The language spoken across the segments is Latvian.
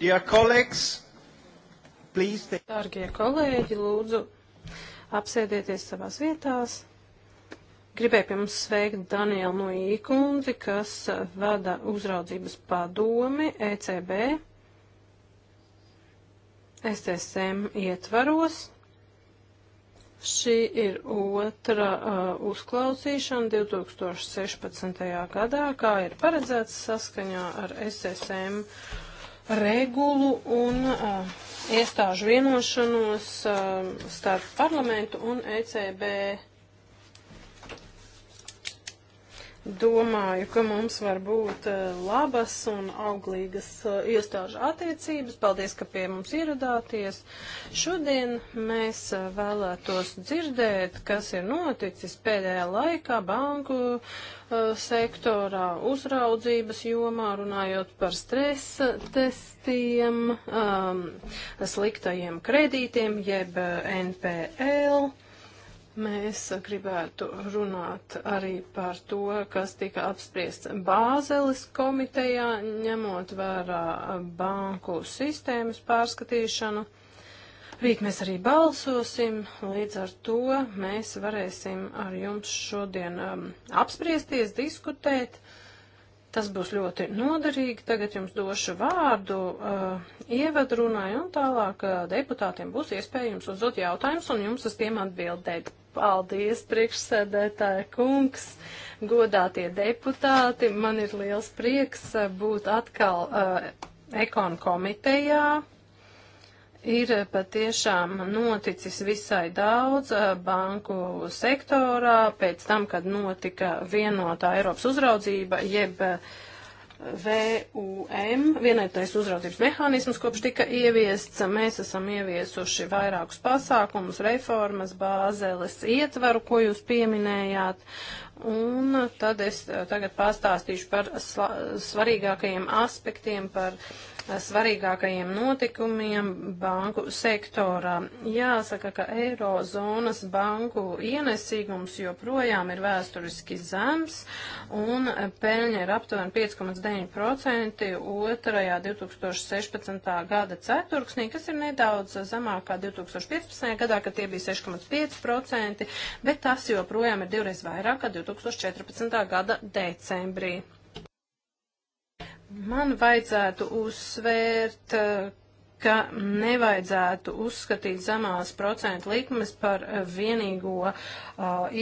Dear colleagues, please. Take... Dārgie kolēģi, lūdzu, apsēdieties savās vietās. Gribēju pie mums sveikt Danielu no īkundzi, kas uh, vada uzraudzības padomi ECB SSM ietvaros. Šī ir otra uh, uzklausīšana 2016. gadā, kā ir paredzēts saskaņā ar SSM regulu un uh, iestāžu vienošanos uh, starp parlamentu un ECB. domāju, ka mums var būt eh, labas un auglīgas eh, iestāžu attiecības. Paldies, ka pie mums ieradāties. Šodien mēs eh, vēlētos dzirdēt, kas ir noticis pēdējā laikā banku sektorā, uzraudzības jomā, runājot par stresa testiem, um, sliktajiem kredītiem, jeb NPL Mēs gribētu runāt arī par to, kas tika apspriests Bāzeles komitejā, ņemot vērā banku sistēmas pārskatīšanu. Rīt mēs arī balsosim, līdz ar to mēs varēsim ar jums šodien um, apspriesties, diskutēt. Tas būs ļoti noderīgi. Tagad jums došu vārdu uh, ievadrunai un tālāk uh, deputātiem būs iespēja jums uzdot jautājumus un jums uz tiem atbildēt. Paldies, priekšsēdētāja kungs, godātie deputāti. Man ir liels prieks eh, būt atkal uh, eh, ekonu komitejā. Ir eh, patiešām noticis visai daudz uh, banku sektorā pēc tam, kad notika vienotā Eiropas uzraudzība, jeb uh, VUM, vienētais uzraudzības mehānisms, kopš tika ieviests. Mēs esam ieviesuši vairākus pasākumus, reformas, bāzeles ietvaru, ko jūs pieminējāt, Un tad es eh, tagad pastāstīšu par svarīgākajiem aspektiem, par eh, svarīgākajiem notikumiem banku sektorā. Jāsaka, ka eirozonas banku ienesīgums joprojām ir vēsturiski zems un peļņa ir aptuveni 5,9% otrajā 2016. gada ceturksnī, kas ir nedaudz zemāk kā 2015. gadā, kad tie bija 6,5%, bet tas joprojām ir divreiz vairāk kā 2015. 2014. gada decembrī. Man vajadzētu uzsvērt, ka nevajadzētu uzskatīt zemās procentu likmes par vienīgo uh,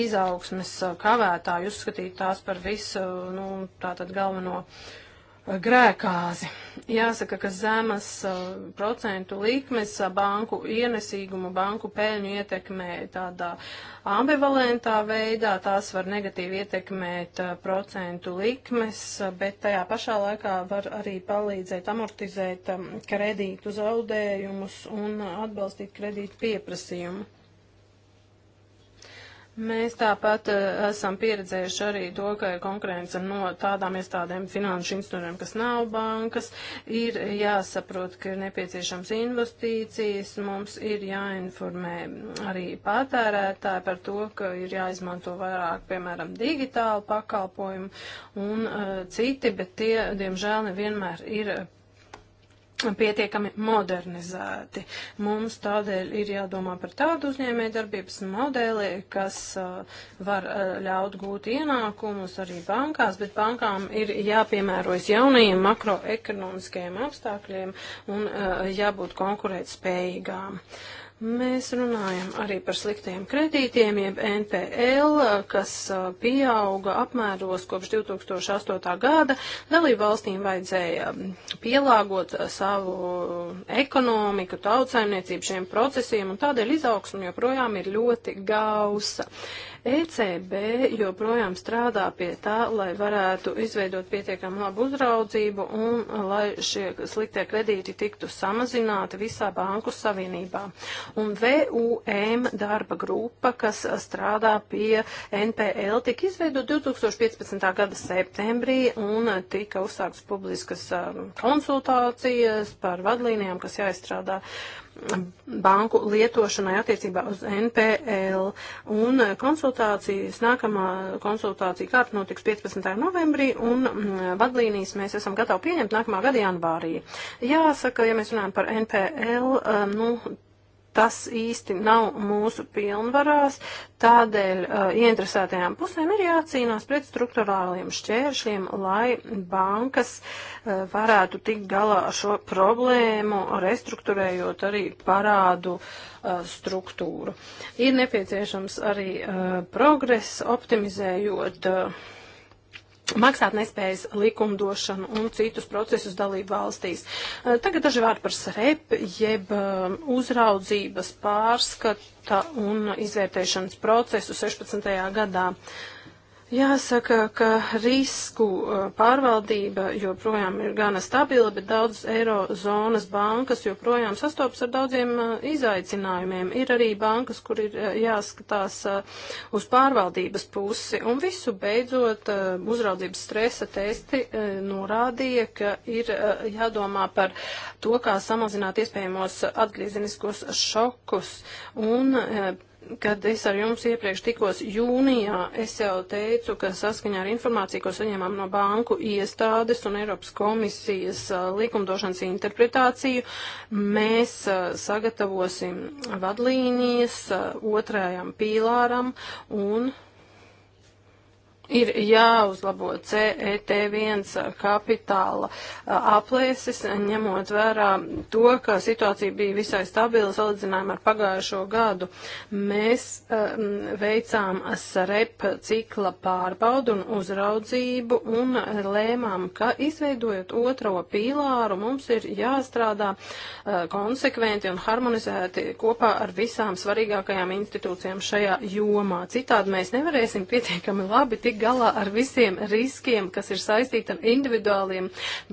izaugsmes kavētāju, uzskatīt tās par visu, nu, tātad galveno uh, grēkāzi. Jāsaka, ka zemes uh, procentu likmes uh, banku ienesīgumu, banku peļņu ietekmē tādā ambivalentā veidā, tās var negatīvi ietekmēt uh, procentu likmes, bet tajā pašā laikā var arī palīdzēt amortizēt um, kredītu zaudējumus un atbalstīt kredītu pieprasījumu. Mēs tāpat eh, esam pieredzējuši arī to, ka konkurence no tādām iestādēm finanšu instrumentiem, kas nav bankas, ir jāsaprot, ka ir nepieciešams investīcijas. Mums ir jāinformē arī patērētāji par to, ka ir jāizmanto vairāk, piemēram, digitālu pakalpojumu un uh, citi, bet tie, diemžēl, nevienmēr ir pietiekami modernizēti. Mums tādēļ ir jādomā par tādu uzņēmēju darbības modeli, kas uh, var uh, ļaut gūt ienākumus arī bankās, bet bankām ir jāpiemērojas jaunajiem makroekonomiskajiem apstākļiem un uh, jābūt konkurētspējīgām. spējīgām. Mēs runājam arī par sliktiem kredītiem, jeb NPL, kas pieauga apmēros kopš 2008. gada. Dalību valstīm vajadzēja pielāgot savu ekonomiku, tautsaimniecību šiem procesiem, un tādēļ izaugsme joprojām ir ļoti gausa. ECB joprojām strādā pie tā, lai varētu izveidot pietiekam labu uzraudzību un uh, lai šie sliktie kredīti tiktu samazināti visā banku savienībā. Un VUM darba grupa, kas uh, strādā pie NPL, tika izveidot 2015. gada septembrī un uh, tika uzsāks publiskas um, konsultācijas par vadlīnijām, kas jāizstrādā. Uh, banku lietošanai attiecībā uz NPL. Un konsultācijas, nākamā konsultācija kārta notiks 15. novembrī, un mm, vadlīnijas mēs esam gatavi pieņemt nākamā gada janvārī. Jāsaka, ja mēs runājam par NPL, eh, nu, tas īsti nav mūsu pilnvarās, tādēļ uh, ieinteresētajām pusēm ir jācīnās pret struktūrāliem šķēršļiem, lai bankas uh, varētu tikt galā ar šo problēmu, restruktūrējot arī parādu uh, struktūru. Ir nepieciešams arī uh, progress, optimizējot uh, maksātnespējas likumdošanu un citus procesus dalību valstīs. Eh, tagad daži vārdi par SREP, jeb eh, uzraudzības pārskata un izvērtēšanas procesu 16. gadā. Uh, Jāsaka, ka risku uh, pārvaldība joprojām ir gana stabila, bet daudzas eirozonas bankas joprojām sastopas ar daudziem uh, izaicinājumiem. Ir arī bankas, kur ir uh, jāskatās uz pārvaldības pusi. Un visu beidzot, uzraudzības stresa testi norādīja, ka ir jādomā par to, kā samazināt iespējamos atgriezeniskos šokus. Un, kad es ar jums iepriekš tikos jūnijā, es jau teicu, ka saskaņā ar informāciju, ko saņēmām no banku iestādes un Eiropas komisijas likumdošanas interpretāciju, mēs sagatavosim vadlīnijas otrajam pīlāram un ir jāuzlabo CET1 kapitāla aplēses, ņemot vērā to, ka situācija bija visai stabila salīdzinājumā ar pagājušo gadu. Mēs um, veicām SREP cikla pārbaudu un uzraudzību un lēmām, ka izveidojot otro pīlāru mums ir jāstrādā uh, konsekventi un harmonizēti kopā ar visām svarīgākajām institūcijām šajā jomā. Citādi mēs nevarēsim pietiekami labi tik tik galā ar visiem riskiem, kas ir saistīti ar individuāliem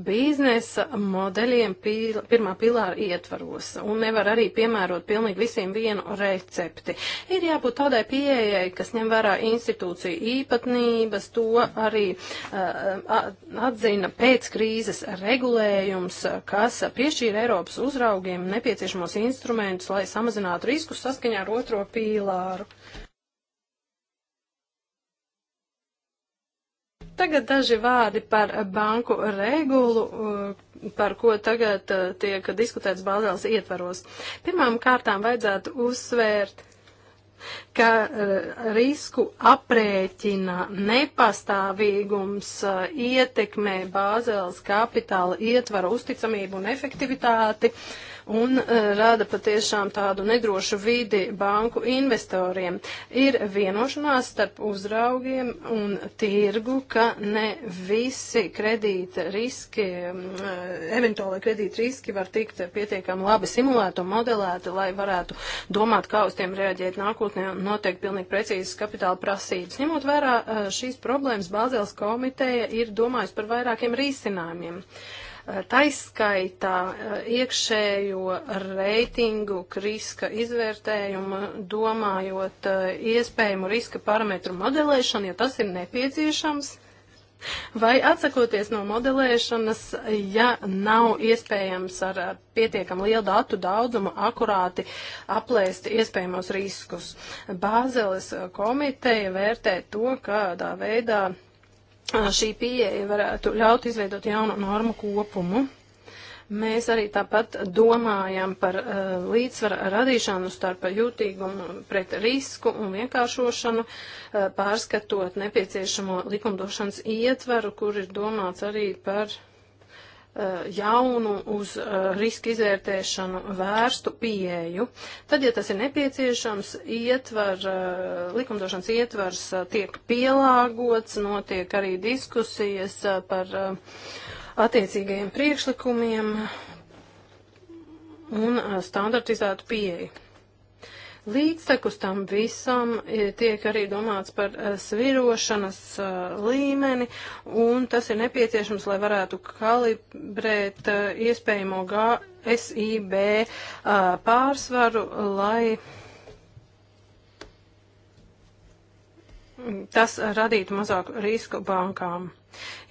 biznesa modeļiem pīl, pirmā pilāra ietvaros. Un nevar arī piemērot pilnīgi visiem vienu recepti. Ir jābūt tādai pieejai, kas ņem vērā institūciju īpatnības, to arī uh, atzina pēc krīzes regulējums, kas piešķīra Eiropas uzraugiem nepieciešamos instrumentus, lai samazinātu riskus saskaņā ar otro pīlāru. Tagad daži vārdi par banku regulu, eh, par ko tagad eh, tiek diskutēts Baldēls ietvaros. Pirmām kārtām vajadzētu uzsvērt, ka eh, risku aprēķina nepastāvīgums ietekmē Bāzēlas kapitāla ietvara uzticamību un efektivitāti. Uh, un e, rada patiešām tādu nedrošu vidi banku investoriem. Ir vienošanās starp uzraugiem un tirgu, ka ne visi kredīta riski, e, eventuāli kredīta riski var tikt pietiekami labi simulēti un modelēti, lai varētu domāt, kā uz tiem reaģēt nākotnē un noteikti pilnīgi precīzes kapitāla prasības. Ņemot vērā e, šīs problēmas, Bāzēls komiteja ir domājusi par vairākiem risinājumiem. Uh, Eh, taiskaitā eh, iekšējo reitingu riska izvērtējumu, domājot eh, iespējamu riska parametru modelēšanu, ja tas ir nepieciešams, vai atsakoties no modelēšanas, ja nav iespējams ar pietiekam lielu datu daudzumu akurāti aplēst iespējamos riskus. Bāzeles komiteja vērtē to, kādā veidā šī pieeja varētu ļaut izveidot jaunu normu kopumu. Mēs arī tāpat domājam par uh, līdzsvaru radīšanu starp jūtīgumu pret risku un vienkāršošanu, uh, pārskatot nepieciešamo likumdošanas ietvaru, kur ir domāts arī par uh, Eh, jaunu uz eh, riska izvērtēšanu vērstu pieeju. Tad, ja tas ir nepieciešams, ietver, eh, likumdošanas ietvars tiek pielāgots, notiek arī diskusijas par attiecīgajiem priekšlikumiem un standartizētu pieeju. Līdztekus tam visam e, tiek arī domāts par e, svirošanas e, līmeni, un tas ir nepieciešams, lai varētu kalibrēt iespējamo SIB pārsvaru, lai tas radītu mazāku risku bankām.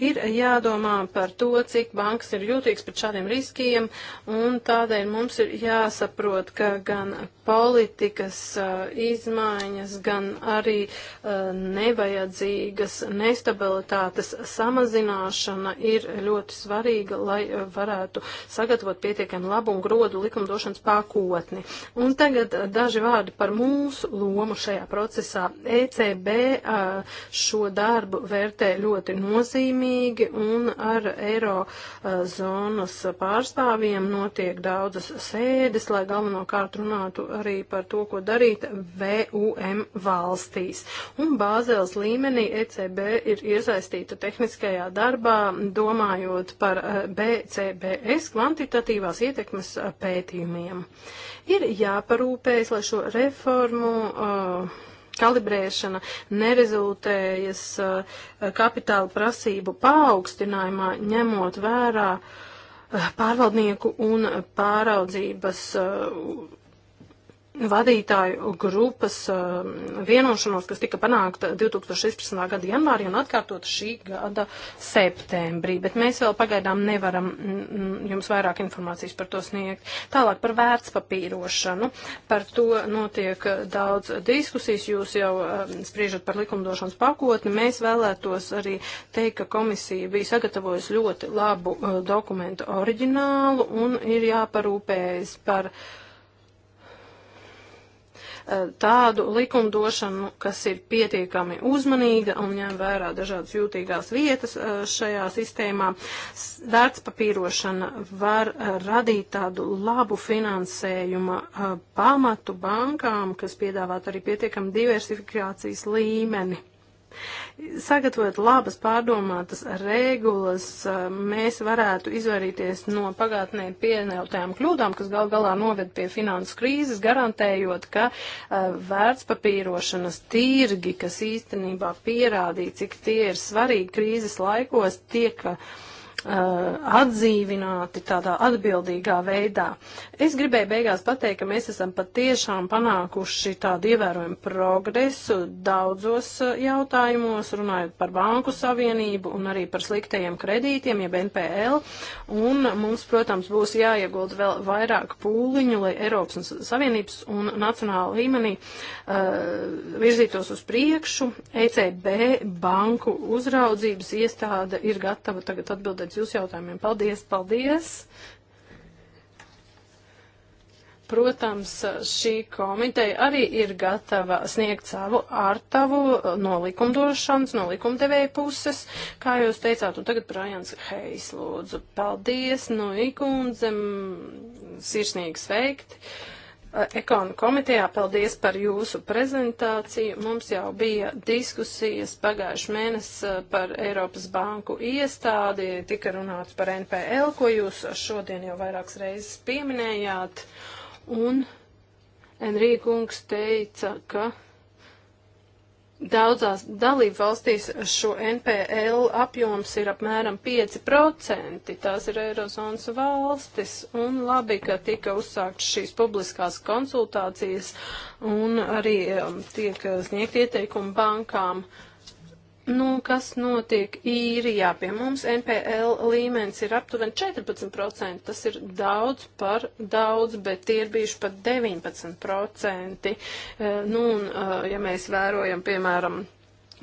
Ir jādomā par to, cik bankas ir jūtīgs pret šādiem riskiem, un tādēļ mums ir jāsaprot, ka gan politikas uh, izmaiņas, gan arī uh, nevajadzīgas nestabilitātes samazināšana ir ļoti svarīga, lai uh, varētu sagatavot pietiekami labu un grodu likumdošanas pakotni. Un tagad daži vārdi par mūsu lomu šajā procesā. ECB šo darbu vērtē ļoti nozīmīgi nozīmīgi, un ar eiro eh, zonas pārstāvjiem notiek daudzas sēdes, lai galvenokārt runātu arī par to, ko darīt VUM valstīs. Un Bāzēls līmenī ECB ir iesaistīta tehniskajā darbā, domājot par eh, BCBS kvantitatīvās ietekmes eh, pētījumiem. Ir jāparūpējas, lai šo reformu uh, kalibrēšana nerezultējas eh, kapitāla prasību paaugstinājumā, ņemot vērā eh, pārvaldnieku un pāraudzības eh, vadītāju grupas eh, vienošanos, kas tika panākta 2016. gada janvārī un atkārtot šī gada septembrī, bet mēs vēl pagaidām nevaram mm, mm, jums vairāk informācijas par to sniegt. Tālāk par vērtspapīrošanu. Par to notiek daudz diskusijas, jūs jau eh, spriežat par likumdošanas pakotni. Mēs vēlētos arī teikt, ka komisija bija sagatavojusi ļoti labu eh, dokumentu oriģinālu un ir jāparūpējas par uh, Eh, tādu likumdošanu, kas ir pietiekami uzmanīga un ņem vērā dažādas jūtīgās vietas eh, šajā sistēmā. Vērtspapīrošana var eh, radīt tādu labu finansējuma pamatu bankām, kas piedāvāt arī pietiekami diversifikācijas līmeni sagatavot labas pārdomātas regulas, mēs varētu izvairīties no pagātnē pieļautajām kļūdām, kas gal galā noved pie finanses krīzes, garantējot, ka vērtspapīrošanas tirgi, kas īstenībā pierādīja, cik tie ir svarīgi krīzes laikos, tiek uh, Uh, atdzīvināti tādā atbildīgā veidā. Es gribēju beigās pateikt, ka mēs esam patiešām panākuši tādu ievērojumu progresu daudzos uh, jautājumos, runājot par banku savienību un arī par sliktajiem kredītiem, jeb NPL, un mums, protams, būs jāiegulda vēl vairāk pūliņu, lai Eiropas un Savienības un nacionāla līmenī uh, virzītos uz priekšu. ECB banku uzraudzības iestāde ir gatava tagad atbildēt uz jūsu jautājumiem. Paldies, paldies! Protams, šī komiteja arī ir gatava sniegt savu ārtavu no likumdošanas, no likumdevēja puses, kā jūs teicāt, un tagad Brajans Heis lūdzu. Paldies, no ikundzem, sirsnīgi sveikti. Uh, Eh, Ekonu komitejā paldies par jūsu prezentāciju. Mums jau bija diskusijas pagājuši mēnesi eh, par Eiropas banku iestādi, tika runāts par NPL, ko jūs šodien jau vairākas reizes pieminējāt. Un Enrīkungs teica, ka Daudzās dalību valstīs šo NPL apjoms ir apmēram 5%. Tās ir Eirozonas valstis. Un labi, ka tika uzsākts šīs publiskās konsultācijas un arī um, tiek sniegt ieteikumi bankām. Uh, Nu, kas notiek īrijā? Pie mums NPL līmenis ir aptuveni 14%, tas ir daudz par daudz, bet tie ir bijuši pat 19%. Eh, nu, un, eh, ja mēs vērojam, piemēram,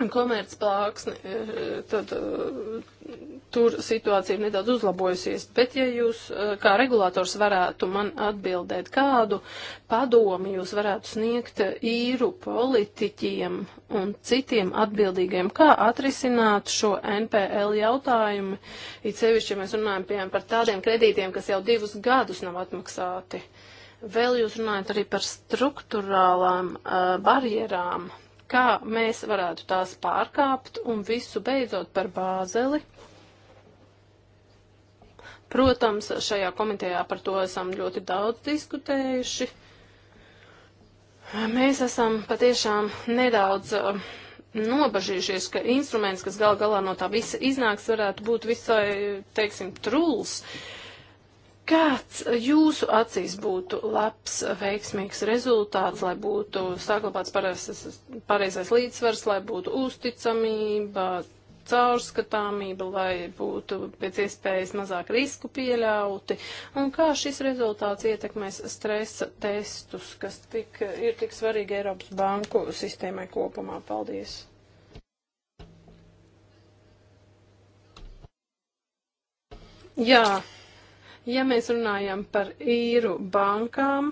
komercplāksni, e, tad e, tur situācija ir nedaudz uzlabojusies. Bet ja jūs e, kā regulators varētu man atbildēt, kādu padomu jūs varētu sniegt īru politiķiem un citiem atbildīgiem, kā atrisināt šo NPL jautājumu, it sevišķi, ja mēs runājam, piemēram, par tādiem kredītiem, kas jau divus gadus nav atmaksāti. Vēl jūs runājat arī par struktūrālām uh, barjerām, kā mēs varētu tās pārkāpt un visu beidzot par bāzeli. Protams, šajā komitejā par to esam ļoti daudz diskutējuši. Mēs esam patiešām nedaudz uh, nobažījušies, ka instruments, kas gal galā no tā visa iznāks, varētu būt visai, teiksim, truls. Uh, Kāds jūsu acīs būtu labs, veiksmīgs rezultāts, lai būtu saglabāts pareizais, pareizais līdzsvars, lai būtu uzticamība, caurskatāmība, lai būtu pēc iespējas mazāk risku pieļauti, un kā šis rezultāts ietekmēs stresa testus, kas tik, ir tik svarīgi Eiropas banku sistēmai kopumā. Paldies! Jā, Ja mēs runājam par īru bankām,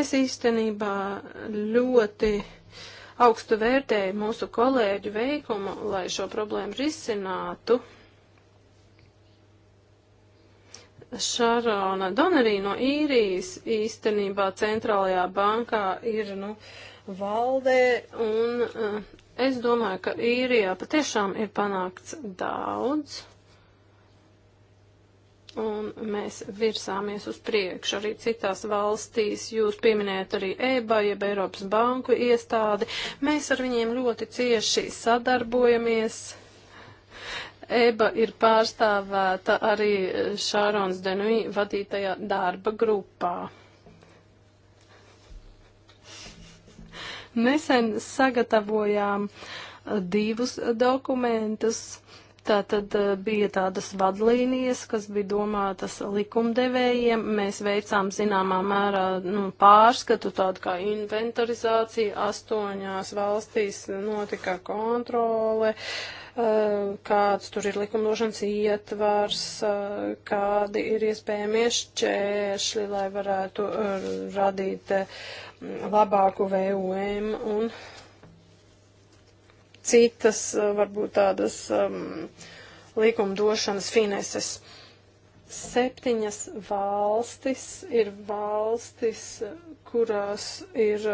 es īstenībā ļoti augstu vērtēju mūsu kolēģu veikumu, lai šo problēmu risinātu. Šarona Donerī no īrijas īstenībā centrālajā bankā ir nu, valdē, un eh, es domāju, ka īrijā patiešām ir panākts daudz un mēs virsāmies uz priekšu arī citās valstīs. Jūs pieminējat arī EBA, jeb Eiropas banku iestādi. Mēs ar viņiem ļoti cieši sadarbojamies. EBA ir pārstāvēta arī Šārons Denui vadītajā darba grupā. Nesen sagatavojām divus dokumentus Tā tad eh, bija tādas vadlīnijas, kas bija domātas likumdevējiem. Mēs veicām zināmā mērā nu, pārskatu, tādu kā inventarizāciju. Astoņās valstīs notika kontrole, eh, kāds tur ir likumdošanas ietvars, eh, kādi ir iespējamie šķēršļi, lai varētu radīt labāku VUM un citas, eh, varbūt tādas um, likumdošanas fineses. Septiņas valstis ir valstis, kurās ir.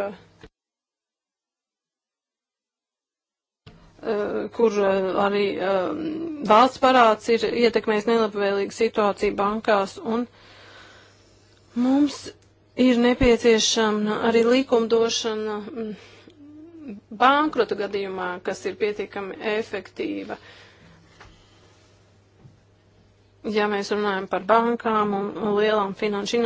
Eh, kur eh, arī um, valsts parāds ir ietekmējis nelabvēlīgu situāciju bankās, un mums ir nepieciešama arī likumdošana. Um, bankrota gadījumā, kas ir pietiekami efektīva. Ja mēs runājam par bankām un lielām finanšu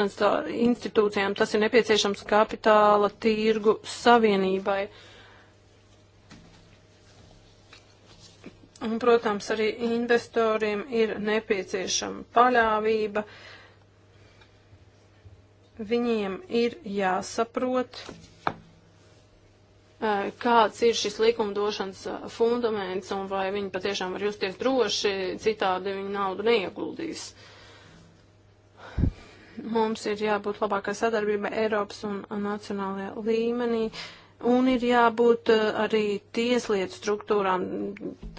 institūcijām, tas ir nepieciešams kapitāla tirgu savienībai. Un, protams, arī investoriem ir nepieciešama paļāvība. Viņiem ir jāsaprot, Eh, kāds ir šis likumdošanas eh, fundaments un vai viņi patiešām var justies droši, citādi viņi naudu neieguldīs. Mums ir jābūt labākai sadarbībai Eiropas un nacionālajā līmenī. Uh, Un ir jābūt eh, arī tieslietu struktūrām,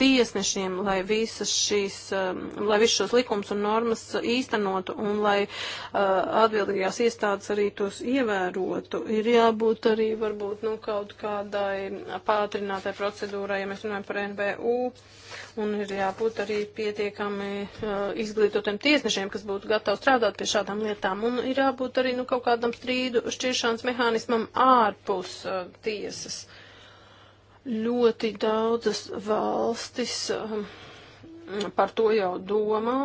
tiesnešiem, lai visas šīs, ehm, lai visus šos likums un normas īstenotu un lai eh, atbildīgās iestādes arī tos ievērotu. Ir jābūt arī varbūt nu, kaut kādai pātrinātai procedūrai, ja mēs runājam par NBU. Un ir jābūt arī pietiekami uh, izglītotiem tiesnešiem, kas būtu gatavi strādāt pie šādām lietām. Un ir jābūt arī nu, kaut kādam strīdu šķiršanas mehānismam ārpus uh, tiesas. Ļoti daudzas valstis uh, par to jau domā.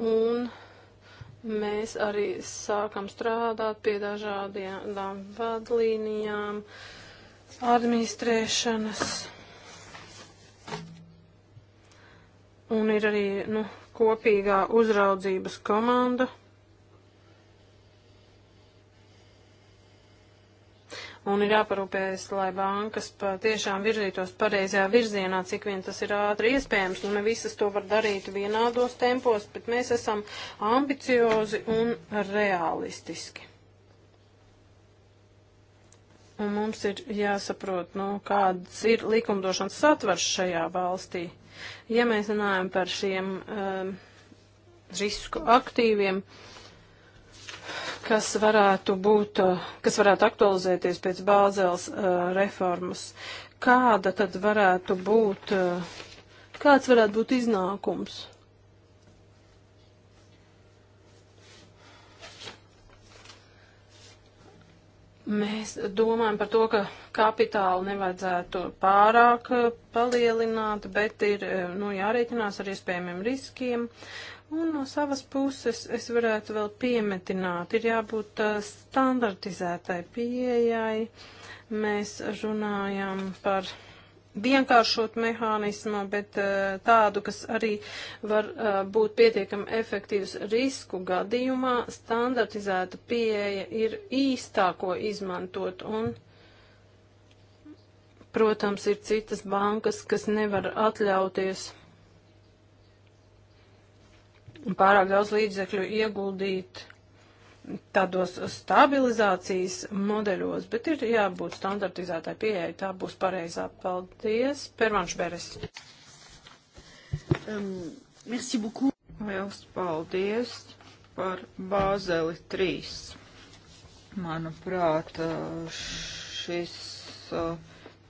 Un, uh, mēs arī sākam strādāt pie dažādām vadlīnijām, administrēšanas Un ir arī nu, kopīgā uzraudzības komanda. Un ir jāparūpējas, lai bankas tiešām virzītos pareizajā virzienā, cik vien tas ir ātri iespējams. Nu, ne visas to var darīt vienādos tempos, bet mēs esam ambiciozi un realistiski. Un mums ir jāsaprot, nu, kāds ir likumdošanas satvars šajā valstī. Ja mēs runājam par šiem um, risku aktīviem, kas varētu būt, uh, kas varētu aktualizēties pēc Bāzēles uh, reformas, kāda tad varētu būt, uh, kāds varētu būt iznākums? Mēs domājam par to, ka kapitālu nevajadzētu pārāk eh, palielināt, bet ir eh, nu, jārēķinās ar iespējamiem riskiem. Un no savas puses es varētu vēl piemetināt, ir jābūt eh, standartizētai pieejai. Mēs runājam par vienkāršot mehānismu, bet eh, tādu, kas arī var eh, būt pietiekami efektīvs risku gadījumā, standartizēta pieeja ir īstāko izmantot un Protams, ir citas bankas, kas nevar atļauties pārāk daudz līdzekļu ieguldīt tādos stabilizācijas modeļos, bet ir jābūt standartizētai pieeja, tā būs pareizā. Paldies, Pervanš Beres. Um, merci beaucoup. Liels paldies par Bāzeli 3. Manuprāt, uh, šis uh,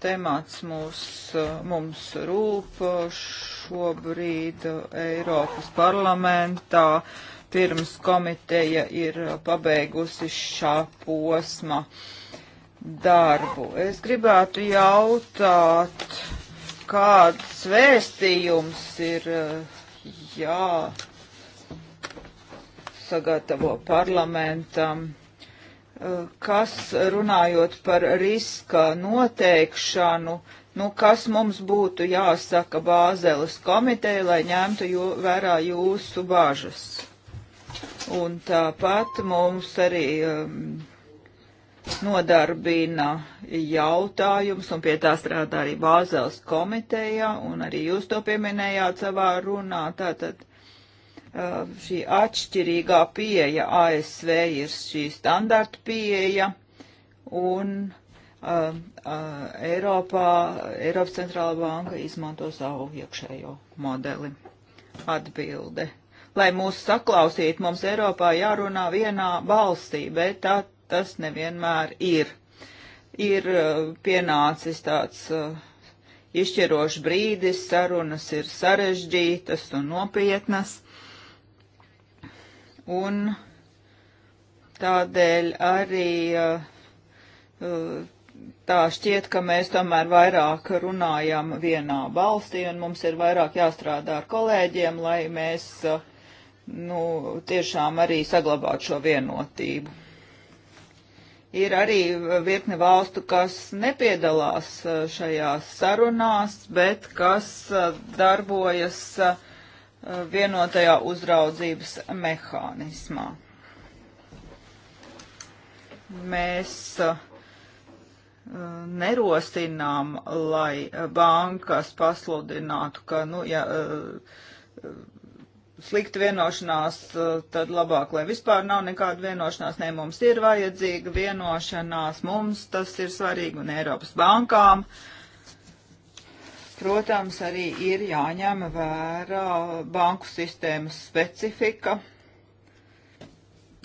temats mūs, uh, mums rūp šobrīd Eiropas parlamentā. Uh, pirms komiteja ir pabeigusi šā posma darbu. Es gribētu jautāt, kāds vēstījums ir eh, jā sagatavo parlamentam eh, kas runājot par riska noteikšanu, nu kas mums būtu jāsaka Bāzeles komiteja, lai ņemtu jū, vērā jūsu bažas? Un tāpat mums arī um, nodarbina jautājums, un pie tā strādā arī Bāzels komiteja, un arī jūs to pieminējāt savā runā. Tātad uh, šī atšķirīgā pieeja ASV ir šī standarta pieeja, un Uh, uh, Eiropā, Eiropas centrāla banka izmanto savu iekšējo modeli. Atbilde lai mūs saklausītu, mums Eiropā jārunā vienā balsī, bet tā tas nevienmēr ir. Ir uh, pienācis tāds uh, izšķirošs brīdis, sarunas ir sarežģītas un nopietnas. Un tādēļ arī uh, uh, tā šķiet, ka mēs tomēr vairāk runājam vienā balstī un mums ir vairāk jāstrādā ar kolēģiem, lai mēs uh, nu, tiešām arī saglabāt šo vienotību. Ir arī virkne valstu, kas nepiedalās šajās sarunās, bet kas darbojas vienotajā uzraudzības mehānismā. Mēs nerosinām, lai bankas pasludinātu, ka, nu, ja, slikta vienošanās, eh, tad labāk, lai vispār nav nekāda vienošanās. Nē, mums ir vajadzīga vienošanās, mums tas ir svarīgi un Eiropas bankām. Protams, arī ir jāņem vērā banku sistēmas specifika.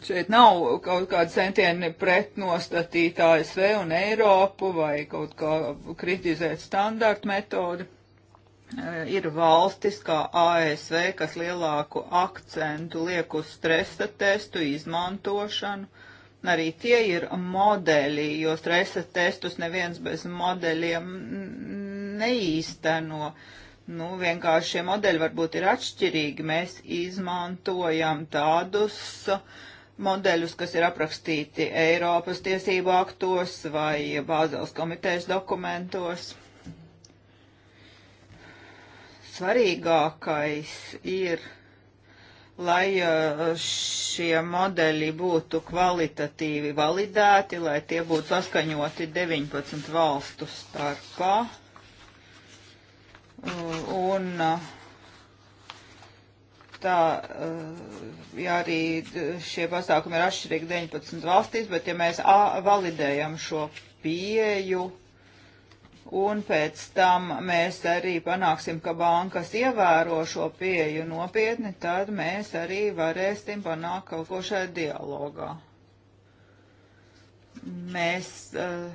Šeit nav kaut kāda centieni pretnostatīt ASV un Eiropu vai kaut kā kritizēt standartu metodi. Eh, ir valstis kā ASV, kas lielāku akcentu liek uz stresa testu izmantošanu. Arī tie ir modeļi, jo stresa testus neviens bez modeļiem neīsteno. Nu, vienkārši šie modeļi varbūt ir atšķirīgi. Mēs izmantojam tādus eh, modeļus, kas ir aprakstīti Eiropas tiesību aktos vai Bāzeles komitejas dokumentos svarīgākais ir, lai uh, šie modeļi būtu kvalitatīvi validēti, lai tie būtu saskaņoti 19 valstu starpā. Uh, un uh, tā, ja arī šie pasākumi ir atšķirīgi 19 valstīs, bet ja mēs validējam šo pieju, un pēc tam mēs arī panāksim, ka bankas ievēro šo pieju nopietni, tad mēs arī varēsim panākt kaut ko šajā dialogā. Mēs uh,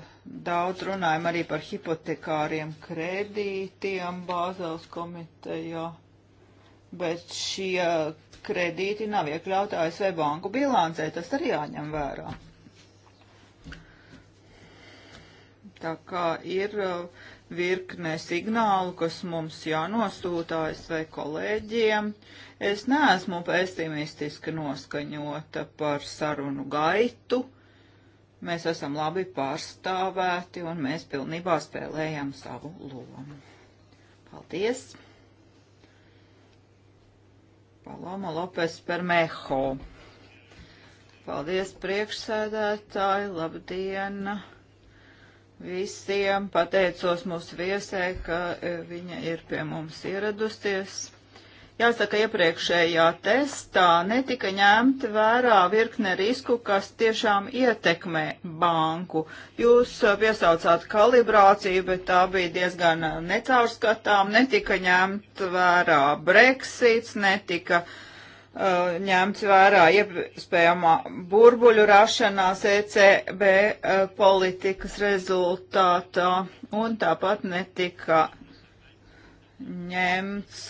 daudz runājam arī par hipotekāriem kredītiem Bāzels komitejā, bet šie kredīti nav iekļauti ASV banku bilancē, tas arī jāņem vērā. Tā kā ir uh, virkne signālu, kas mums jānosūtā SV kolēģiem. Es neesmu pesimistiski noskaņota par sarunu gaitu. Mēs esam labi pārstāvēti un mēs pilnībā spēlējam savu lomu. Paldies! Paloma Lopes par Meho. Paldies priekšsēdētāji, labdien! visiem, pateicos mūsu viesē, ka e, viņa ir pie mums ieradusies. Jāsaka, iepriekšējā testā netika ņemta vērā virkne risku, kas tiešām ietekmē banku. Jūs e, piesaucāt kalibrāciju, bet tā bija diezgan e, necaurskatām, netika ņemta vērā Brexits, netika uh, Uh, ņemts vērā iespējamā burbuļu rašanās ECB uh, politikas rezultātā, un tāpat netika ņemts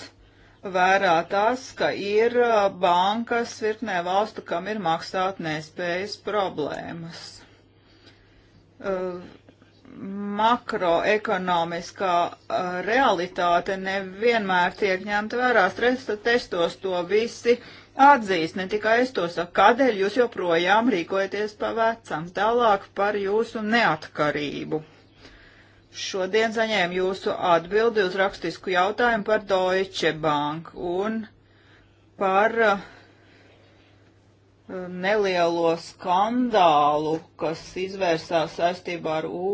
vērā tas, ka ir uh, bankas virknē valstu, kam ir maksātnēspējas problēmas. Uh, makroekonomiskā uh, realitāte nevienmēr tiek ņemta vērā. Stresa testos to visi atzīst, ne tikai es to saku, kādēļ jūs joprojām rīkojaties pa vecam, tālāk par jūsu neatkarību. Šodien saņēmu jūsu atbildi uz rakstisku jautājumu par Deutsche Bank un par uh, nelielo skandālu, kas izvērsās saistībā ar U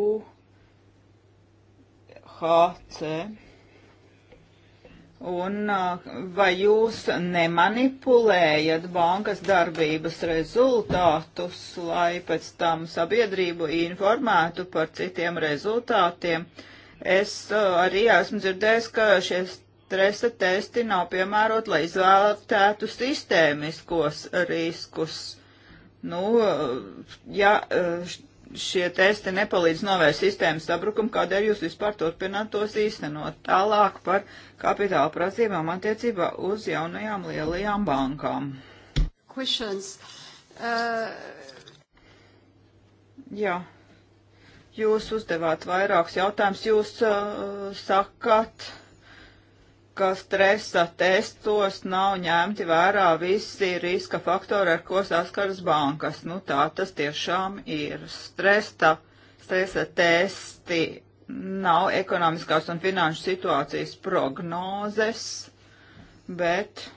KC. Un vai jūs nemanipulējat bankas darbības rezultātus, lai pēc tam sabiedrību informētu par citiem rezultātiem? Es arī esmu dzirdējis, ka šie stresa testi nav piemērot, lai izvērtētu sistēmiskos riskus. Nu, ja, š šie testi nepalīdz novērst sistēmas sabrukumu, kādēļ jūs vispār turpināt tos īstenot. Tālāk par kapitāla prasībām attiecībā uz jaunajām lielajām bankām. Questions. Uh... Jā. Jūs uzdevāt vairākus jautājumus. Jūs uh, sakat. Uh, ka stresa testos nav ņemti vērā visi riska faktori, ar ko saskaras bankas. Nu, tā tas tiešām ir. Stresa, stresa testi nav ekonomiskās un finanšu situācijas prognozes, bet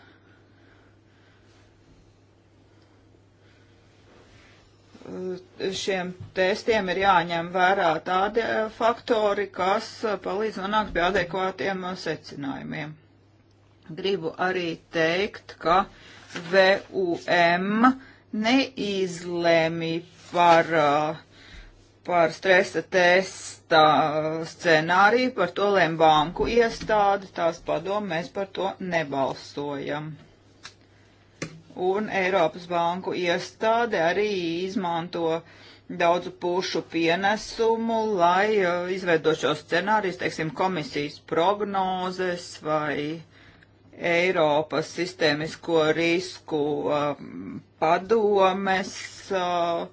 šiem testiem ir jāņem vērā tādi faktori, kas palīdz nonākt pie adekvātiem secinājumiem. Gribu arī teikt, ka VUM neizlēmi par, par stresa testa scenāriju, par to lēm banku iestādi, tās padomu mēs par to nebalsojam un Eiropas banku iestāde arī izmanto daudzu pušu pienesumu, lai uh, izveido šos scenārijus, teiksim, komisijas prognozes vai Eiropas sistēmisko risku um, uh, padomes uh,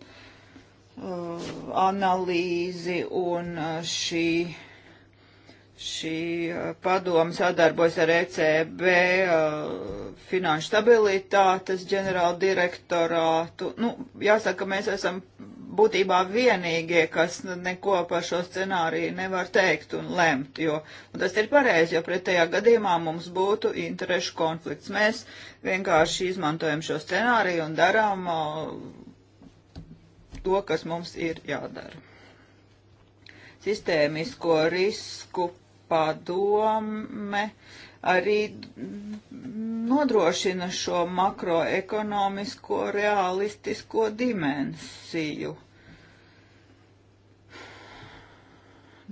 analīzi un uh, šī šī eh, padoma sadarbojas ar ECB eh, finanšu stabilitātes ģenerāla direktorātu. Nu, jāsaka, mēs esam būtībā vienīgie, kas neko par šo scenāriju nevar teikt un lemt, jo un tas ir pareizi, jo pretējā gadījumā mums būtu interešu konflikts. Mēs vienkārši izmantojam šo scenāriju un darām eh, to, kas mums ir jādara. Sistēmisko risku padome arī nodrošina šo makroekonomisko realistisko dimensiju.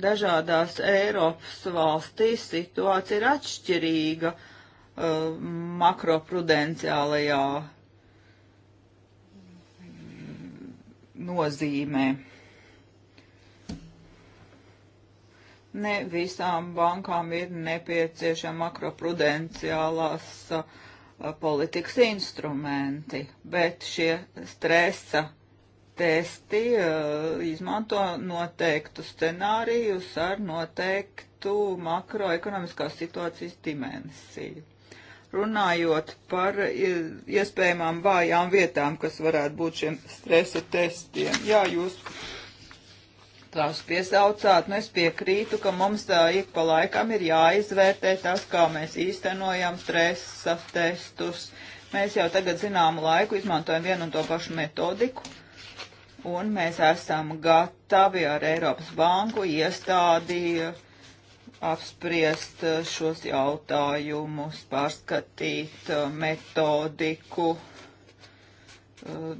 Dažādās Eiropas valstīs situācija ir atšķirīga uh, makroprudenciālajā nozīmē. Ne visām bankām ir nepieciešama makroprudenciālās a, politikas instrumenti, bet šie stresa testi a, izmanto noteiktu scenārijus ar noteiktu makroekonomiskās situācijas dimensiju runājot par iespējamām vājām vietām, kas varētu būt šiem stresa testiem. Jā, jūs tās piesaucāt, nu es piekrītu, ka mums tā ik pa laikam ir jāizvērtē tas, kā mēs īstenojam stresa testus. Mēs jau tagad zināmu laiku izmantojam vienu un to pašu metodiku, un mēs esam gatavi ar Eiropas banku iestādi apspriest šos jautājumus, pārskatīt metodiku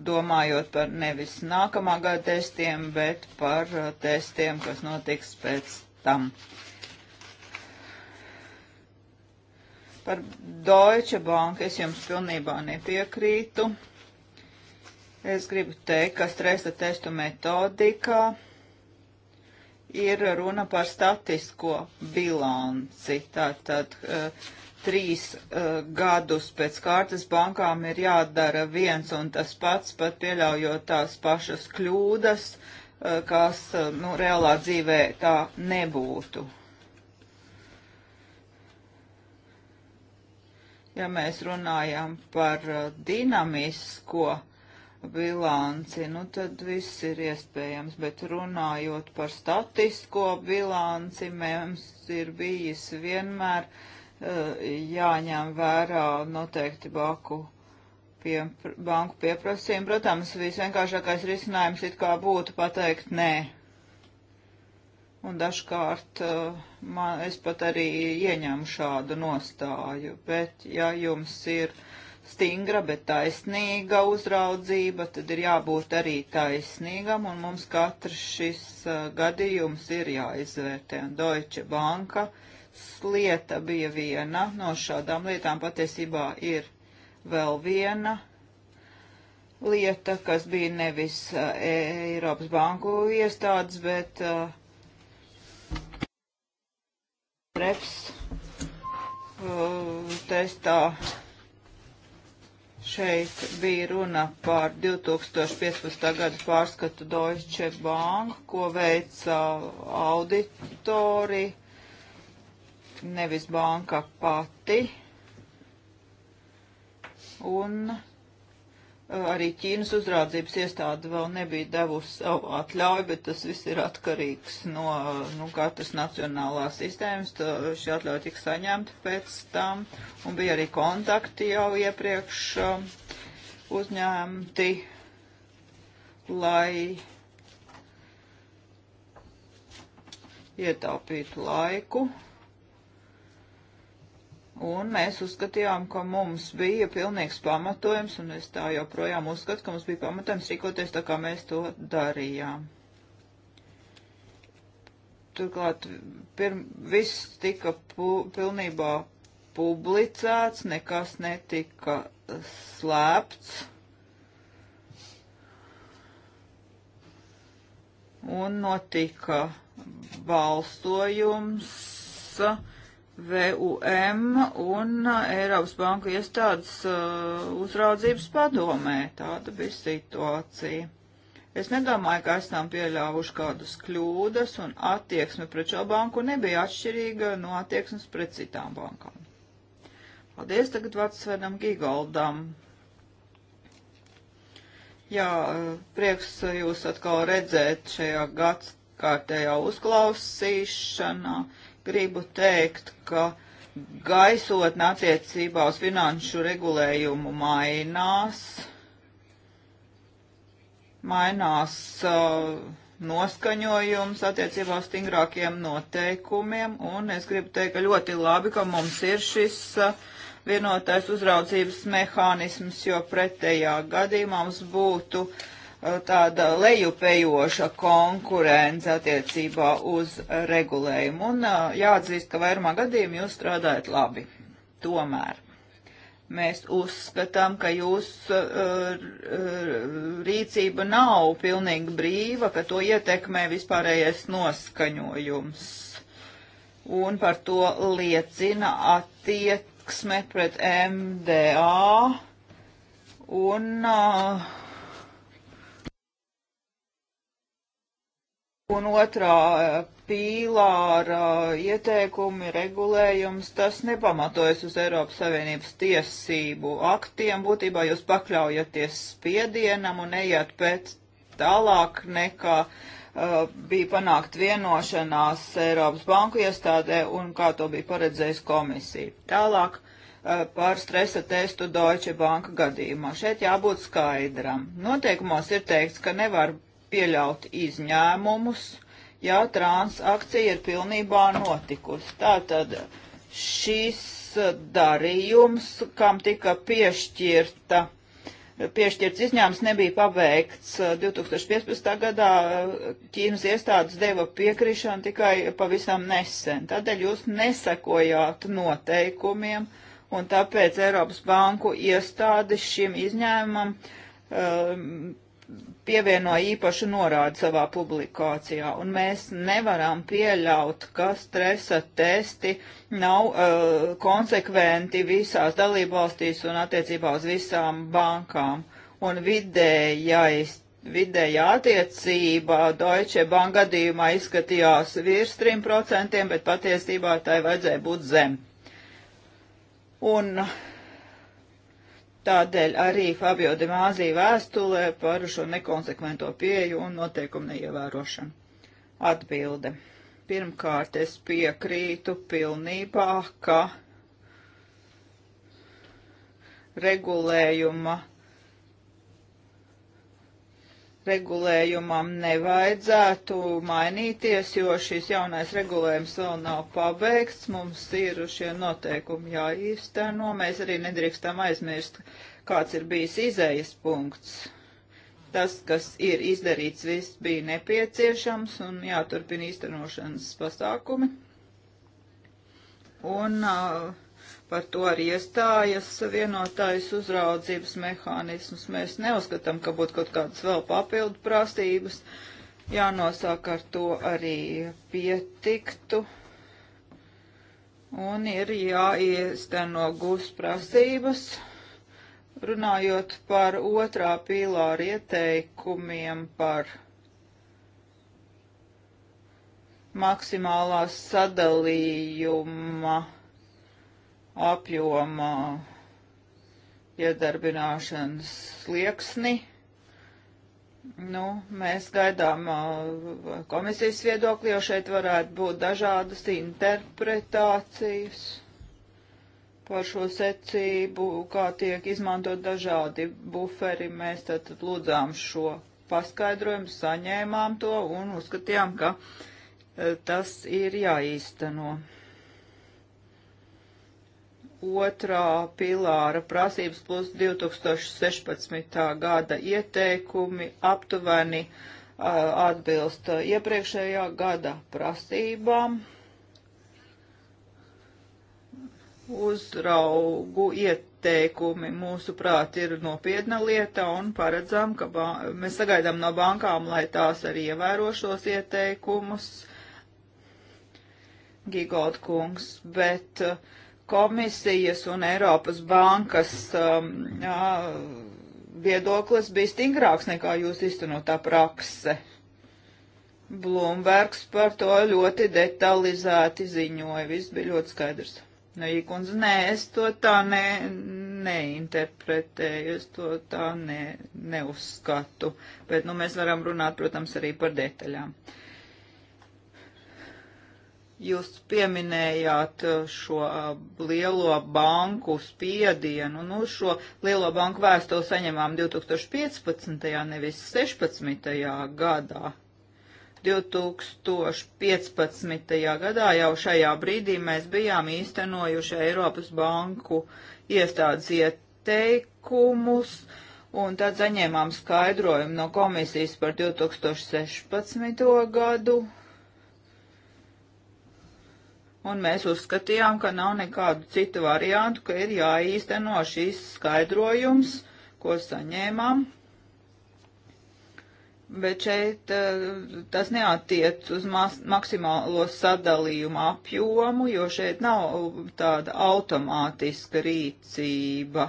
domājot par nevis nākamā gada testiem, bet par uh, testiem, kas notiks pēc tam. Par Deutsche Bank es jums pilnībā nepiekrītu. Es gribu teikt, ka stresa testu metodikā ir runa par statisko bilanci. Tātad, uh, trīs uh, gadus pēc kārtas bankām ir jādara viens un tas pats, pat pieļaujot tās pašas kļūdas, uh, kas uh, nu, reālā dzīvē tā nebūtu. Ja mēs runājam par dinamisko bilanci, nu tad viss ir iespējams, bet runājot par statisko bilanci, mums ir bijis vienmēr uh, jāņem vērā noteikti banku, pie, banku pieprasījumi. Protams, visvienkāršākais risinājums it kā būtu pateikt nē. Un dažkārt eh, man, es pat arī ieņemu šādu nostāju, bet ja jums ir stingra, bet taisnīga uzraudzība, tad ir jābūt arī taisnīgam, un mums katrs šis eh, gadījums ir jāizvērtē. Deutsche Banka uh, lieta bija viena no šādām lietām. Patiesībā ir vēl viena lieta, kas bija nevis uh, Eiropas banku iestādes, bet uh, reps uh, eh, testā. Šeit bija runa par 2015. gada pārskatu Deutsche Bank, ko veica auditori veikt nevis banka pati. Un eh, arī Ķīnas uzraudzības iestāde vēl nebija devusi savu atļauju, bet tas viss ir atkarīgs no eh, nu, katras nacionālās sistēmas. Tā, šī atļauja tika saņemta pēc tam, un bija arī kontakti jau iepriekš eh, uzņēmti, lai ietaupītu laiku. Un mēs uzskatījām, ka mums bija pilnīgs pamatojums, un es tā joprojām uzskatu, ka mums bija pamatojums rīkoties tā, kā mēs to darījām. Turklāt pirm, viss tika pu, pilnībā publicēts, nekas netika slēpts. Un notika balsojums. Uh, VUM un Eiropas Banku iestādes uh, uzraudzības padomē. Tāda bija situācija. Es nedomāju, ka esam pieļāvuši kādas kļūdas, un attieksme pret šo banku nebija atšķirīga no attieksmes pret citām bankām. Paldies tagad Vatsvedam Gigaldam. Jā, uh, prieks jūs atkal redzēt šajā gadskārtējā uzklausīšanā. Uh, gribu teikt, ka gaisotne attiecībā uz finanšu regulējumu mainās, mainās uh, noskaņojums attiecībā uz stingrākiem noteikumiem, un es gribu teikt, ka ļoti labi, ka mums ir šis uh, vienotais uzraudzības mehānisms, jo pretējā gadījumā mums būtu uh, Uh, tāda lejupējoša konkurence attiecībā uz regulējumu. Un uh, jāatzīst, ka vairumā gadījumā jūs strādājat labi. Tomēr mēs uzskatām, ka jūsu uh, rīcība nav pilnīgi brīva, ka to ietekmē vispārējais noskaņojums. Un par to liecina attieksme pret MDA un uh, Un otrā eh, pīlāra eh, ieteikumi, regulējums, tas nepamatojas uz Eiropas Savienības tiesību aktiem. Būtībā jūs pakļaujaties spiedienam un ejat pēc tālāk nekā uh, bija panākt vienošanās Eiropas banku iestādē un kā to bija paredzējis komisija. Tālāk uh, par stresa testu Deutsche Banka gadījumā. Šeit jābūt skaidram. Noteikumos ir teikts, ka nevar pieļaut izņēmumus, ja transakcija ir pilnībā notikusi. Tātad šis darījums, kam tika piešķirta, piešķirts izņēmums, nebija paveikts 2015. gadā. Ķīnas iestādes deva piekrišanu tikai pavisam nesen. Tādēļ jūs nesekojāt noteikumiem, un tāpēc Eiropas banku iestādes šim izņēmumam um, pievienoja īpašu norādi savā publikācijā, un mēs nevaram pieļaut, ka stresa testi nav uh, konsekventi visās dalībvalstīs un attiecībā uz visām bankām. Un vidējais, vidējā attiecība Deutsche Bank gadījumā izskatījās virs 3%, bet patiesībā tai vajadzēja būt zem. Un uh, Tādēļ arī Fabio de Māzī vēstulē par šo nekonsekvento pieju un noteikumu neievērošanu. Atbilde. Pirmkārt, es piekrītu pilnībā, ka regulējuma regulējumam nevajadzētu mainīties, jo šis jaunais regulējums vēl nav pabeigts. Mums ir šie noteikumi jāīsteno. Mēs arī nedrīkstam aizmirst, kāds ir bijis izējas punkts. Tas, kas ir izdarīts, viss bija nepieciešams un jāturpina īstenošanas pasākumi. Un uh, par to arī iestājas vienotājs uzraudzības mehānismus. Mēs neuzskatām, ka būtu kaut kādas vēl papildu prasības. Jānosāk ar to arī pietiktu. Un ir jāiesteno gūs prasības. Runājot par otrā pīlāra ieteikumiem par maksimālās sadalījuma apjoma iedarbināšanas slieksni. Nu, mēs gaidām uh, komisijas viedokli, jo šeit varētu būt dažādas interpretācijas par šo secību, kā tiek izmantot dažādi buferi. Mēs tad lūdzām šo paskaidrojumu, saņēmām to un uzskatījām, ka uh, tas ir jāīsteno. No otrā pilāra prasības plus 2016. gada ieteikumi aptuveni uh, atbilst iepriekšējā gada prasībām. Uzraugu ieteikumi mūsu prāti ir nopietna lieta un paredzam, ka mēs sagaidām no bankām, lai tās arī ievēro šos ieteikumus. Gigold kungs, bet uh, komisijas un Eiropas bankas um, jā, viedoklis bija stingrāks nekā jūs iztenotā prakse. Blūmbergs par to ļoti detalizēti ziņoja, viss bija ļoti skaidrs. Nu, īkundze, nē, es to tā ne, neinterpretēju, es to tā ne, neuzskatu, bet, nu, mēs varam runāt, protams, arī par detaļām. Uh, Jūs pieminējāt uh, šo uh, lielo banku spiedienu. Nu, šo lielo banku vēstuli saņemām 2015. nevis 16. gadā. 2015. gadā jau šajā brīdī mēs bijām īstenojuši Eiropas banku iestādes ieteikumus, un tad saņēmām skaidrojumu no komisijas par 2016. gadu un mēs uzskatījām, ka nav nekādu citu variantu, ka ir jāīsteno šīs skaidrojums, ko saņēmām. Bet šeit eh, tas neatiec uz maksimālo sadalījumu apjomu, jo šeit nav tāda automātiska rīcība.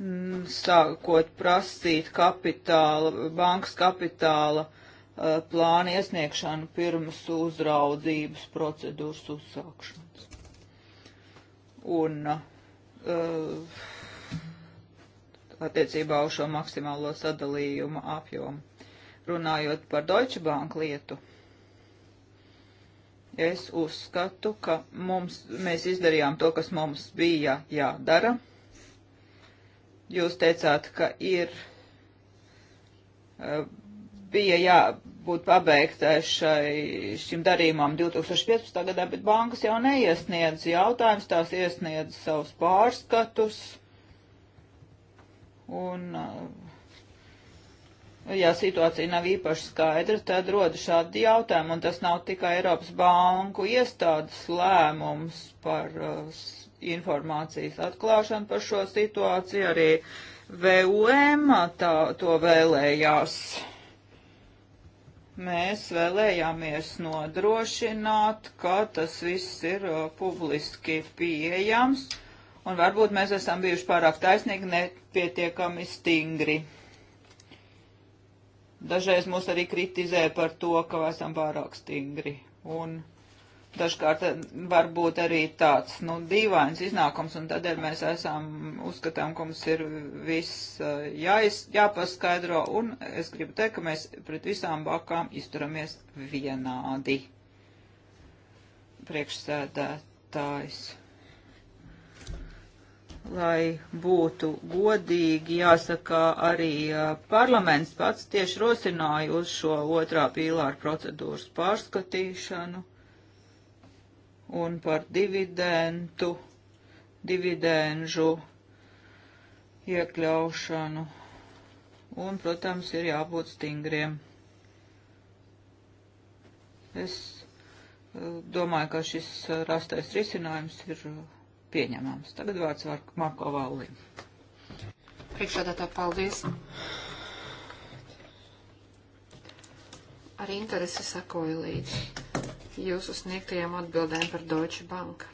Mm, sākot prasīt kapitāla, bankas kapitāla uh, Uh, plāna iesniegšanu pirms uzraudzības procedūras uzsākšanas. Un uh, attiecībā uz šo maksimālo sadalījumu apjomu. Runājot par Deutsche Bank lietu, es uzskatu, ka mums, mēs izdarījām to, kas mums bija jādara. Jūs teicāt, ka ir uh, bija jā, būt pabeigtai šai, šim darījumam 2015. gadā, bet bankas jau neiesniedz jautājums, tās iesniedz savus pārskatus. Un, uh, ja situācija nav īpaši skaidra, tad roda šādi jautājumi, un tas nav tikai Eiropas banku iestādes lēmums par uh, informācijas atklāšanu par šo situāciju, arī VUM tā, to vēlējās. Uh, mēs vēlējāmies nodrošināt, ka tas viss ir uh, publiski pieejams, un varbūt mēs esam bijuši pārāk taisnīgi, nepietiekami stingri. Dažreiz mūs arī kritizē par to, ka esam pārāk stingri, un dažkārt eh, var būt arī tāds, nu, dīvains iznākums, un tādēļ mēs esam uzskatām, ka mums ir viss eh, jāiz, jāpaskaidro, un es gribu teikt, ka mēs pret visām bakām izturamies vienādi. Priekšsēdētājs. Lai būtu godīgi, jāsaka, arī eh, parlaments pats tieši rosināja uz šo otrā pīlāra procedūras pārskatīšanu un par dividendu, dividendžu iekļaušanu. Un, protams, ir jābūt stingriem. Es eh, domāju, ka šis eh, rastais risinājums ir eh, pieņemams. Tagad vārds var Marko Vallim. Priekšādātā paldies. Arī interesi sakoju līdzi jūsu sniegtajām atbildēm par Deutsche Bank.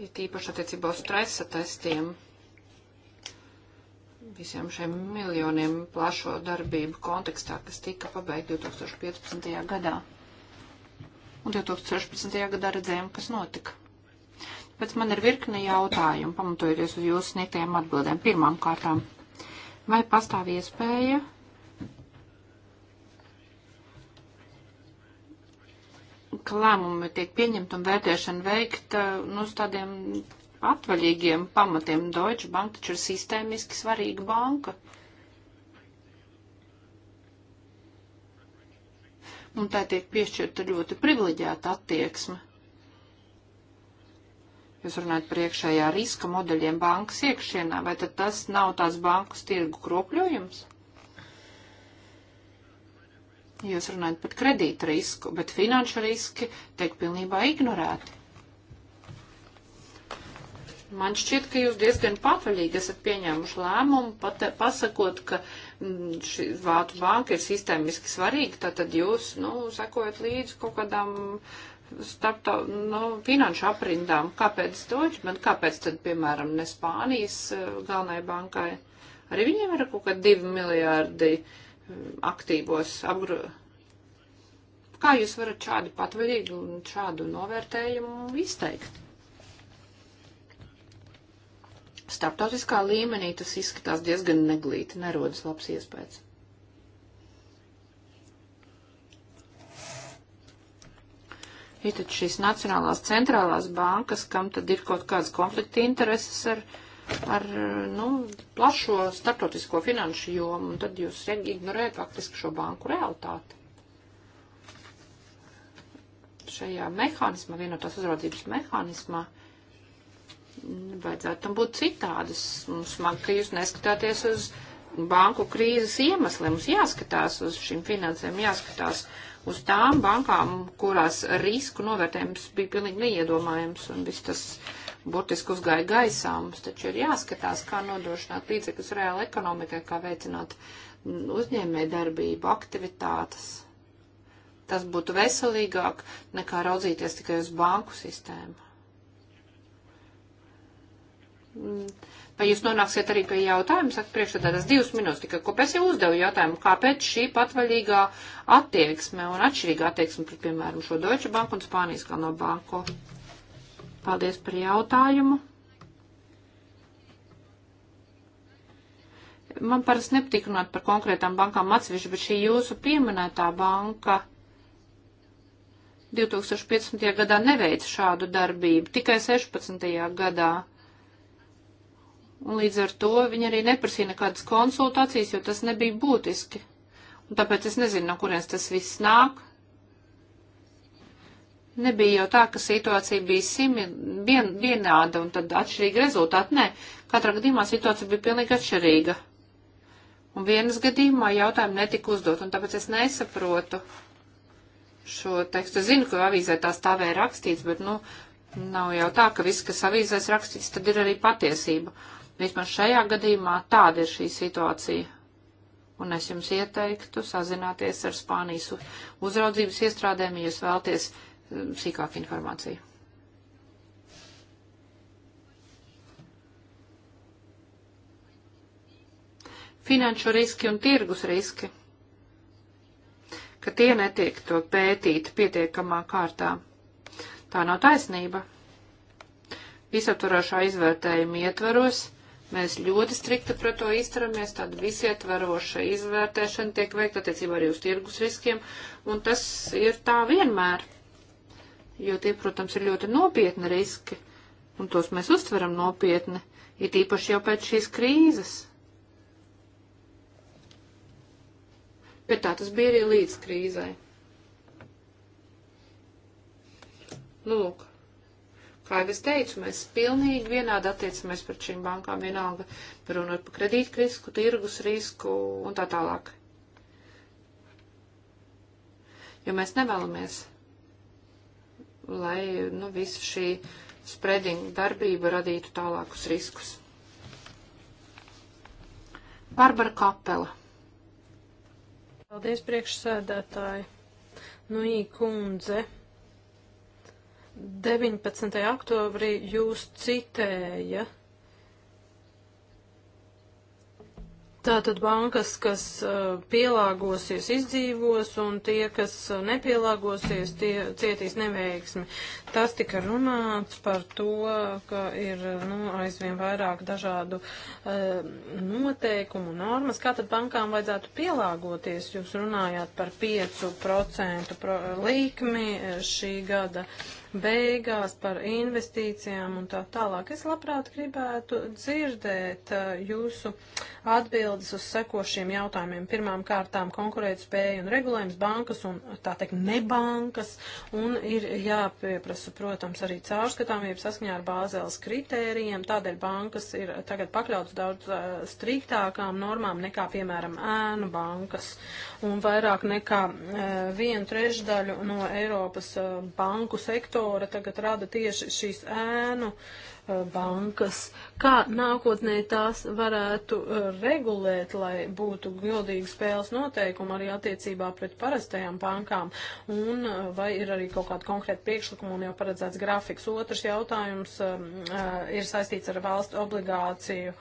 Ir tīpaši attiecībā uz stresa testiem, visiem šiem miljoniem plašo darbību kontekstā, kas tika pabeigta 2015. gadā. Un 2016. gadā redzējām, kas notika. Pēc man ir virkne jautājumu, pamatojoties uz jūsu sniegtajām atbildēm. Pirmām kārtām, vai pastāv iespēja ka lēmumi tiek pieņemti un vērtēšana veikta nu, uz tādiem atvaļīgiem pamatiem. Deutsche Bank taču ir sistēmiski svarīga banka. Un tā tiek piešķirta ļoti privileģēta attieksme. Jūs runājat par iekšējā riska modeļiem bankas iekšienā, vai tad tas nav tāds bankas tirgu kropļojums? Jūs runājat par kredītu risku, bet finanšu riski tiek pilnībā ignorēti. Man šķiet, ka jūs diezgan patvaļīgi esat pieņēmuši lēmumu, pat, pasakot, ka mm, šī Vācu banka ir sistēmiski svarīga, tātad jūs, nu, sekojat līdzi kaut kādām starptā, nu, finanšu aprindām. Kāpēc Deutsche Bank, kāpēc tad, piemēram, ne Spānijas eh, galvenai bankai? Arī viņiem ir kaut kādi divi miljārdi uh, aktīvos apgro... Kā jūs varat šādu patvaļīgu un šādu novērtējumu izteikt? Starptautiskā līmenī tas izskatās diezgan neglīti, nerodas labs iespējas. Ir taču šīs nacionālās centrālās bankas, kam tad ir kaut kādas konflikta intereses ar ar, nu, plašo startotisko finanšu jomu, un tad jūs ignorējat faktiski šo banku realitāti. Šajā mehānismā, vienotās uzraudzības mehānismā, mm, vajadzētu tam būt citādas. Mums smagi, ka jūs neskatāties uz banku krīzes iemesliem. Mums jāskatās uz šīm finansēm, jāskatās uz tām bankām, kurās risku novērtējums bija pilnīgi neiedomājams un viss tas. Uh, burtiski uzgāja gaisā. Mums taču ir jāskatās, kā nodrošināt līdzekļus reāli ekonomikai, kā veicināt uzņēmē darbību, aktivitātes. Tas būtu veselīgāk nekā raudzīties tikai uz banku sistēmu. Mm. Vai jūs nonāksiet arī pie jautājuma, saka priekšsēdētājs divas minūtes, tikai ko pēc jau uzdevu jautājumu, kāpēc šī patvaļīgā attieksme un atšķirīga attieksme pret, piemēram, šo Deutsche Banku un Spānijas galveno banku? Paldies par jautājumu. Man parasti nepatīk runāt par konkrētām bankām atsevišķi, bet šī jūsu pieminētā banka 2015. gadā neveica šādu darbību, tikai 16. gadā. Un līdz ar to viņi arī neprasīja nekādas konsultācijas, jo tas nebija būtiski. Un tāpēc es nezinu, no kurienes tas viss nāk. Nebija jau tā, ka situācija bija simi, vien, vienāda un tad atšķirīga rezultāta. Nē, katrā gadījumā situācija bija pilnīgi atšķirīga. Un vienas gadījumā jautājumu netika uzdot, un tāpēc es nesaprotu šo tekstu. Zinu, ka avīzē tā stāvēja rakstīts, bet, nu, nav jau tā, ka viss, kas avīzēs rakstīts, tad ir arī patiesība. Vismaz šajā gadījumā tāda ir šī situācija. Un es jums ieteiktu sazināties ar Spānijas uzraudzības iestrādēm, ja jūs vēlties sīkāku informāciju. Finanšu riski un tirgus riski, ka tie netiek to pētīti pietiekamā kārtā. Tā nav taisnība. Visaptvarošā izvērtējuma ietveros mēs ļoti strikti pret to izturamies, tad visietveroša izvērtēšana tiek veikta attiecībā arī uz tirgus riskiem, un tas ir tā vienmēr jo tie, protams, ir ļoti nopietni riski, un tos mēs uztveram nopietni, it īpaši jau pēc šīs krīzes. Bet tā tas bija arī līdz krīzai. Nu, lūk, kā jau es teicu, mēs pilnīgi vienādi attiecamies pret šīm bankām, vienalga runot par kredītrisku, tirgus risku un tā tālāk. Jo mēs nevēlamies lai nu, visu šī spreading darbība radītu tālākus riskus. Barbara Kapela. Paldies, priekšsēdētāji. Nu, īkundze. 19. oktobrī jūs citēja Tātad bankas, kas uh, pielāgosies, izdzīvos, un tie, kas uh, nepielāgosies, tie cietīs neveiksmi. Tas tika runāts par to, ka ir uh, nu, aizvien vairāk dažādu uh, noteikumu normas. Kā tad bankām vajadzētu pielāgoties? Jūs runājāt par 5% pro likmi šī gada. Uh, beigās, par investīcijām un tā tālāk. Es labprāt gribētu dzirdēt uh, jūsu atbildes uz sekošiem jautājumiem. Pirmām kārtām konkurētspēja un regulējums bankas un tā teikt nebankas un ir jāpieprasa, protams, arī caurskatāmība saskaņā ar bāzēles kritērijiem. Tādēļ bankas ir tagad pakļautas daudz uh, striktākām normām nekā, piemēram, ēnu bankas un vairāk nekā uh, vienu trešdaļu no Eiropas uh, banku sektora sektora tagad rada tieši šīs ēnu eh, bankas. Kā nākotnē tās varētu eh, regulēt, lai būtu godīgi spēles noteikumi arī attiecībā pret parastajām bankām? Un eh, vai ir arī kaut kāda konkrēta priekšlikuma un jau paredzēts grafiks? Otrs jautājums ehm, ir saistīts ar valstu obligāciju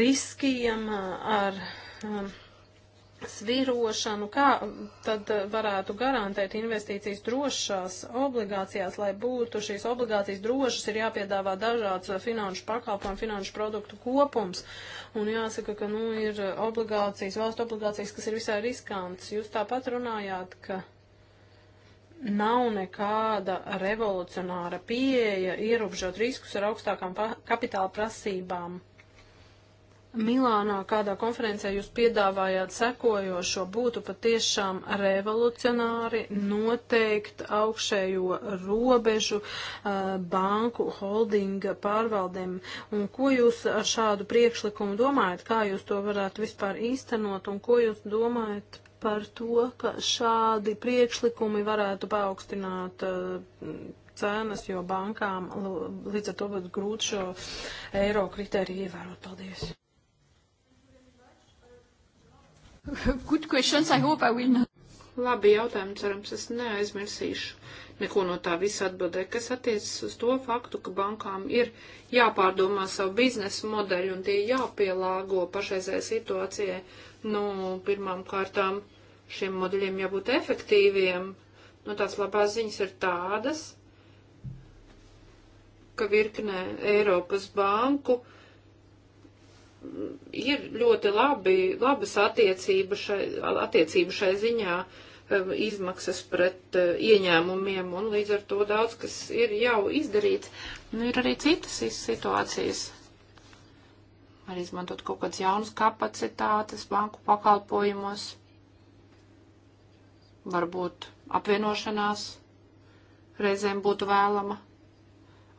riskiem ar. Um, svirošanu, kā tad varētu garantēt investīcijas drošās obligācijās, lai būtu šīs obligācijas drošas, ir jāpiedāvā dažāds finanšu pakalpojumu, finanšu produktu kopums. Un jāsaka, ka, nu, ir obligācijas, valstu obligācijas, kas ir visai riskantas. Jūs tāpat runājāt, ka nav nekāda revolucionāra pieeja ierobežot riskus ar augstākām kapitāla prasībām Milānā kādā konferencē jūs piedāvājāt sekojošo būtu patiešām revolucionāri noteikt augšējo robežu uh, banku holdinga pārvaldēm. Un ko jūs ar šādu priekšlikumu domājat? Kā jūs to varētu vispār īstenot? Un ko jūs domājat par to, ka šādi priekšlikumi varētu paaugstināt uh, cenas, jo bankām līdz ar to būtu grūti šo eiro kritēriju ievērot. Paldies! Good questions, I hope I will not. Labi jautājumi, cerams, es neaizmirsīšu neko no tā visa atbildē, kas attiecas uz to faktu, ka bankām ir jāpārdomā savu biznesu modeļu un tie jāpielāgo pašreizējai situācijai. Nu, pirmām kārtām šiem modeļiem jābūt efektīviem. Nu, tās labās ziņas ir tādas, ka virknē Eiropas banku ir ļoti labi, labas attiecības šai, attiecība šai ziņā um, izmaksas pret uh, ieņēmumiem, un līdz ar to daudz, kas ir jau izdarīts. Nu, ir arī citas situācijas. Var izmantot kaut kādas jaunas kapacitātes banku pakalpojumos, varbūt apvienošanās reizēm būtu vēlama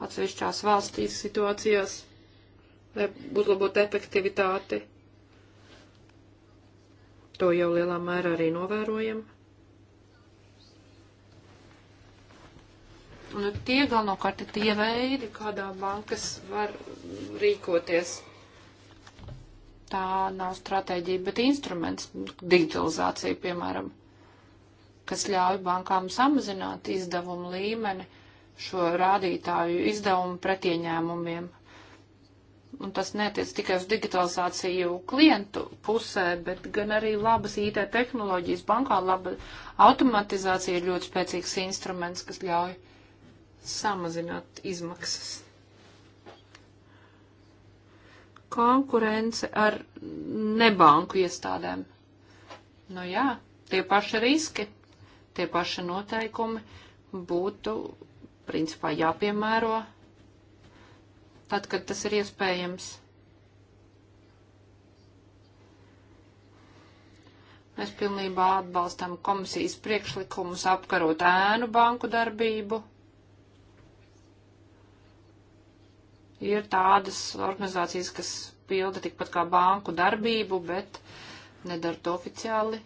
atsevišķās valstīs situācijās lai uzlabotu efektivitāti. To jau lielā mērā arī novērojam. Un tie galvenokārt ir tie veidi, kādā bankas var rīkoties. Tā nav stratēģija, bet instruments, digitalizācija, piemēram, kas ļauj bankām samazināt izdevumu līmeni šo rādītāju izdevumu pretieņēmumiem un tas netiec tikai uz digitalizāciju klientu pusē, bet gan arī labas IT tehnoloģijas bankā, laba automatizācija ir ļoti spēcīgs instruments, kas ļauj samazināt izmaksas. Konkurence ar nebanku iestādēm. Nu jā, tie paši riski, tie paši noteikumi būtu principā jāpiemēro tad, kad tas ir iespējams. Mēs pilnībā atbalstam komisijas priekšlikumus apkarot ēnu banku darbību. Ir tādas organizācijas, kas pilda tikpat kā banku darbību, bet nedara to oficiāli.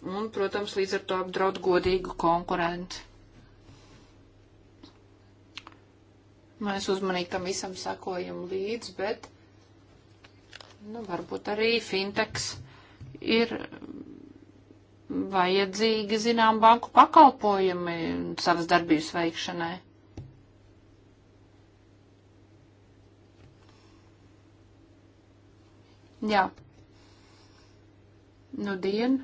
Un, protams, līdz ar to apdraud godīgu konkurenci. Mēs nu, uzmanīgi tam visam sakojam līdz, bet nu, varbūt arī fintechs ir vajadzīgi, zinām, banku pakalpojumi savas darbības veikšanai. Jā. Nu, dien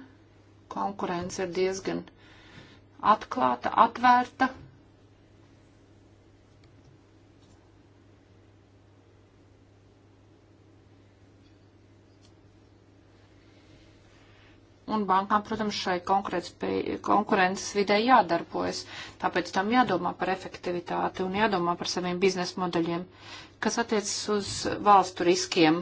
konkurence ir diezgan atklāta, atvērta. Un bankām, protams, šai konkurences vidē jādarbojas, tāpēc tam jādomā par efektivitāti un jādomā par saviem biznesa modeļiem, kas attiecas uz valstu riskiem.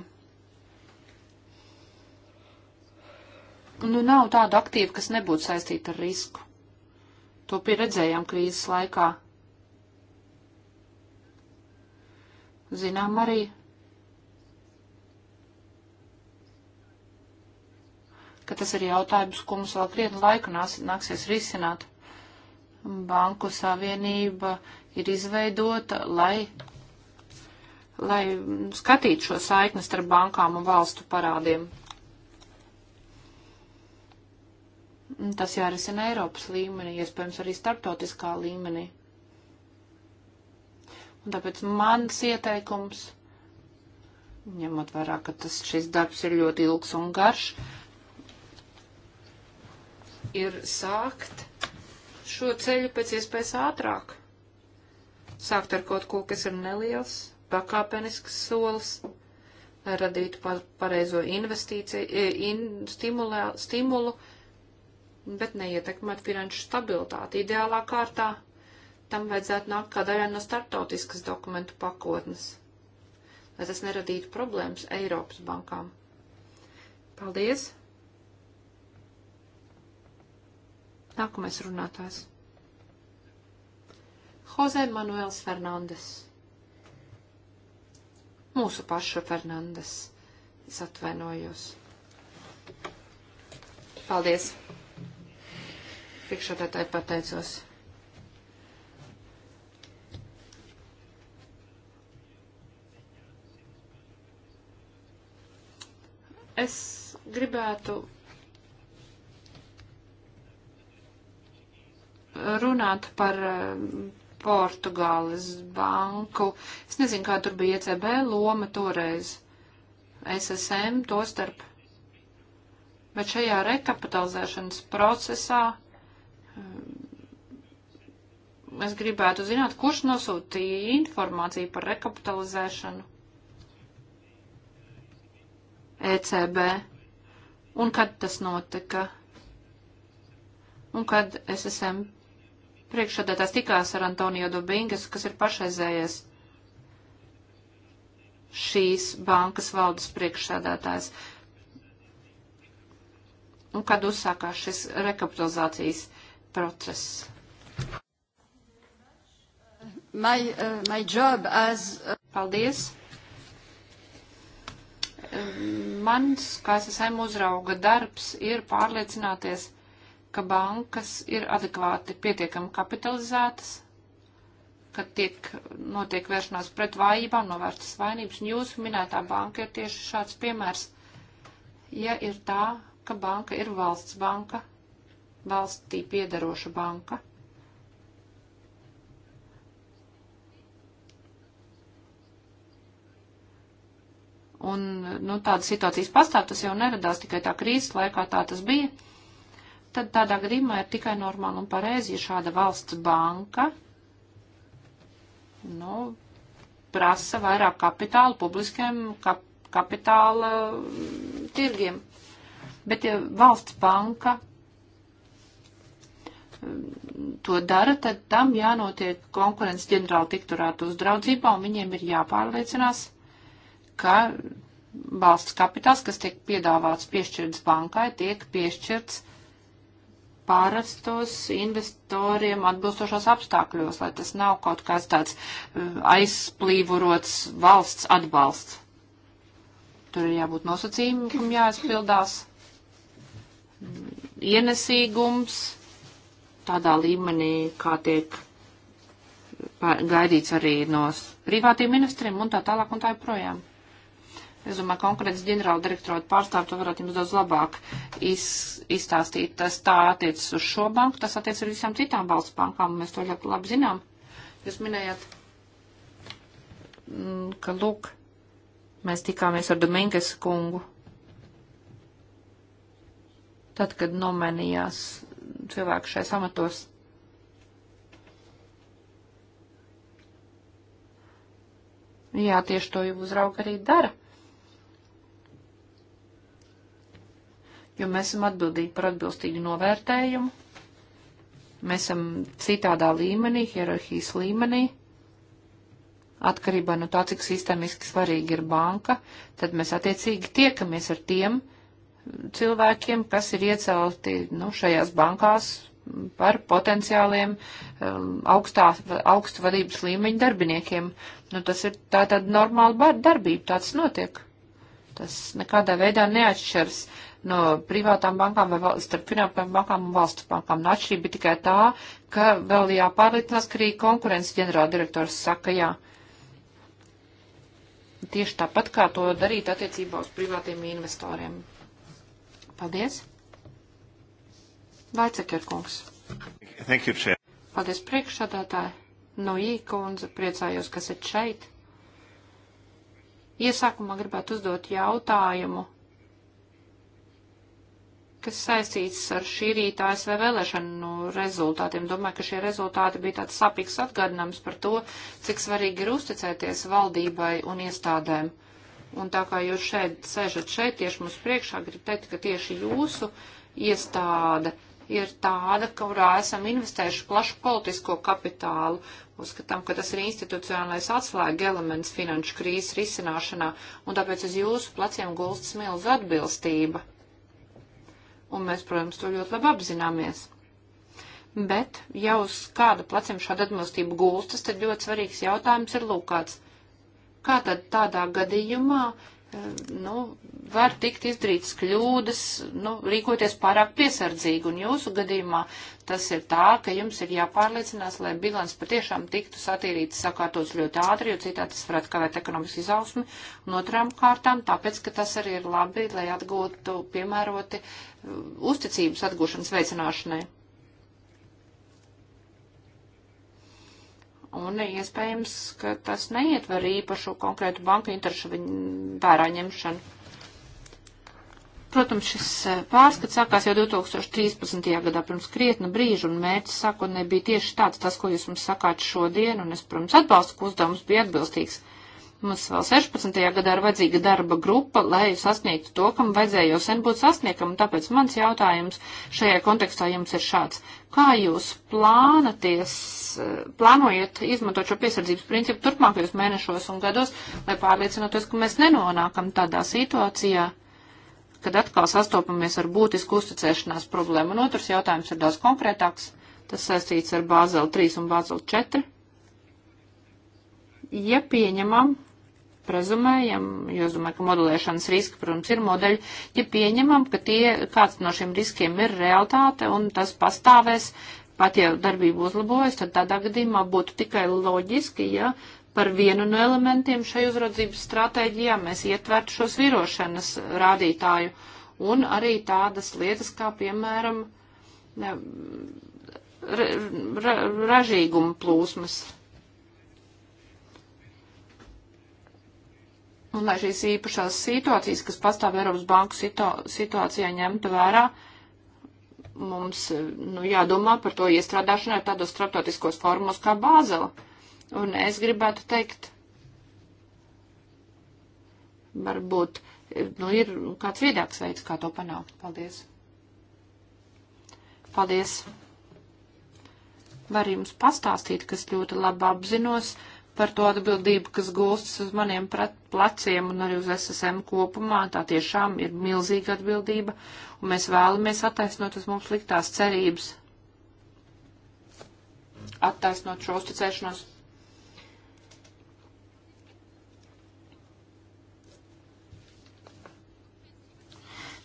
Nu, nav tādu aktīvu, kas nebūtu saistīta ar risku. To pieredzējām krīzes laikā. Zinām arī, ka tas ir jautājums, ko mums vēl krietni laika nās, nāksies risināt. Banku savienība ir izveidota, lai, lai skatītu šo saiknes starp bankām un valstu parādiem. Tas jārisina Eiropas līmenī, iespējams arī starptautiskā līmenī. Un tāpēc mans ieteikums, ņemot vērā, ka tas, šis darbs ir ļoti ilgs un garš, uh, ir sākt šo ceļu pēc iespējas ātrāk. Sākt ar kaut ko, kas ir neliels, pakāpenisks solis, lai radītu pareizo investīciju, e, in, stimulē, stimulu, bet neietekmēt finanšu stabilitāti. Ideālā kārtā tam vajadzētu nākt kā daļai no startautiskas dokumentu pakotnes, lai tas neradītu problēmas Eiropas bankām. Paldies! Nākamais runātājs. Jose Manuels Fernandes. Mūsu paša Fernandes. Es atvainojos. Paldies. Priekšādātāji pateicos. Es gribētu runāt par eh, Portugāles banku. Es nezinu, kā tur bija ECB loma toreiz. SSM to starp. Bet šajā rekapitalizēšanas procesā eh, es gribētu zināt, kurš nosūtīja informāciju par rekapitalizēšanu. ECB. Un kad tas notika? Un kad SSM priekšsādātājs tikās ar Antonio Dubingas, kas ir pašreizējais šīs bankas valdes priekšsādātājs. Un kad uzsākās šis rekapitalizācijas process? My, uh, my job as... Uh... Paldies. Um, mans, kā es esmu uzrauga darbs, ir pārliecināties, uh, ka bankas ir adekvāti pietiekami kapitalizētas, ka tiek notiek vēršanās pret vājībām, novērstas vainības, un jūsu minētā banka ir tieši šāds piemērs. Ja ir tā, ka banka ir valsts banka, valstī piedaroša banka, un, nu, tādas situācijas pastāv, tas jau neradās tikai tā krīzes laikā, tā tas bija tad tādā gadījumā ir tikai normāli un pareizi, ja šāda valsts banka, nu, prasa vairāk kapitāla publiskiem kap, kapitāla mm, tirgiem. Bet ja valsts banka mm, to dara, tad tam jānotiek konkurences ģenerāla tikturātu uzdraudzībā, un viņiem ir jāpārliecinās, ka valsts kapitāls, kas tiek piedāvāts piešķirts bankai, tiek piešķirts parastos investoriem atbilstošos apstākļos, lai tas nav kaut kāds tāds uh, aizplīvurots valsts atbalsts. Tur ir jābūt nosacījumam, jāizpildās ienesīgums tādā līmenī, kā tiek gaidīts arī no privātiem ministriem un tā tālāk un tā joprojām. Es domāju, konkurences ģenerāla direktorāta pārstāvja to varētu jums daudz labāk iz, izstāstīt. Tas tā attiecas uz šo banku, tas attiecas arī visām citām valsts bankām, mēs to ļoti labi zinām. Jūs minējāt, mm, ka lūk, mēs tikāmies ar Domingas kungu. Tad, kad nomenījās cilvēku šai amatos. Jā, tieši to jau uzrauga arī dara jo mēs esam atbildīgi par atbilstīgu novērtējumu. Mēs esam citādā līmenī, hierarhijas līmenī. Atkarībā no tā, cik sistēmiski svarīga ir banka, tad mēs attiecīgi tiekamies ar tiem cilvēkiem, kas ir iecelti nu, šajās bankās par potenciāliem um, augstā, augstu vadības līmeņu darbiniekiem. Nu, tas ir tā tāda normāla darbība, tāds notiek. Tas nekādā veidā neatšķiras no privātām bankām vai starp privātām bankām un valsts bankām. Un atšķirība tikai tā, ka vēl jāpārliecinās, ka arī konkurences ģenerāldirektors saka jā. Tieši tāpat, kā to darīt attiecībā uz privātiem investoriem. Paldies. Vaicekerkungs. Thank you, Chair. Paldies priekšsādātāji. No nu, īkundze priecājos, kas ir šeit. Iesākumā gribētu uzdot jautājumu kas saistīts ar šī rīta ASV vēlēšanu nu, rezultātiem. Domāju, ka šie rezultāti bija tāds sapīgs atgādinājums par to, cik svarīgi ir uzticēties valdībai un iestādēm. Un tā kā jūs šeit sēžat šeit tieši mums priekšā, gribu teikt, ka tieši jūsu iestāde ir tāda, kurā esam investējuši plašu politisko kapitālu. Uzskatām, ka tas ir institucionālais atslēga elements finanšu krīzes risināšanā, un tāpēc uz jūsu pleciem gulstas milz atbilstība un mēs, protams, to ļoti labi apzināmies. Bet, ja uz kāda pleciem šāda atbilstība gulstas, tad ļoti svarīgs jautājums ir lūkāts. Kā tad tādā gadījumā Eh, nu, var tikt izdarītas kļūdas, nu, rīkoties pārāk piesardzīgi, un jūsu gadījumā tas ir tā, ka jums ir jāpārliecinās, lai bilants patiešām tiktu satīrīts, sakārtots ļoti ātri, jo citādi tas varētu kavēt ekonomikas izaugsmi, un otrām kārtām, tāpēc, ka tas arī ir labi, lai atgūtu piemēroti eh, uzticības atgūšanas veicināšanai. Un iespējams, ka tas neietver īpašu konkrētu banku interesu vērā ņemšanu. Protams, šis eh, pārskats sākās jau 2013. gadā pirms krietna brīža, un mērķis sākotnēji bija tieši tāds, tas, ko jūs mums sakāt šodien, un es, protams, atbalstu, ka uzdevums bija atbilstīgs. Mums vēl 16. gadā ir vajadzīga darba grupa, lai sasniegtu to, kam vajadzēja jau sen būt sasniegam, un tāpēc mans jautājums šajā kontekstā jums ir šāds. Kā jūs plānaties, eh, plānojat izmantot šo piesardzības principu turpmākajos mēnešos un gados, lai pārliecinātos, ka mēs nenonākam tādā situācijā, kad atkal sastopamies ar būtisku uzticēšanās problēmu? Un otrs jautājums ir daudz konkrētāks. Tas saistīts ar Bāzeli 3 un Bāzeli 4 ja pieņemam, prezumējam, jo es domāju, ka modelēšanas riski, protams, ir modeļi, ja pieņemam, ka tie, kāds no šiem riskiem ir realitāte un tas pastāvēs, pat ja darbība uzlabojas, tad tādā gadījumā būtu tikai loģiski, ja par vienu no elementiem šai uzraudzības stratēģijā mēs ietvertu šos virošanas rādītāju un arī tādas lietas kā, piemēram, ražīguma plūsmas. un lai šīs īpašās situācijas, kas pastāv Eiropas banku situācijā, ņemtu vērā, mums nu, jādomā par to iestrādāšanai tādos starptautiskos formos kā Bāzela. Un es gribētu teikt, varbūt nu, ir kāds viedāks veids, kā to panākt. Paldies! Paldies! Var jums pastāstīt, kas ļoti labi apzinos par to atbildību, kas gulstas uz maniem pleciem un arī uz SSM kopumā. Tā tiešām ir milzīga atbildība, un mēs vēlamies attaisnot uz mums liktās cerības, attaisnot šo uzticēšanos.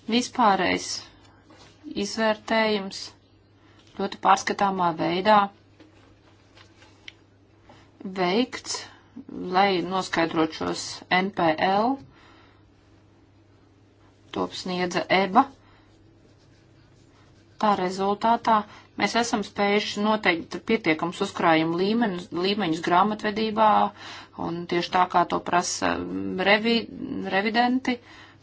Vispārējais izvērtējums ļoti pārskatāmā veidā veikts, lai noskaidrot šos NPL. Top sniedza EBA. Tā rezultātā mēs esam spējuši noteikt pietiekams uzkrājumu līmeņus, līmeņus grāmatvedībā, un tieši tā kā to prasa revi, revidenti,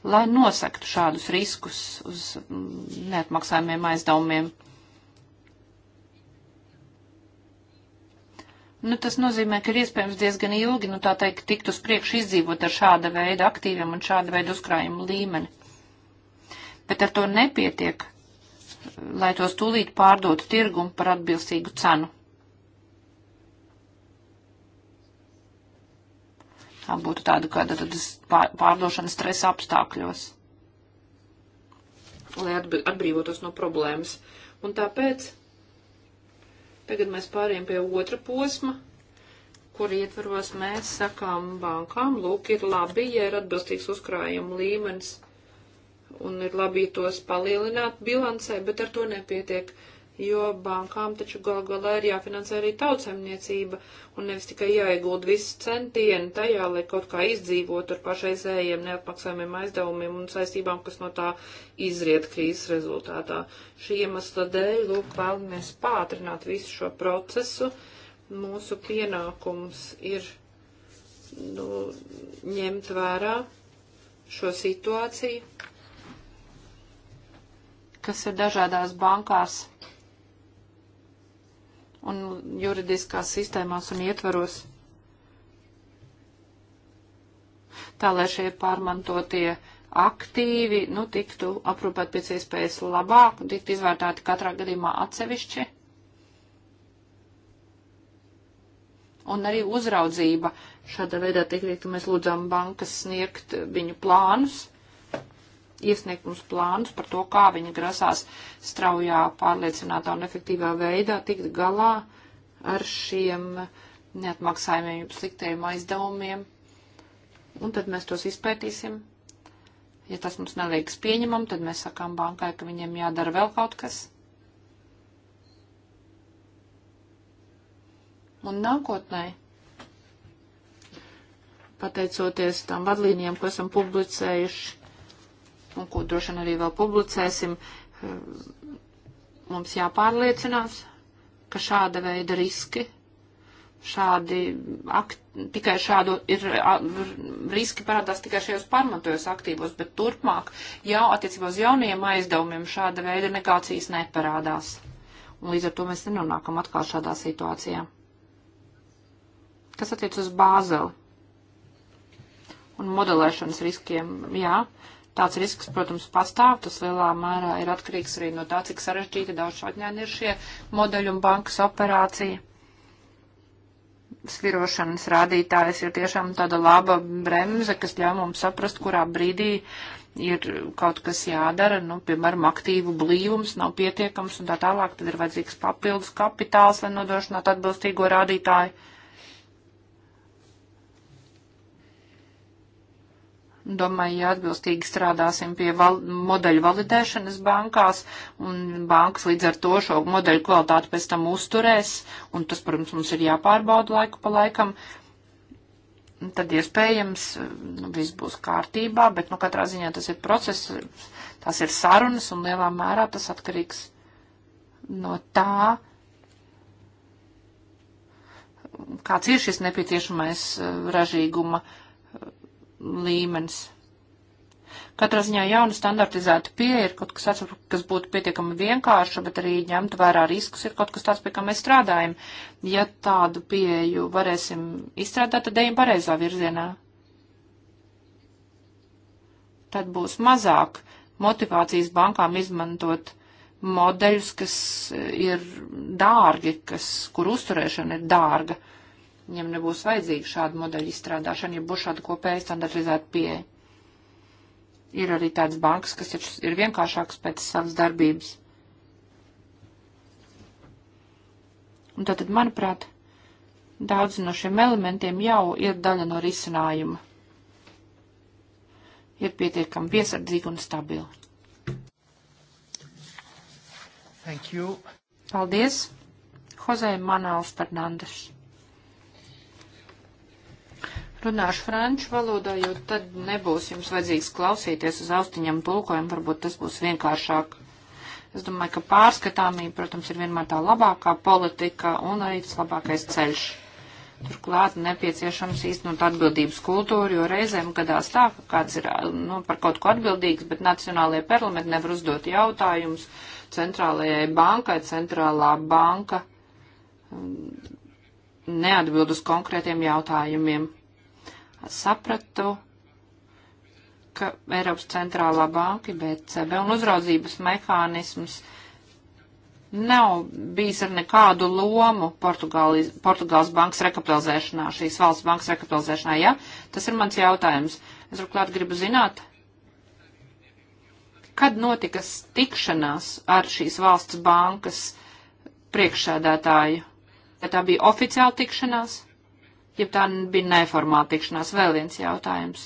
lai nosaktu šādus riskus uz neatmaksājumiem aizdevumiem. Nu, tas nozīmē, ka ir iespējams diezgan ilgi, nu, tā teikt, tikt uz priekšu izdzīvot ar šāda veida aktīviem un šāda veida uzkrājumu līmeni. Bet ar to nepietiek, lai tos tūlīt pārdotu tirgumu par atbilstīgu cenu. Tā būtu tāda kāda tad pārdošana stresa apstākļos, lai atbrīvotos no problēmas. Un tāpēc Tagad mēs pāriem pie otra posma, kur ietvaros mēs sakām bankām, lūk, ir labi, ja ir atbilstīgs uzkrājuma līmenis, un ir labi tos palielināt bilancē, bet ar to nepietiek. Uh, jo bankām taču gal galā ir jāfinansē arī tautsemniecība un nevis tikai jāiegūt visi centieni tajā, lai kaut kā izdzīvot ar pašreizējiem neatmaksājumiem aizdevumiem un saistībām, kas no tā izriet krīzes rezultātā. Šī iemesla dēļ, lūk, vēlamies pātrināt visu šo procesu. Mūsu pienākums ir nu, ņemt vērā šo situāciju, kas ir dažādās bankās un juridiskās sistēmās un ietvaros. Tā, lai šie pārmantotie aktīvi, nu, tiktu aprūpēt pēc iespējas labāk, tiktu izvērtēti katrā gadījumā atsevišķi. Un arī uzraudzība šāda veidā tiek, ka mēs lūdzām bankas sniegt viņu plānus iesniegt mums plānus par to, kā viņi grasās straujā, pārliecinātā un efektīvā veidā tikt galā ar šiem neatmaksājumiem, jums sliktajiem aizdevumiem. Un tad mēs tos izpētīsim. Ja tas mums neliekas pieņemam, tad mēs sakām bankai, ka viņiem jādara vēl kaut kas. Un nākotnē pateicoties tam vadlīnijām, ko esam publicējuši un ko droši vien arī vēl publicēsim, mums jāpārliecinās, ka šāda veida riski, šādi akt, tikai šādu ir, riski parādās tikai šajos pārmantojos aktīvos, bet turpmāk jau attiecībā uz jaunajiem aizdevumiem šāda veida negācijas neparādās. Un līdz ar to mēs nenonākam atkal šādā situācijā. Kas attiec uz bāzeli un modelēšanas riskiem, jā, uh, Tāds risks, protams, pastāv, tas lielā mērā ir atkarīgs arī no tā, cik sarežģīti daudz šādņēni ir šie modeļu un bankas operācija. Svirošanas rādītājs ir tiešām tāda laba bremze, kas ļauj mums saprast, kurā brīdī ir kaut kas jādara, nu, piemēram, aktīvu blīvums nav pietiekams un tā tālāk, tad ir vajadzīgs papildus kapitāls, lai nodrošinātu atbilstīgo rādītāju. Domāju, ja atbilstīgi strādāsim pie val modeļu validēšanas bankās, un bankas līdz ar to šo modeļu kvalitāti pēc tam uzturēs, un tas, protams, mums ir jāpārbauda laiku pa laikam, tad iespējams nu, viss būs kārtībā, bet nu, katrā ziņā tas ir process, tas ir sarunas un lielā mērā tas atkarīgs no tā, kāds ir šis nepieciešamais eh, ražīguma uh, līmenis. Katrā ziņā jauna standartizēta pieeja ir kaut kas tāds, kas būtu pietiekami vienkārša, bet arī ņemt vērā riskus ir kaut kas tāds, pie kā mēs strādājam. Ja tādu pieeju varēsim izstrādāt, tad ejam pareizā virzienā. Tad būs mazāk motivācijas bankām izmantot modeļus, kas ir dārgi, kas, kur uzturēšana ir dārga. Uh, Viņam nebūs vajadzīga šāda modeļa izstrādāšana, ja būs šāda kopēja standartizēta pieeja. Ir arī tāds banks, kas ir vienkāršāks pēc savas darbības. Un tātad, manuprāt, daudz no šiem elementiem jau ir daļa no risinājuma. Ir pietiekami piesardzīgi un stabili. Thank you. Paldies, Jose Manuels Fernandes runāšu franču valodā, jo tad nebūs jums vajadzīgs klausīties uz austiņiem tulkojumu, varbūt tas būs vienkāršāk. Es domāju, ka pārskatāmība, protams, ir vienmēr tā labākā politika un arī tas labākais ceļš. Turklāt nepieciešams īstenot atbildības kultūru, jo reizēm gadās tā, ka kāds ir nu, par kaut ko atbildīgs, bet nacionālajie parlamenti nevar uzdot jautājumus centrālajai bankai, centrālā banka mm, neatbild uz konkrētiem jautājumiem sapratu, ka Eiropas centrālā banka, BCB un eh, uzraudzības mehānisms nav bijis ar nekādu lomu Portugālis, Portugāles bankas rekapitalizēšanā, šīs valsts bankas rekapitalizēšanā, ja? Tas ir mans jautājums. Es turklāt gribu zināt, kad notika tikšanās ar šīs valsts bankas priekšsēdētāju? Vai tā bija oficiāla tikšanās? ja tā bija neformāla tikšanās. Vēl viens jautājums.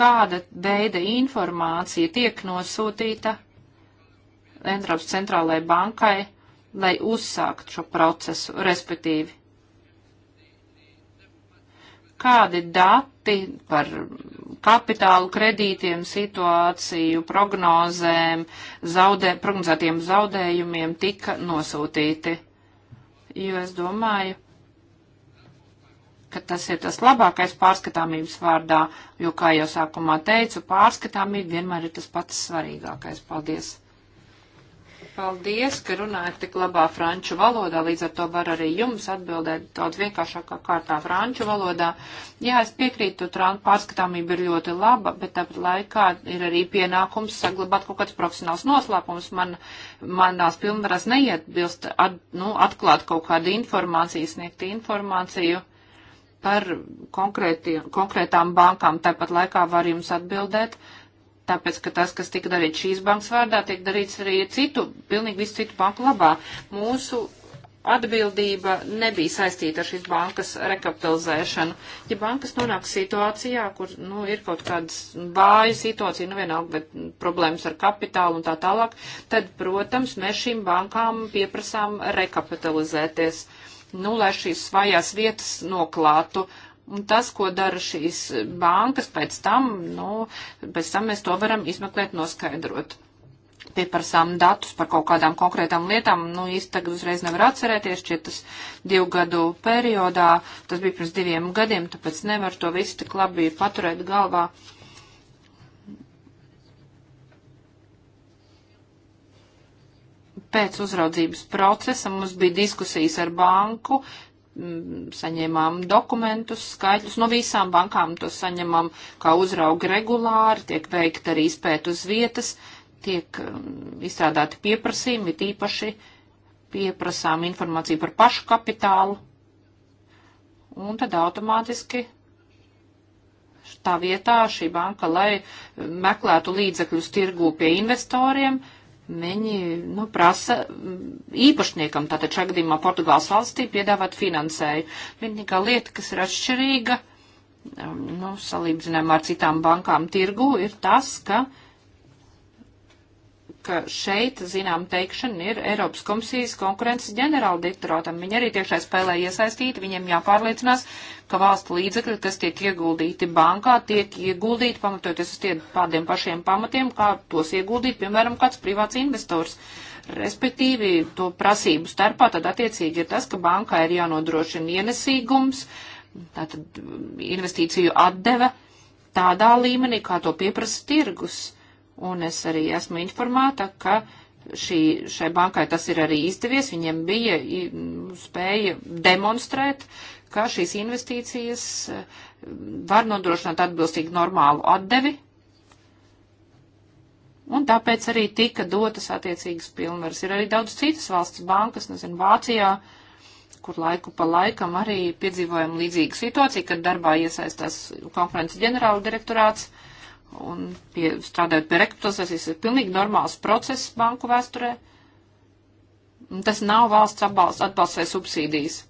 Kāda veida informācija tiek nosūtīta Eiropas centrālajai bankai, lai uzsākt šo procesu, respektīvi? Kādi dati par kapitālu kredītiem, situāciju, prognozēm, zaudē, prognozētiem zaudējumiem tika nosūtīti? Jo es domāju, ka tas ir tas labākais pārskatāmības vārdā, jo, kā jau sākumā teicu, pārskatāmība vienmēr ir tas pats svarīgākais. Paldies! Paldies, ka runājat tik labā franču valodā, līdz ar to var arī jums atbildēt daudz vienkāršākā kārtā franču valodā. Jā, es piekrītu, pārskatāmība ir ļoti laba, bet tāpat laikā ir arī pienākums saglabāt kaut kāds profesionāls noslēpums. Man, manās pilnvaras neiebilst at, nu, atklāt kaut kādu informāciju, sniegt informāciju par konkrētām bankām. Tāpat laikā var jums atbildēt, tāpēc, ka tas, kas tika darīts šīs bankas vārdā, tiek darīts arī citu, pilnīgi visu citu banku labā. Mūsu atbildība nebija saistīta ar šīs bankas rekapitalizēšanu. Ja bankas nonāk situācijā, kur nu, ir kaut kādas vāja situācija, nu vienalga, bet problēmas ar kapitālu un tā tālāk, tad, protams, mēs šīm bankām pieprasām rekapitalizēties nu, lai šīs svajās vietas noklātu. Un tas, ko dara šīs bankas pēc tam, nu, pēc tam mēs to varam izmeklēt, noskaidrot. Pieprasām datus par kaut kādām konkrētām lietām, nu, īsti tagad uzreiz nevar atcerēties, šķiet tas divu gadu periodā, tas bija pirms diviem gadiem, tāpēc nevar to visu tik labi paturēt galvā. Uh, pēc uzraudzības procesa mums bija diskusijas ar banku, saņēmām dokumentus, skaitļus no visām bankām, to saņemam kā uzrauga regulāri, tiek veikta arī izpēt uz vietas, tiek izstrādāti pieprasījumi, tīpaši pieprasām informāciju par pašu kapitālu, un tad automātiski tā vietā šī banka, lai meklētu līdzekļus tirgū pie investoriem, uh, viņi nu, prasa mm, īpašniekam, tātad šajā gadījumā Portugāles valstī, piedāvāt finansēju. Vienīgā lieta, kas ir atšķirīga, um, nu, salīdzinājumā ar citām bankām tirgu, ir tas, ka uh, ka šeit, zinām, teikšana ir Eiropas komisijas konkurences ģenerāla direktorātam. Viņi arī tiešai spēlē iesaistīti, viņiem jāpārliecinās, ka valstu līdzekļi, kas tiek ieguldīti bankā, tiek ieguldīti pamatoties uz tiem tādiem pašiem pamatiem, kā tos ieguldīt, piemēram, kāds privāts investors. Respektīvi, to prasību starpā tad attiecīgi ir tas, ka bankā ir jānodrošina ienesīgums, tātad investīciju atdeve tādā līmenī, kā to pieprasa tirgus un es arī esmu informēta, ka šī, šai bankai tas ir arī izdevies, viņiem bija spēja demonstrēt, ka šīs investīcijas eh, var nodrošināt atbilstīgi normālu atdevi, Un tāpēc arī tika dotas attiecīgas pilnvaras. Ir arī daudz citas valsts bankas, nezinu, Vācijā, kur laiku pa laikam arī piedzīvojam līdzīgu situāciju, kad darbā iesaistās konferences ģenerāla direktorāts un pie, strādājot pie rekapitalizācijas, ir pilnīgi normāls process banku vēsturē. Un tas nav valsts atbalsts, atbalsts vai subsīdijas.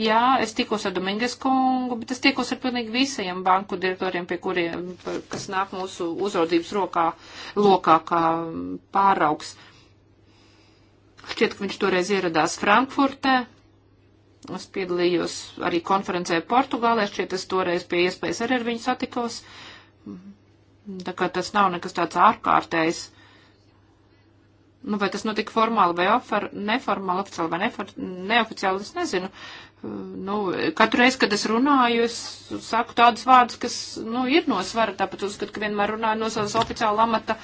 Jā, es tikos ar Domingas kungu, bet es tikos ar pilnīgi visiem banku direktoriem, pie kuriem, kas nāk mūsu uzraudzības rokā, lokā kā pāraugs. Šķiet, ka viņš toreiz ieradās Frankfurtē, Es piedalījos arī konferencē Portugālē, šķiet, es toreiz pie iespējas arī ar viņu satikos. Tā kā tas nav nekas tāds ārkārtējs. Nu, vai tas notika formāli vai ofar, neformāli, oficiāli vai nefor, neoficiāli, es nezinu. Nu, katru reizi, kad es runāju, es saku tādus vārdus, kas, nu, ir no svara, tāpēc uzskatu, ka vienmēr runāju no savas oficiāla amata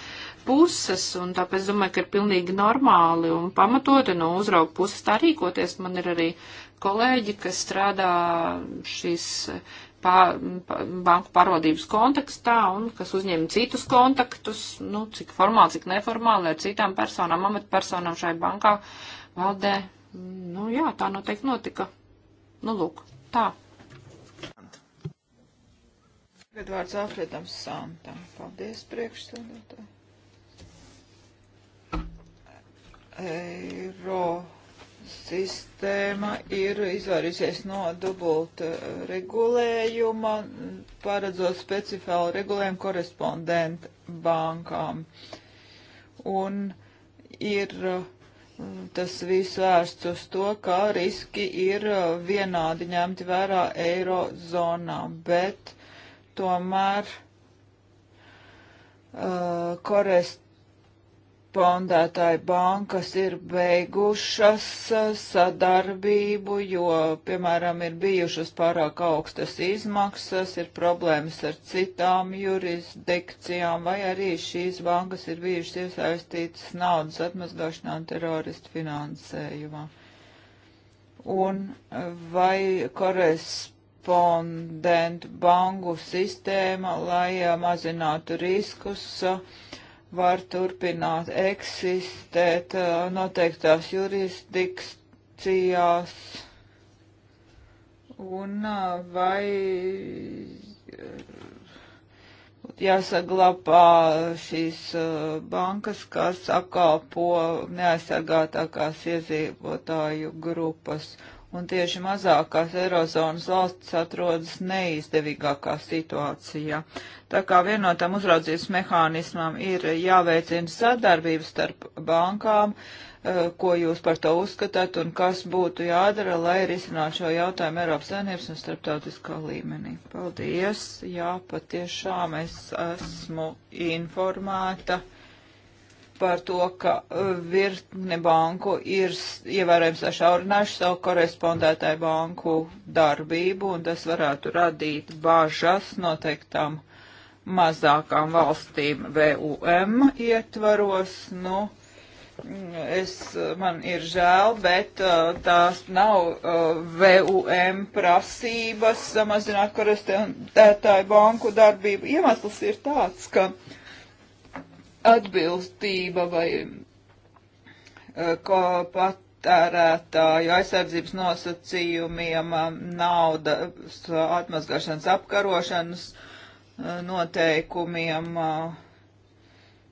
puses, un tāpēc domāju, ka ir pilnīgi normāli un pamatoti no uzrauga puses tā rīkoties. Man ir arī kolēģi, kas strādā šīs pār, banku pārvaldības kontekstā un kas uzņem citus kontaktus, nu, cik formāli, cik neformāli ar citām personām, amatpersonām šai bankā valdē. Nu, jā, tā noteikti notika. Nu, lūk, tā. Tagad vārds Alfredam Santam. Paldies priekšstādātāji. Eiro sistēma ir izvairījusies no dubulta eh, regulējuma, paredzot specifālu regulējumu korespondentu bankām. Un ir eh, tas viss vērsts uz to, ka riski ir eh, vienādi ņemti vērā eirozonā, bet tomēr uh, korespondents fondētāju bankas ir beigušas sadarbību, jo, piemēram, ir bijušas pārāk augstas izmaksas, ir problēmas ar citām jurisdikcijām, vai arī šīs bankas ir bijušas iesaistītas naudas atmazgāšanā un teroristu finansējumā. Un vai korespondentu korespondentu banku sistēma, lai mazinātu riskus var turpināt eksistēt uh, noteiktās jurisdikcijās un uh, vai uh, jāsaglabā šīs bankas, kas apkalpo neaizsargātākās iedzīvotāju grupas un tieši mazākās Eirozonas valstis atrodas neizdevīgākā situācijā. Tā kā vienotam uzraudzības mehānismam ir jāveicina sadarbības starp bankām, eh, ko jūs par to uzskatāt un kas būtu jādara, lai risinātu šo jautājumu Eiropas saimnības un starptautiskā līmenī. Paldies! Jā, patiešām es esmu informēta par to, ka uh, virkne banku ir ievērojami sašaurinājuši savu korespondētāju banku darbību, un tas varētu radīt bāžas noteiktām mazākām valstīm VUM ietvaros. Nu, es, man ir žēl, bet uh, tās nav uh, VUM prasības samazināt korespondētāju banku darbību. Iemesls ir tāds, ka atbilstība vai eh, ko patērētāju aizsardzības nosacījumiem, eh, naudas atmazgāšanas apkarošanas eh, noteikumiem.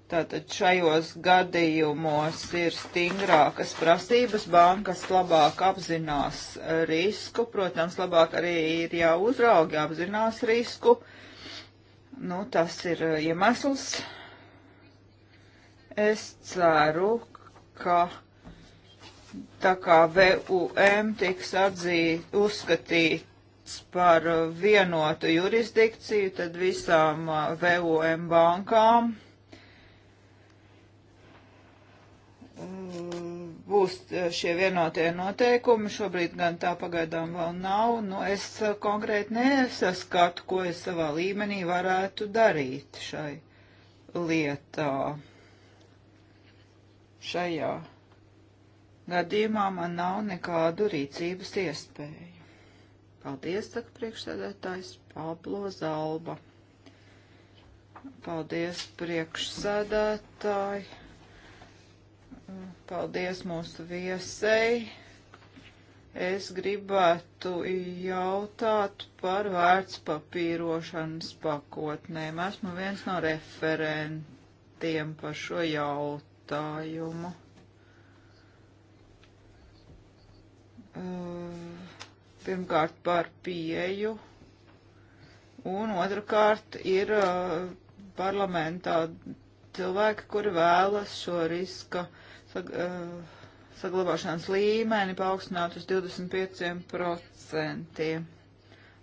Tātad šajos gadījumos ir stingrākas prasības, bankas labāk apzinās risku, protams, labāk arī ir jāuzraugi apzinās risku. Nu, tas ir iemesls, ja Es ceru, ka tā kā VUM tiks atzīt, uzskatīts par vienotu jurisdikciju, tad visām uh, VUM bankām mm, būs uh, šie vienotie noteikumi. Šobrīd gan tā pagaidām vēl nav. Nu, es uh, konkrēti nesaskatu, ko es savā līmenī varētu darīt šai lietā. Šajā gadījumā man nav nekādu rīcības iespēju. Paldies, saka priekšsēdētājs Pablo Zalba. Paldies, priekšsēdētāji. Paldies mūsu viesei. Es gribētu jautāt par vērtspapīrošanas pakotnēm. Esmu viens no referentiem par šo jautājumu jautājumu. Eh, pirmkārt par pieeju, un otrkārt ir eh, parlamentā cilvēki, kuri vēlas šo riska sag, eh, saglabāšanas līmeni paaugstināt uz 25%.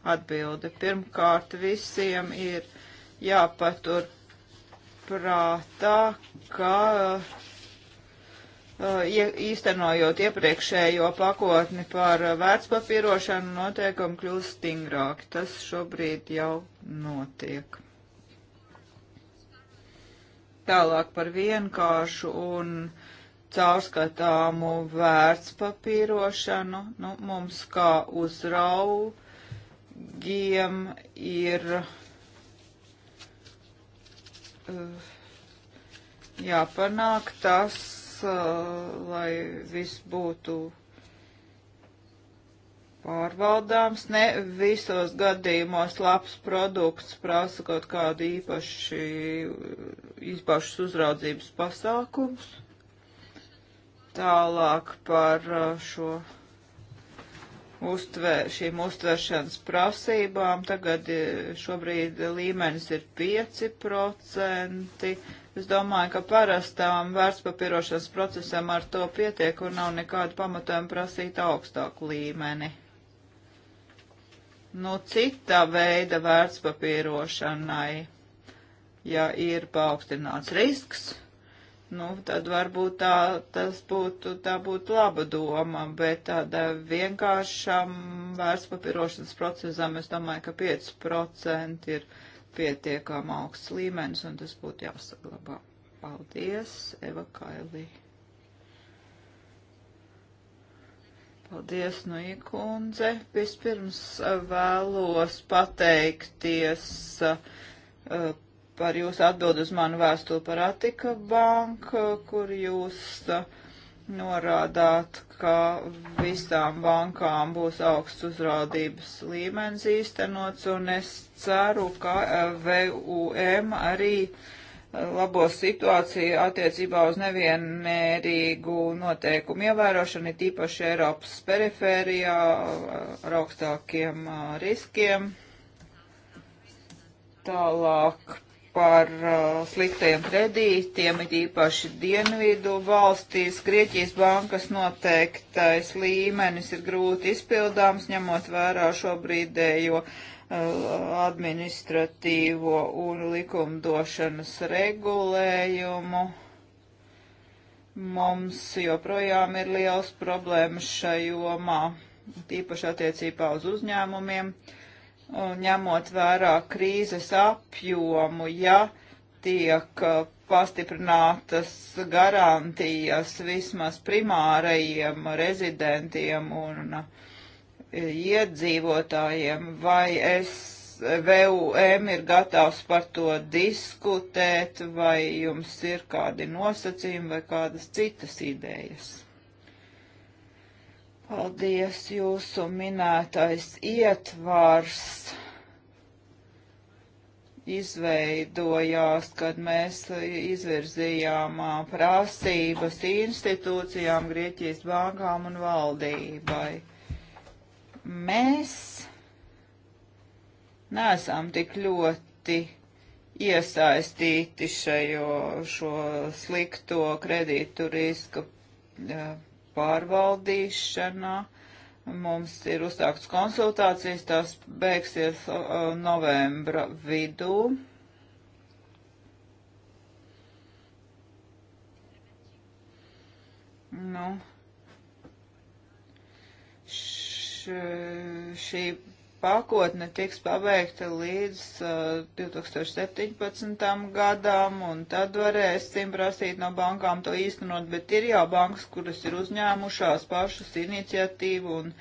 Atbilde. Pirmkārt, visiem ir jāpatur prātā, ka uh, īstenojot iepriekšējo pakotni par vērtspapīrošanu, noteikumi kļūst stingrāki. Tas šobrīd jau notiek. Tālāk par vienkāršu un caurskatāmu vērtspapīrošanu. Nu, mums kā uzraugiem ir Eh, jāpanāk tas, eh, lai viss būtu pārvaldāms. Ne visos gadījumos labs produkts prasa kaut kādu īpaši eh, izpašas uzraudzības pasākums. Tālāk par šo uztver, šīm uztveršanas prasībām. Tagad eh, šobrīd līmenis ir 5%. Es domāju, ka parastām vērtspapīrošanas procesam ar to pietiek un nav nekādu pamatojumu prasīt augstāku līmeni. Nu, cita veida vērtspapīrošanai, ja ir paaugstināts risks, nu, tad varbūt tā, tas būtu, tā būtu laba doma, bet tāda vienkāršam vērtspapirošanas procesam es domāju, ka 5% ir pietiekām augsts līmenis, un tas būtu jāsaglabā. Paldies, Eva Kailī. Paldies, nu, ikundze. Vispirms uh, vēlos pateikties uh, par jūsu atbildu uz manu vēstuli par Atika banku, kur jūs uh, norādāt, ka visām bankām būs augsts uzraudības līmenis īstenots, un es ceru, ka uh, VUM arī uh, labos situāciju attiecībā uz nevienmērīgu noteikumu ievērošanu, ir tīpaši Eiropas perifērijā ar augstākiem riskiem. Tālāk par uh, sliktiem kredītiem, it īpaši dienvidu valstīs. Grieķijas bankas noteiktais līmenis ir grūti izpildāms, ņemot vērā šobrīdējo uh, administratīvo un likumdošanas regulējumu. Mums joprojām ir liels problēmas šajā jomā, tīpaši attiecībā uz uzņēmumiem. Uh, ņemot vērā krīzes apjomu, ja tiek uh, pastiprinātas garantijas vismaz primārajiem rezidentiem un uh, iedzīvotājiem, vai es VUM ir gatavs par to diskutēt, vai jums ir kādi nosacījumi vai kādas citas idejas? Paldies, jūsu minētais ietvars izveidojās, kad mēs izvirzījām prasības institūcijām, Grieķijas bankām un valdībai. Mēs neesam tik ļoti iesaistīti šajo šo slikto kredītu riska pārvaldīšana. Mums ir uzsākts konsultācijas, tās beigsies uh, novembra vidū. Nu, š, šī pakotne tiks pabeigta līdz uh, 2017. gadam, un tad varēsim prasīt no bankām to īstenot, bet ir jau bankas, kuras ir uzņēmušās pašas iniciatīvu un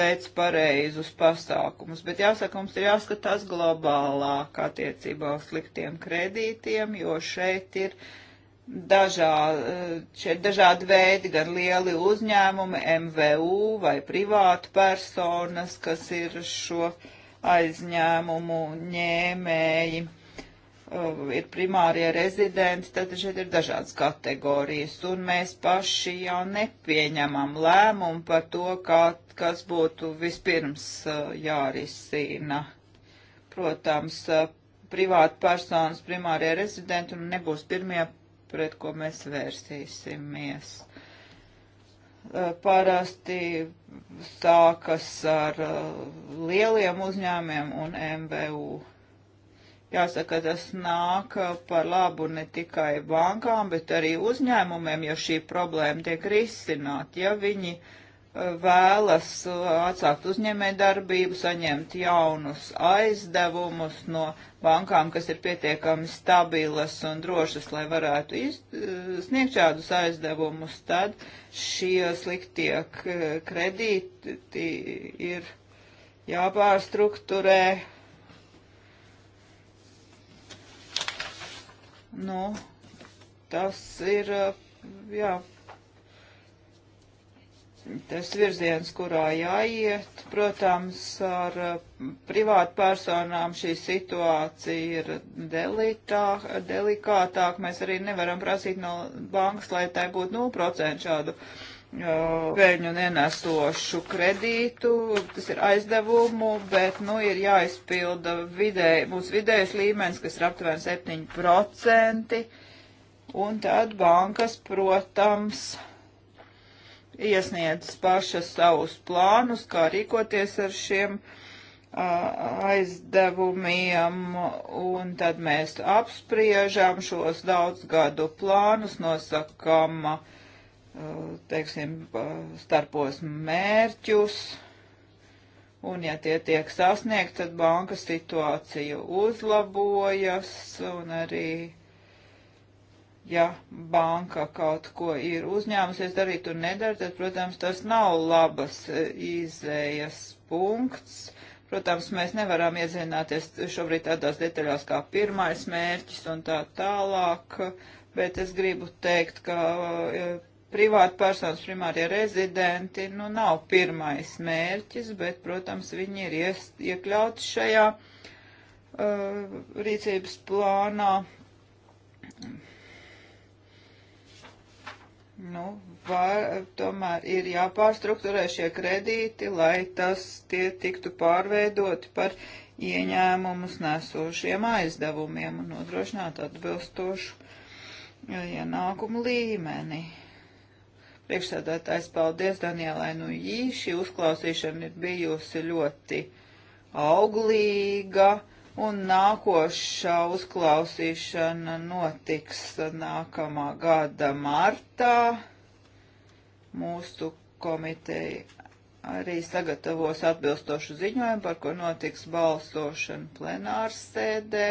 veids pareizus pasākumus. Bet jāsaka, mums ir jāskatās globālāk attiecībā uz sliktiem kredītiem, jo šeit ir uh, dažā, eh, šeit dažādi veidi, gan lieli uzņēmumi, MVU vai privātu personas, kas ir šo aizņēmumu ņēmēji, eh, ir primārie rezidenti, tad šeit ir dažādas kategorijas, un mēs paši jau nepieņemam lēmumu par to, kā, kas būtu vispirms eh, jārisina. Protams, privāta personas primārie rezidenti un nebūs pirmie pret ko mēs vērsīsimies. Parasti sākas ar lieliem uzņēmiem un MBU. Jāsaka, tas nāk par labu ne tikai bankām, bet arī uzņēmumiem, ja šī problēma tiek risināta, ja viņi uh, vēlas uh, atsākt uzņēmē darbību, saņemt jaunus aizdevumus no bankām, kas ir pietiekami stabilas un drošas, lai varētu iz, uh, sniegt šādus aizdevumus, tad šie sliktie kredīti ir jāpārstrukturē. Nu, tas ir, uh, jā, tas virziens, kurā jāiet. Protams, ar eh, privātu personām šī situācija ir delitā, delikātāk. Mēs arī nevaram prasīt no bankas, lai tai būtu 0% šādu eh, peļņu nenesošu kredītu, tas ir aizdevumu, bet, nu, ir jāizpilda vidēji, mūsu vidējais līmenis, kas ir aptuveni 7%, un tad bankas, protams, iesniedz pašas savus plānus, kā rīkoties ar šiem aizdevumiem, un tad mēs apspriežam šos daudzgadu plānus, nosakam, teiksim, starpos mērķus, un ja tie tiek sasniegt, tad banka situācija uzlabojas, un arī ja banka kaut ko ir uzņēmusies darīt un nedara, tad, protams, tas nav labas e, izējas punkts. Protams, mēs nevaram iedzināties šobrīd tādās detaļās kā pirmais mērķis un tā tālāk, bet es gribu teikt, ka e, privāti personas primārie rezidenti nu, nav pirmais mērķis, bet, protams, viņi ir ies, iekļauti šajā uh, rīcības plānā Nu, var, tomēr ir jāpārstruktūrē šie kredīti, lai tas tie tiktu pārveidoti par ieņēmumus nesošiem aizdevumiem un nodrošināt atbilstošu e, ienākumu līmeni. Priekšsēdētājs paldies Danielai Nujī, šī uzklausīšana ir bijusi ļoti auglīga un nākošā uzklausīšana notiks nākamā gada martā. Mūsu komiteja arī sagatavos atbilstošu ziņojumu, par ko notiks balsošana plenārsēdē,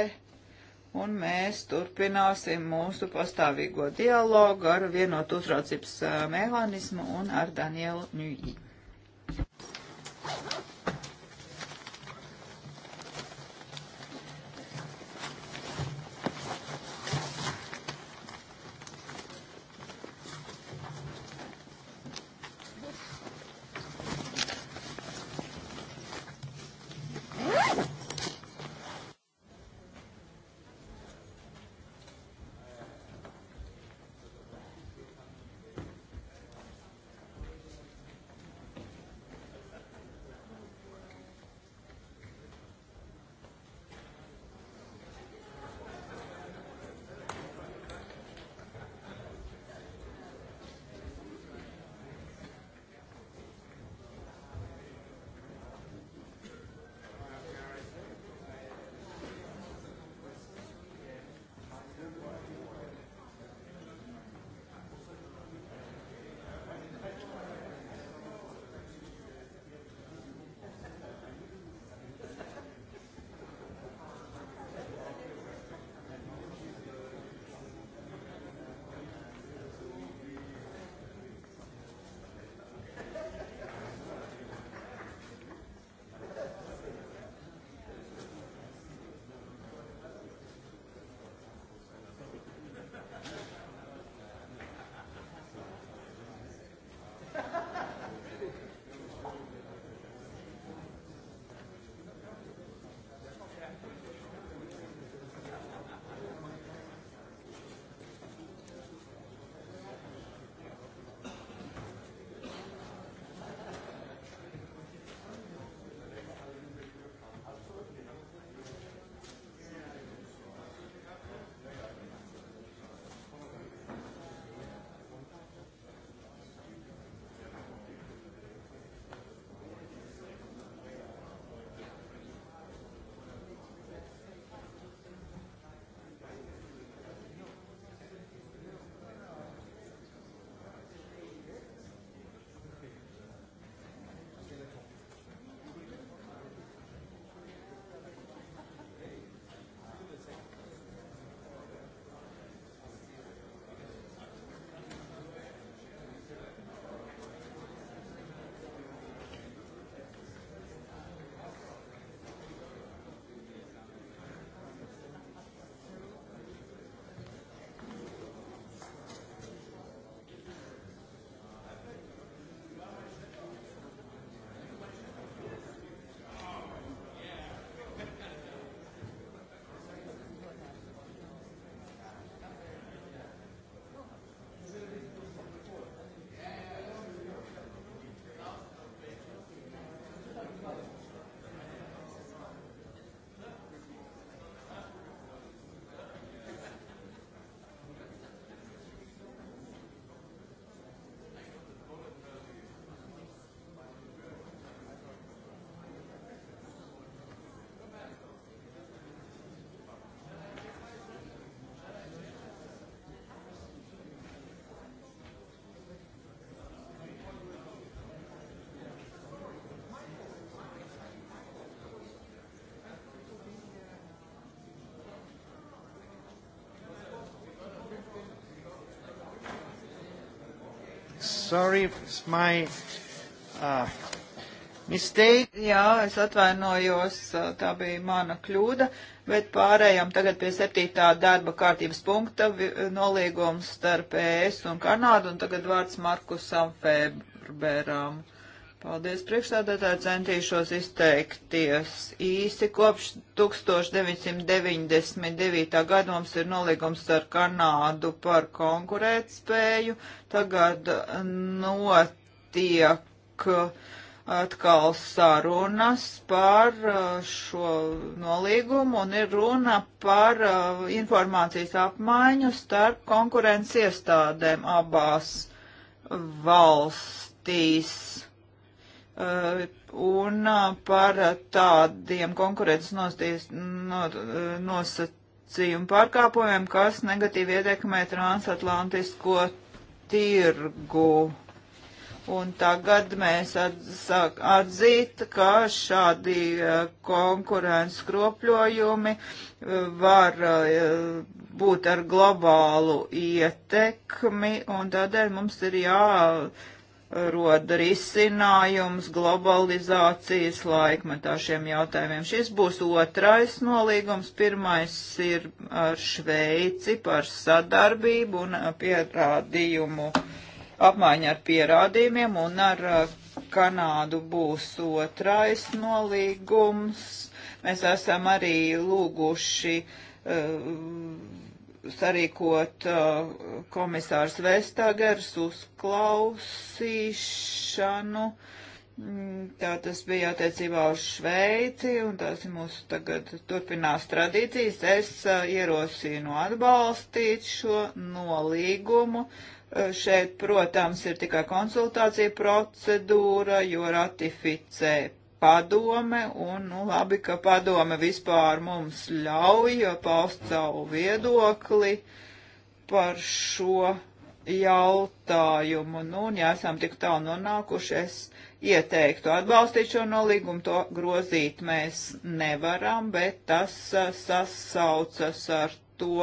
un mēs turpināsim mūsu pastāvīgo dialogu ar vienotu uzraucības eh, mehānismu un ar Danielu Ņujī. Thank you. sorry, it's my uh, mistake. Jā, es atvainojos, uh, tā bija mana kļūda, bet pārējām tagad pie septītā darba kārtības punkta nolīgums starp ES un Kanādu, un tagad vārds Markusam Feberam. Uh, Paldies, priekšstādātāji, centīšos izteikties īsi. Kopš 1999. gada mums ir nolīgums ar Kanādu par konkurētspēju. Tagad notiek atkal sarunas par uh, šo nolīgumu un ir runa par uh, informācijas apmaiņu starp konkurences iestādēm abās valstīs Uh, un uh, par tādiem konkurences no, uh, nosacījumu pārkāpumiem, kas negatīvi ietekmē transatlantisko tirgu. Un tagad mēs atsāk atzīt, ka šādi konkurences kropļojumi var būt ar globālu ietekmi, un tādēļ mums ir jā rod risinājums globalizācijas laikmetā šiem jautājumiem. Šis būs otrais nolīgums. Pirmais ir ar Šveici par sadarbību un pierādījumu, apmaiņu ar pierādījumiem, un ar uh, Kanādu būs otrais nolīgums. Mēs esam arī lūguši uh, sarīkot uh, komisārs Vestagers uzklausīšanu. Mm, tā tas bija attiecībā uz Šveici, un tās ir mūsu tagad turpinās tradīcijas. Es uh, ierosinu atbalstīt šo nolīgumu. Uh, šeit, protams, ir tikai konsultācija procedūra, jo ratificē padome, un nu, labi, ka padome vispār mums ļauj paust savu viedokli par šo jautājumu. Nu, un ja esam tik tālu nonākuši, es ieteiktu atbalstīt šo nolīgumu, to grozīt mēs nevaram, bet tas sasaucas ar to,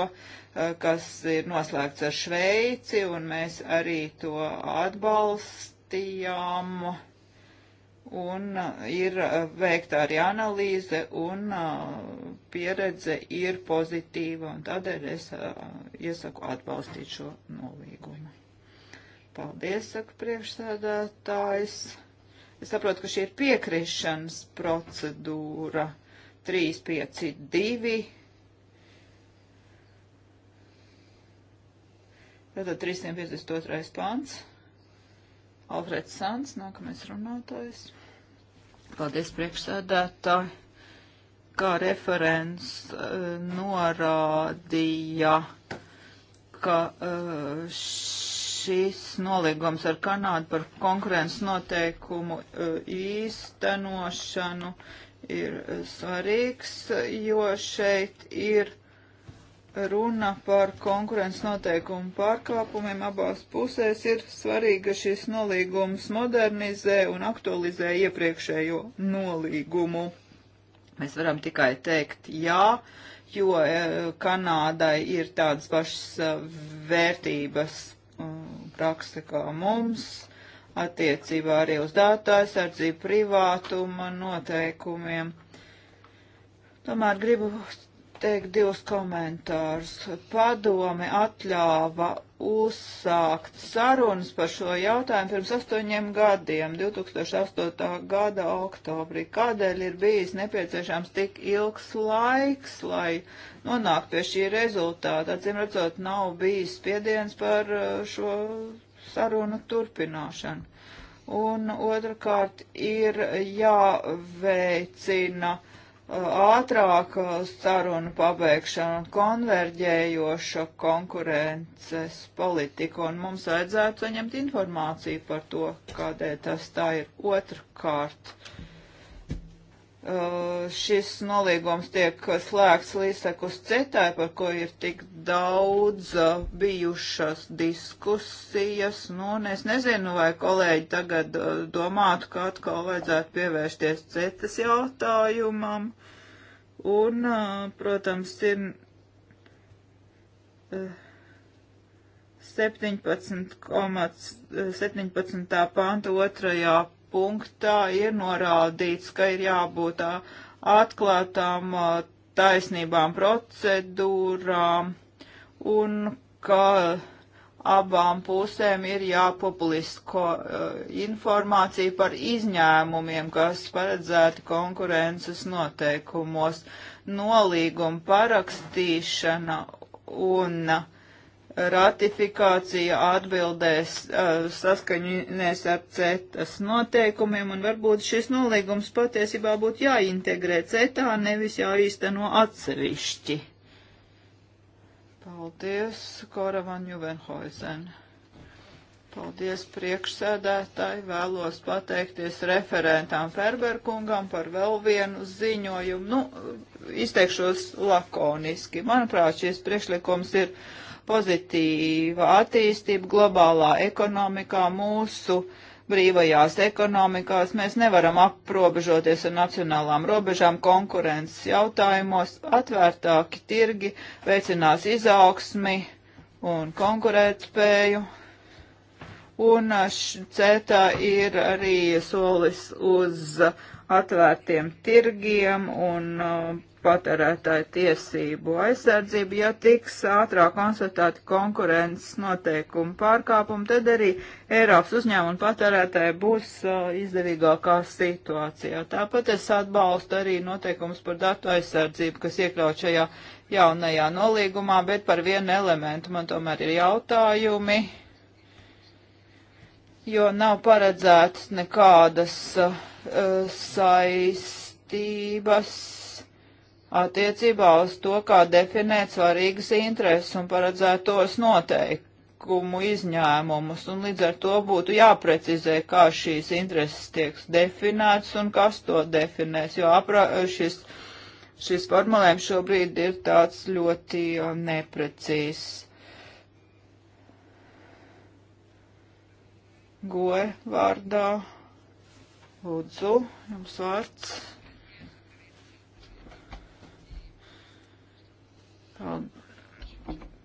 kas ir noslēgts ar Šveici, un mēs arī to atbalstījām un ir veikta arī analīze, un pieredze ir pozitīva, un tādēļ es iesaku atbalstīt šo nolīgumu. Paldies, saka priekšsēdētājs. Es saprotu, ka šī ir piekrišanas procedūra 352. Tātad 352. pants. Alfreds Sants, nākamais runātājs. Paldies, priekšsēdētāji. Kā referents eh, norādīja, ka eh, šis nolīgums ar Kanādu par konkurences noteikumu eh, īstenošanu ir svarīgs, jo šeit ir runa par konkurences noteikumu pārkāpumiem abās pusēs, ir svarīgi, ka šis nolīgums modernizē un aktualizē iepriekšējo nolīgumu. Mēs varam tikai teikt jā, jo e, Kanādai ir tādas pašas e, vērtības e, prakse kā mums, attiecībā arī uz datu aizsardzību privātuma noteikumiem. Tomēr gribu teikt divus komentārus. Padome atļāva uzsākt sarunas par šo jautājumu pirms astoņiem gadiem, 2008. gada oktobrī. Kādēļ ir bijis nepieciešams tik ilgs laiks, lai nonāktu pie šī rezultāta? Atcīm redzot, nav bijis spiediens par uh, šo sarunu turpināšanu. Un otrkārt ir jāveicina. Ja ātrāka saruna pabeigšana un konverģējoša konkurences politika, un mums vajadzētu saņemt informāciju par to, kādēļ tas tā ir otrkārt. Uh, šis nolīgums tiek slēgts līdzekus cetai, par ko ir tik daudz uh, bijušas diskusijas. Nu, un es nezinu, vai kolēģi tagad uh, domātu, ka atkal vajadzētu pievērsties cetas jautājumam. Un, protams, ir. 17,17. 17. panta otrajā punktā ir norādīts, ka ir jābūt atklātām taisnībām procedūrām un ka abām pusēm ir jāpopulisko uh, informācija par izņēmumiem, kas paredzēti konkurences noteikumos, nolīguma parakstīšana un uh, ratifikācija atbildēs uh, eh, saskaņinies ar CETAS noteikumiem, un varbūt šis nolīgums patiesībā būtu jāintegrē CETā, nevis jāīsteno atsevišķi. Paldies, Kora van Juvenhoizen. Paldies priekšsēdētāji, vēlos pateikties referentām Ferberkungam par vēl vienu ziņojumu. Nu, izteikšos lakoniski. Manuprāt, šis priekšlikums ir pozitīva attīstība globālā ekonomikā, mūsu brīvajās ekonomikās. Mēs nevaram aprobežoties ar nacionālām robežām konkurences jautājumos. Atvērtāki tirgi veicinās izaugsmi un konkurētspēju. Un CETA ir arī solis uz atvērtiem tirgiem un uh, patērētāju tiesību aizsardzību, ja tiks ātrāk konstatēti konkurences noteikumu pārkāpumi, tad arī Eiropas uzņēmumu patērētāji būs uh, izdevīgākā situācijā. Tāpat es atbalstu arī noteikumus par datu aizsardzību, kas iekļaut šajā jaunajā nolīgumā, bet par vienu elementu man tomēr ir jautājumi jo nav paredzētas nekādas uh, saistības attiecībā uz to, kā definēt svarīgas intereses un paredzētos noteikumu izņēmumus, un līdz ar to būtu jāprecizē, kā šīs intereses tiek definētas un kas to definēs, jo apra, šis, šis formulējums šobrīd ir tāds ļoti um, neprecīzs. Goe vārdā. Lūdzu, jums vārds.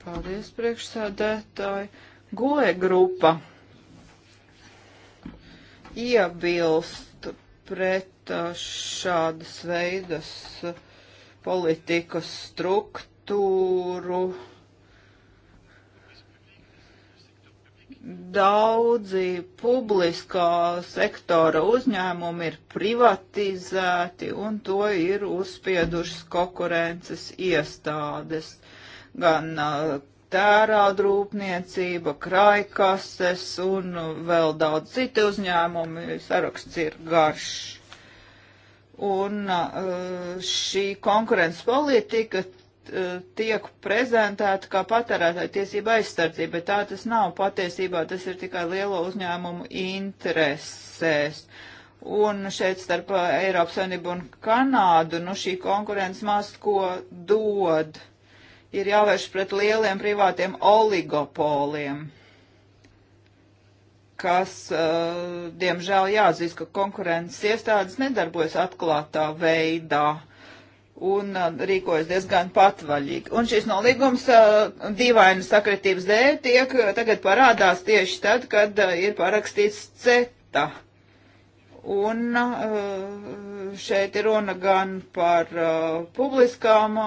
Paldies, priekšsēdētāji. Goe grupa iebilst pret uh, šādas veidas uh, politikas struktūru daudzi publiskā sektora uzņēmumi ir privatizēti un to ir uzspiedušas konkurences iestādes. Gan uh, tērauda rūpniecība, kraikases un vēl daudz citi uzņēmumi, saraksts ir garš. Un uh, šī konkurences politika tiek prezentēta kā patērētāja tiesība aizstardzība, bet tā tas nav patiesībā, tas ir tikai lielo uzņēmumu interesēs. Un šeit starp uh, Eiropas Savienību un Kanādu, nu šī konkurence maz ko dod. Ir jāvērš pret lieliem privātiem oligopoliem, kas, uh, diemžēl, jāatzīst, ka konkurences iestādes nedarbojas atklātā veidā un rīkojas diezgan patvaļīgi. Un šis nolīgums dīvainas sakritības dēļ tiek tagad parādās tieši tad, kad ir parakstīts CETA. Un šeit ir runa gan par publiskām,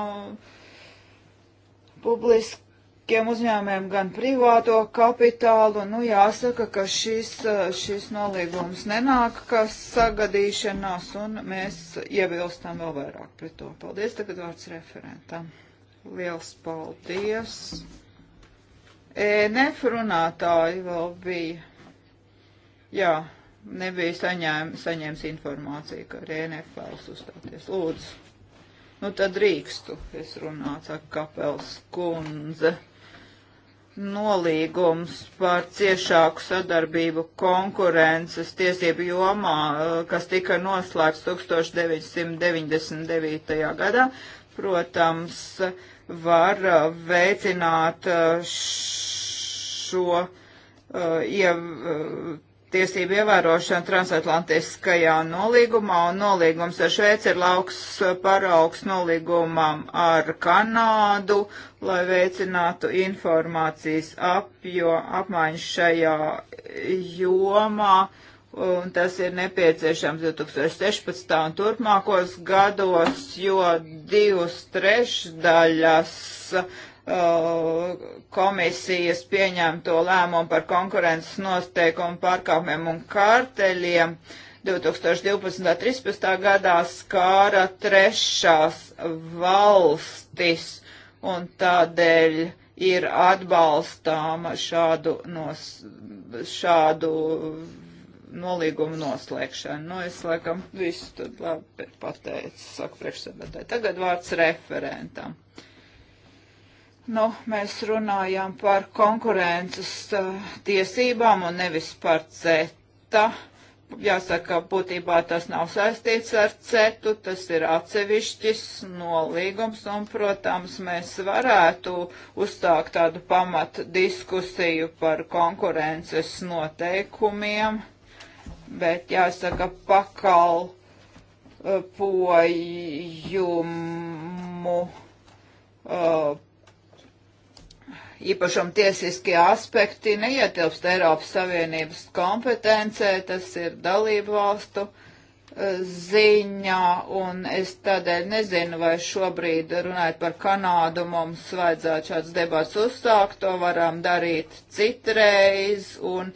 publisk publiskiem uzņēmumiem, gan privāto kapitālu. Nu, jāsaka, ka šis, šis nolīgums nenāk, kas sagadīšanās, un mēs iebilstam vēl vairāk pret to. Paldies, tagad vārds referentam. Liels paldies. ENF runātāji vēl bija. Jā, nebija saņēm, saņēmis informāciju, ka ENF vēlas uzstāties. Lūdzu. Nu, tad drīkstu, es runāju, saka kapels kundze nolīgums par ciešāku sadarbību konkurences tiesību jomā, eh, kas tika noslēgts 1999. gadā, protams, var eh, veicināt eh, šo ja, tiesību ievērošana transatlantiskajā nolīgumā, un nolīgums ar Šveici ir lauks paraugs nolīgumam ar Kanādu, lai veicinātu informācijas apjo, apmaiņu šajā jomā, un tas ir nepieciešams 2016. un turpmākos gados, jo divas trešdaļas Uh, komisijas pieņemto lēmumu par konkurences noteikumu pārkāpumiem un kārteļiem 2012.13. gadā skāra trešās valstis un tādēļ ir atbalstāma šādu, nos, šādu nolīgumu noslēgšana. Nu, es laikam visu tad labi pateicu, saka priekšsēdētāji. Tagad vārds referentam. Uh, Nu, mēs runājam par konkurences uh, tiesībām un nevis par CETA. Jāsaka, būtībā tas nav saistīts ar CETU, tas ir atsevišķis nolīgums un, protams, mēs varētu uzsākt tādu pamatu diskusiju par konkurences noteikumiem, bet jāsaka, pakalpojumu. Uh, īpašuma tiesiskie aspekti neietilpst Eiropas Savienības kompetencē, tas ir dalību valstu e, ziņā, un es tādēļ nezinu, vai šobrīd runājot par Kanādu mums vajadzētu šāds debats uzsākt, to varam darīt citreiz, un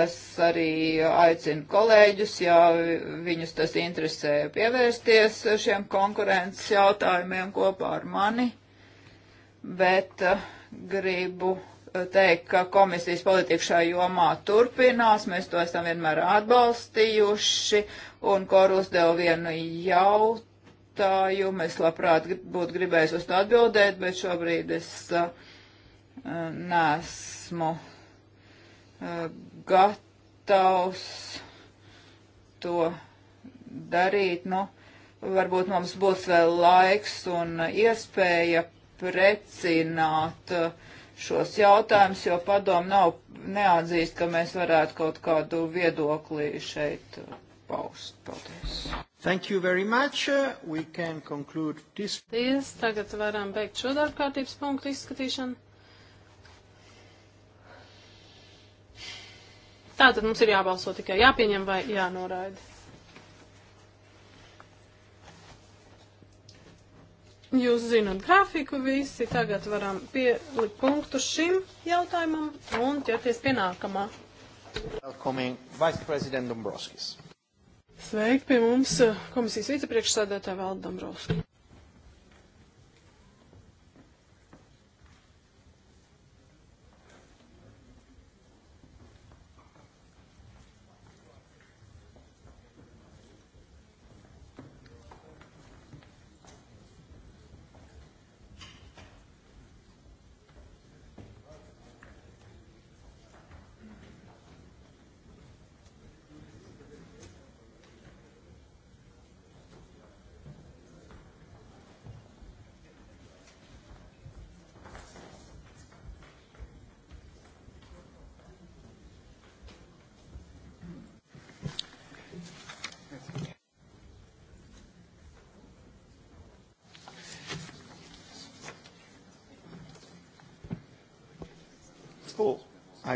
es arī aicinu kolēģus, ja viņus tas interesē, pievērsties šiem konkurences jautājumiem kopā ar mani, bet uh, gribu eh, teikt, ka komisijas politika šajā jomā turpinās, mēs to esam vienmēr atbalstījuši, un Korus deva vienu jautājumu, es labprāt būtu gribējis uz to atbildēt, bet šobrīd es uh, nesmu uh, gatavs to darīt, nu, varbūt mums būs vēl laiks un iespēja precināt uh, šos jautājumus, jo padomu nav neatzīst, ka mēs varētu kaut kādu viedokli šeit uh, paust. Paldies. Thank you very much. Uh, we can conclude this. Paldies. Tagad varam beigt šo darbkārtības punktu izskatīšanu. Tātad mums ir jābalso tikai jāpieņem vai jānoraida. Jūs zinat grafiku visi, tagad varam pielikt punktu šim jautājumam un ķerties pie nākamā. Sveiki pie mums eh, komisijas vicepriekšsēdētāja Valda Dombrovska.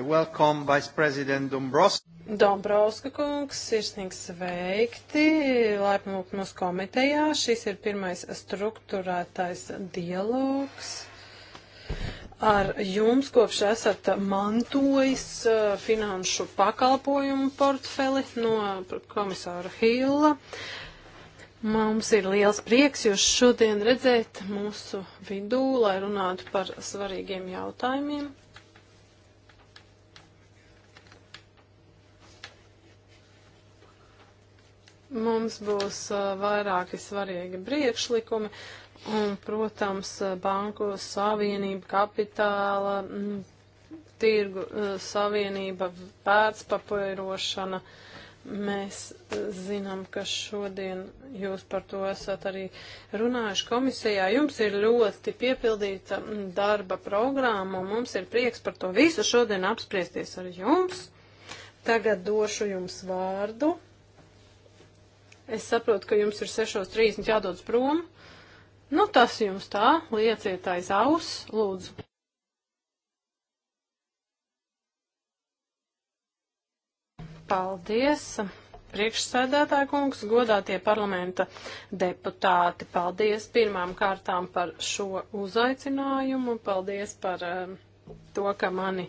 I welcome Vice President Dombrovskis. Dombrovska kungs, sirsnīgi sveikti, laipni lūgt mūsu komitejā. Šis ir pirmais struktūrētais dialogs ar jums, kopš esat mantojis uh, finanšu pakalpojumu portfeli no komisāra Hilla. Mums ir liels prieks jūs šodien redzēt mūsu vidū, lai runātu par svarīgiem jautājumiem. Mums būs uh, vairāki svarīgi priekšlikumi un, protams, uh, banku savienība, kapitāla, mm, tirgu uh, savienība, pēcpapairošana. Mēs zinām, ka šodien jūs par to esat arī runājuši komisijā. Jums ir ļoti piepildīta mm, darba programma, un mums ir prieks par to visu šodien apspriesties ar jums. Tagad došu jums vārdu. Es saprotu, ka jums ir 6.30 jādodas prom. Nu, tas jums tā, lieciet aiz aus, lūdzu. Paldies, priekšsēdētāja kungs, godātie parlamenta deputāti. Paldies pirmām kārtām par šo uzaicinājumu, paldies par uh, to, ka mani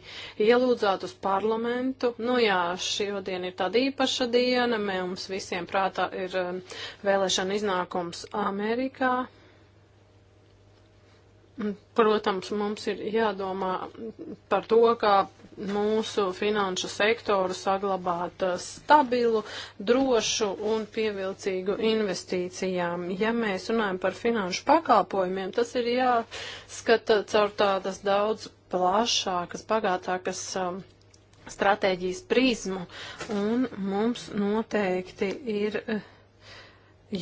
ielūdzāt uz parlamentu. Nu jā, šodien ir tāda īpaša diena, mums visiem prātā ir um, vēlēšana iznākums Amerikā. Protams, mums ir jādomā par to, kā mūsu finanšu sektoru saglabāt uh, stabilu, drošu un pievilcīgu investīcijām. Ja mēs runājam par finanšu pakalpojumiem, tas ir jāskata caur tādas daudz plašākas, bagātākas um, stratēģijas prizmu, un mums noteikti ir eh,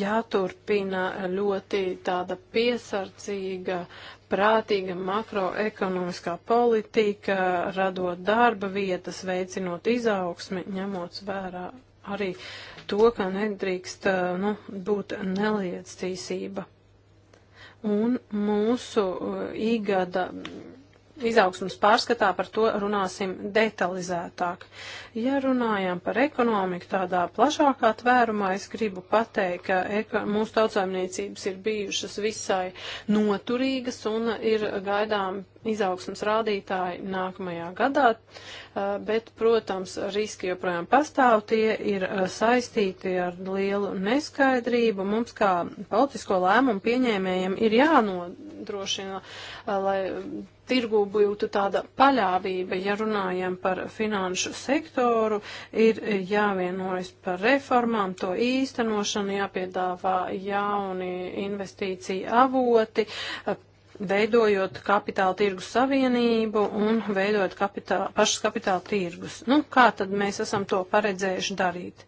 jāturpina ļoti tāda piesardzīga, prātīga makroekonomiskā politika, radot darba vietas, veicinot izaugsmi, ņemot vērā arī to, ka nedrīkst eh, nu, būt neliecīsība. Un mūsu igada eh, izaugsmas pārskatā par to runāsim detalizētāk. Ja runājam par ekonomiku tādā plašākā tvērumā, es gribu pateikt, ka mūsu tautsājumniecības ir bijušas visai noturīgas un ir gaidām izaugsmas rādītāji nākamajā gadā, bet, protams, riski joprojām pastāv, tie ir saistīti ar lielu neskaidrību. Mums kā politisko lēmumu pieņēmējiem ir jānodrošina, lai tirgū būtu tāda paļāvība, ja runājam par finanšu sektoru, ir jāvienojas par reformām, to īstenošanu, jāpiedāvā jauni investīcija avoti, veidojot kapitāla tirgus savienību un veidojot kapitāla, pašas kapitāla tirgus. Nu, kā tad mēs esam to paredzējuši darīt?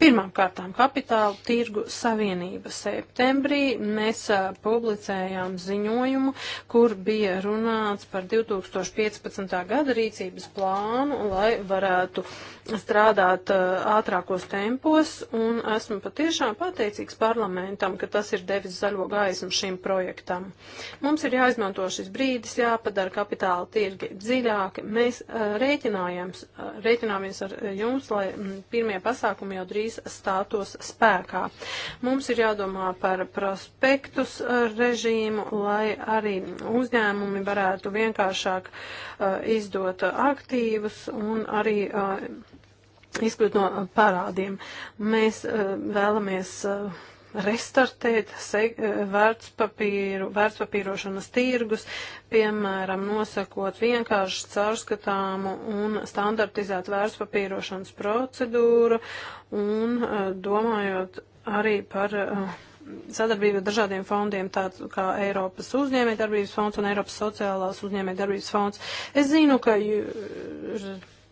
Pirmām kārtām kapitāla tirgu savienība. Septembrī mēs publicējām ziņojumu, kur bija runāts par 2015. gada rīcības plānu, lai varētu strādāt ātrākos tempos, un esmu patiešām pateicīgs parlamentam, ka tas ir devis zaļo gaismu šim projektam. Mums ir jāizmanto šis brīdis, jāpadara kapitāla tirgi dziļāki. Mēs rēķinājāmies ar jums, lai pirmie pasākumi priekšlikumi jau drīz stātos spēkā. Mums ir jādomā par prospektus uh, režīmu, lai arī uzņēmumi varētu vienkāršāk uh, izdot aktīvus un arī uh, izkļūt no parādiem. Mēs uh, vēlamies. Uh, restartēt eh, vērtspapīru, vērtspapīrošanas tirgus, piemēram, nosakot vienkāršu, caurskatāmu un standartizētu vērtspapīrošanas procedūru un eh, domājot arī par eh, sadarbību ar dažādiem fondiem, tāds kā Eiropas uzņēmējdarbības fonds un Eiropas sociālās uzņēmējdarbības fonds. Es zinu, ka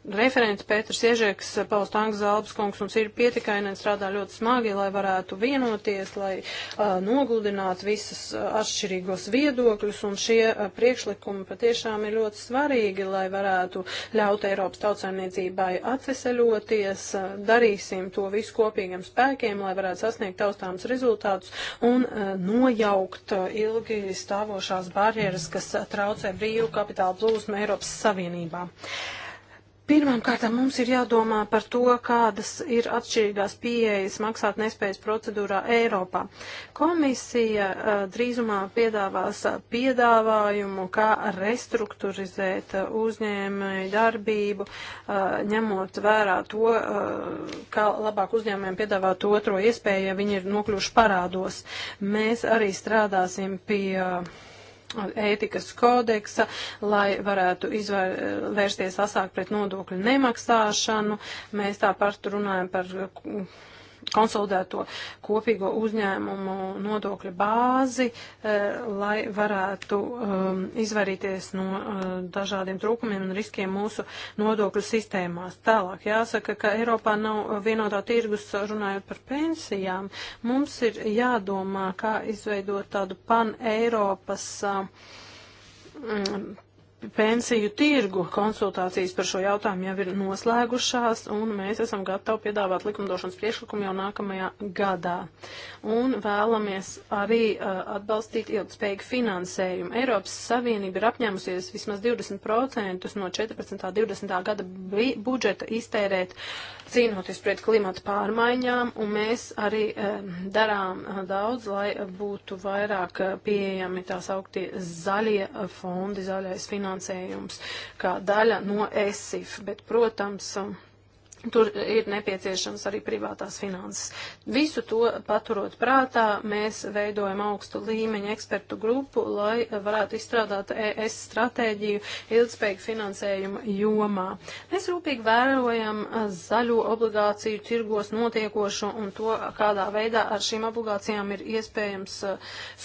referents Pēters Iežeks, Pauls Tanks, Zalbas kungs mums ir pietikaini un strādā ļoti smagi, lai varētu vienoties, lai uh, nogludinātu visas atšķirīgos viedokļus, un šie uh, priekšlikumi patiešām ir ļoti svarīgi, lai varētu ļaut Eiropas tautsaimniecībai atveseļoties, uh, darīsim to visu kopīgiem spēkiem, lai varētu sasniegt taustāms rezultātus un uh, nojaukt uh, ilgi stāvošās barjeras, kas traucē brīvu kapitālu plūsmu Eiropas Savienībā. Uh, Pirmām kārtām mums ir jādomā par to, kādas ir atšķirīgās pieejas maksāt nespējas procedūrā Eiropā. Komisija uh, drīzumā piedāvās piedāvājumu, kā restruktūrizēt uh, uzņēmēju darbību, uh, ņemot vērā to, kā labāk uzņēmējiem piedāvāt otro iespēju, ja viņi ir nokļuvuši parādos. Mēs arī strādāsim pie ētikas kodeksa, lai varētu izvērsties asāk pret nodokļu nemaksāšanu. Mēs tāpat runājam par konsolidēto kopīgo uzņēmumu nodokļu bāzi, eh, lai varētu um, izvairīties no eh, dažādiem trūkumiem un riskiem mūsu nodokļu sistēmās. Tālāk jāsaka, ka Eiropā nav vienotā tirgus runājot par pensijām. Mums ir jādomā, kā izveidot tādu pan-Eiropas um, pensiju tirgu. Konsultācijas par šo jautājumu jau ir noslēgušās, un mēs esam gatavi piedāvāt likumdošanas priekšlikumu jau nākamajā gadā. Un vēlamies arī uh, atbalstīt ilgspējīgu finansējumu. Eiropas Savienība ir apņēmusies vismaz 20% no 14. 20. gada budžeta iztērēt cīnoties pret klimatu pārmaiņām, un mēs arī uh, darām uh, daudz, lai būtu vairāk uh, pieejami tās augtie zaļie fondi, zaļais finansējums finansējums kā daļa no ESIF, bet, protams, Tur ir nepieciešams arī privātās finanses. Visu to paturot prātā, mēs veidojam augstu līmeņu ekspertu grupu, lai varētu izstrādāt ES stratēģiju ilgspējīgu finansējumu jomā. Mēs rūpīgi vērojam zaļo obligāciju tirgos notiekošo un to, kādā veidā ar šīm obligācijām ir iespējams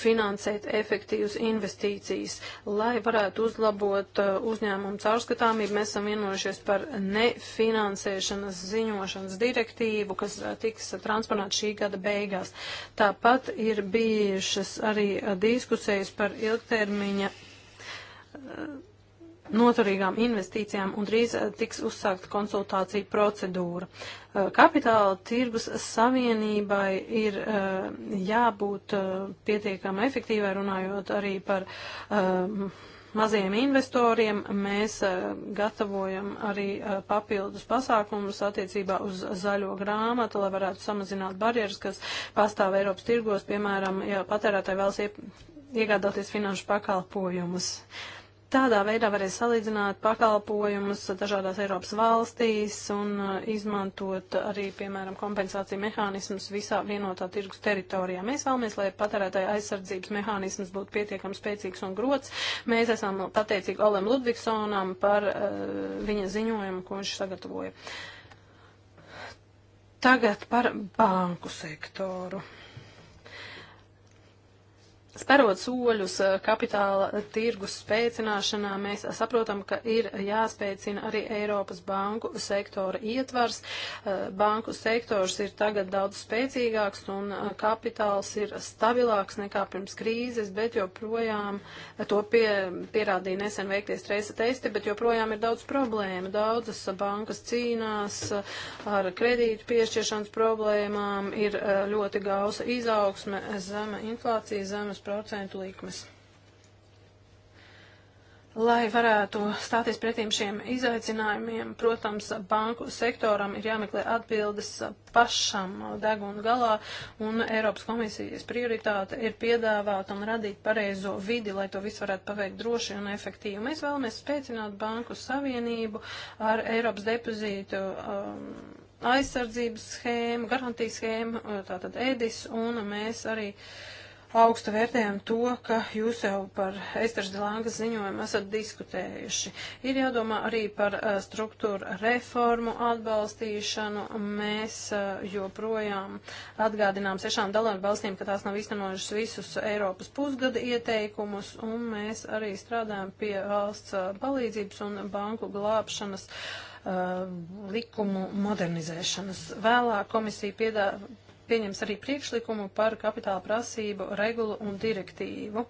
finansēt efektīvas investīcijas. Lai varētu uzlabot uzņēmumu caurskatāmību, mēs esam vienojušies par nefinansēšanu likumdošanas ziņošanas direktīvu, kas eh, tiks eh, transponēta šī gada beigās. Tāpat ir bijušas arī eh, diskusijas par ilgtermiņa noturīgām investīcijām un drīz tiks uzsākt konsultāciju procedūra. Kapitāla tirgus savienībai ir jābūt pietiekami efektīvai, runājot arī par maziem investoriem. Mēs eh, gatavojam arī eh, papildus pasākumus attiecībā uz zaļo grāmatu, lai varētu samazināt barjeras, kas pastāv Eiropas tirgos, piemēram, ja patērētāji vēlas iegādāties finanšu pakalpojumus. Uh, Tādā veidā varēs salīdzināt pakalpojumus dažādās Eiropas valstīs un uh, izmantot arī, piemēram, kompensāciju mehānismus visā vienotā tirgus teritorijā. Mēs vēlamies, lai patērētāja aizsardzības mehānisms būtu pietiekami spēcīgs un grots. Mēs esam pateicīgi Olem Ludvigsonam par uh, viņa ziņojumu, ko viņš sagatavoja. Tagad par banku sektoru. Sparot soļus eh, kapitāla tirgus spēcināšanā, mēs saprotam, ka ir jāspēcina arī Eiropas banku sektora ietvars. Eh, banku sektors ir tagad daudz spēcīgāks un eh, kapitāls ir stabilāks nekā pirms krīzes, bet joprojām, to pie, pierādīja nesen veikties stresa testi, bet joprojām ir daudz problēmu. Daudzas bankas cīnās ar kredītu piešķiršanas problēmām, ir ļoti gausa izaugsme, zema inflācija, zemes procentu likmes. Lai varētu stāties pretīm šiem izaicinājumiem, protams, banku sektoram ir jāmeklē atbildes pašam deguna galā, un Eiropas komisijas prioritāte ir piedāvāt un radīt pareizo vidi, lai to visu varētu paveikt droši un efektīvi. Mēs vēlamies spēcināt banku savienību ar Eiropas depozītu. Um, aizsardzības schēmu, garantijas schēmu, uh, tātad ēdis, un mēs arī uh, augstu vērtējam to, ka jūs jau par Eisters Delangas ziņojumu esat diskutējuši. Ir jādomā arī par eh, struktūra reformu atbalstīšanu. Mēs eh, joprojām atgādinām sešām dalību valstīm, ka tās nav īstenojušas visus Eiropas pusgada ieteikumus, un mēs arī strādājam pie valsts eh, palīdzības un banku glābšanas likumu modernizēšanas. Vēlāk komisija piedā, pieņems arī priekšlikumu par kapitāla prasību regulu un direktīvu.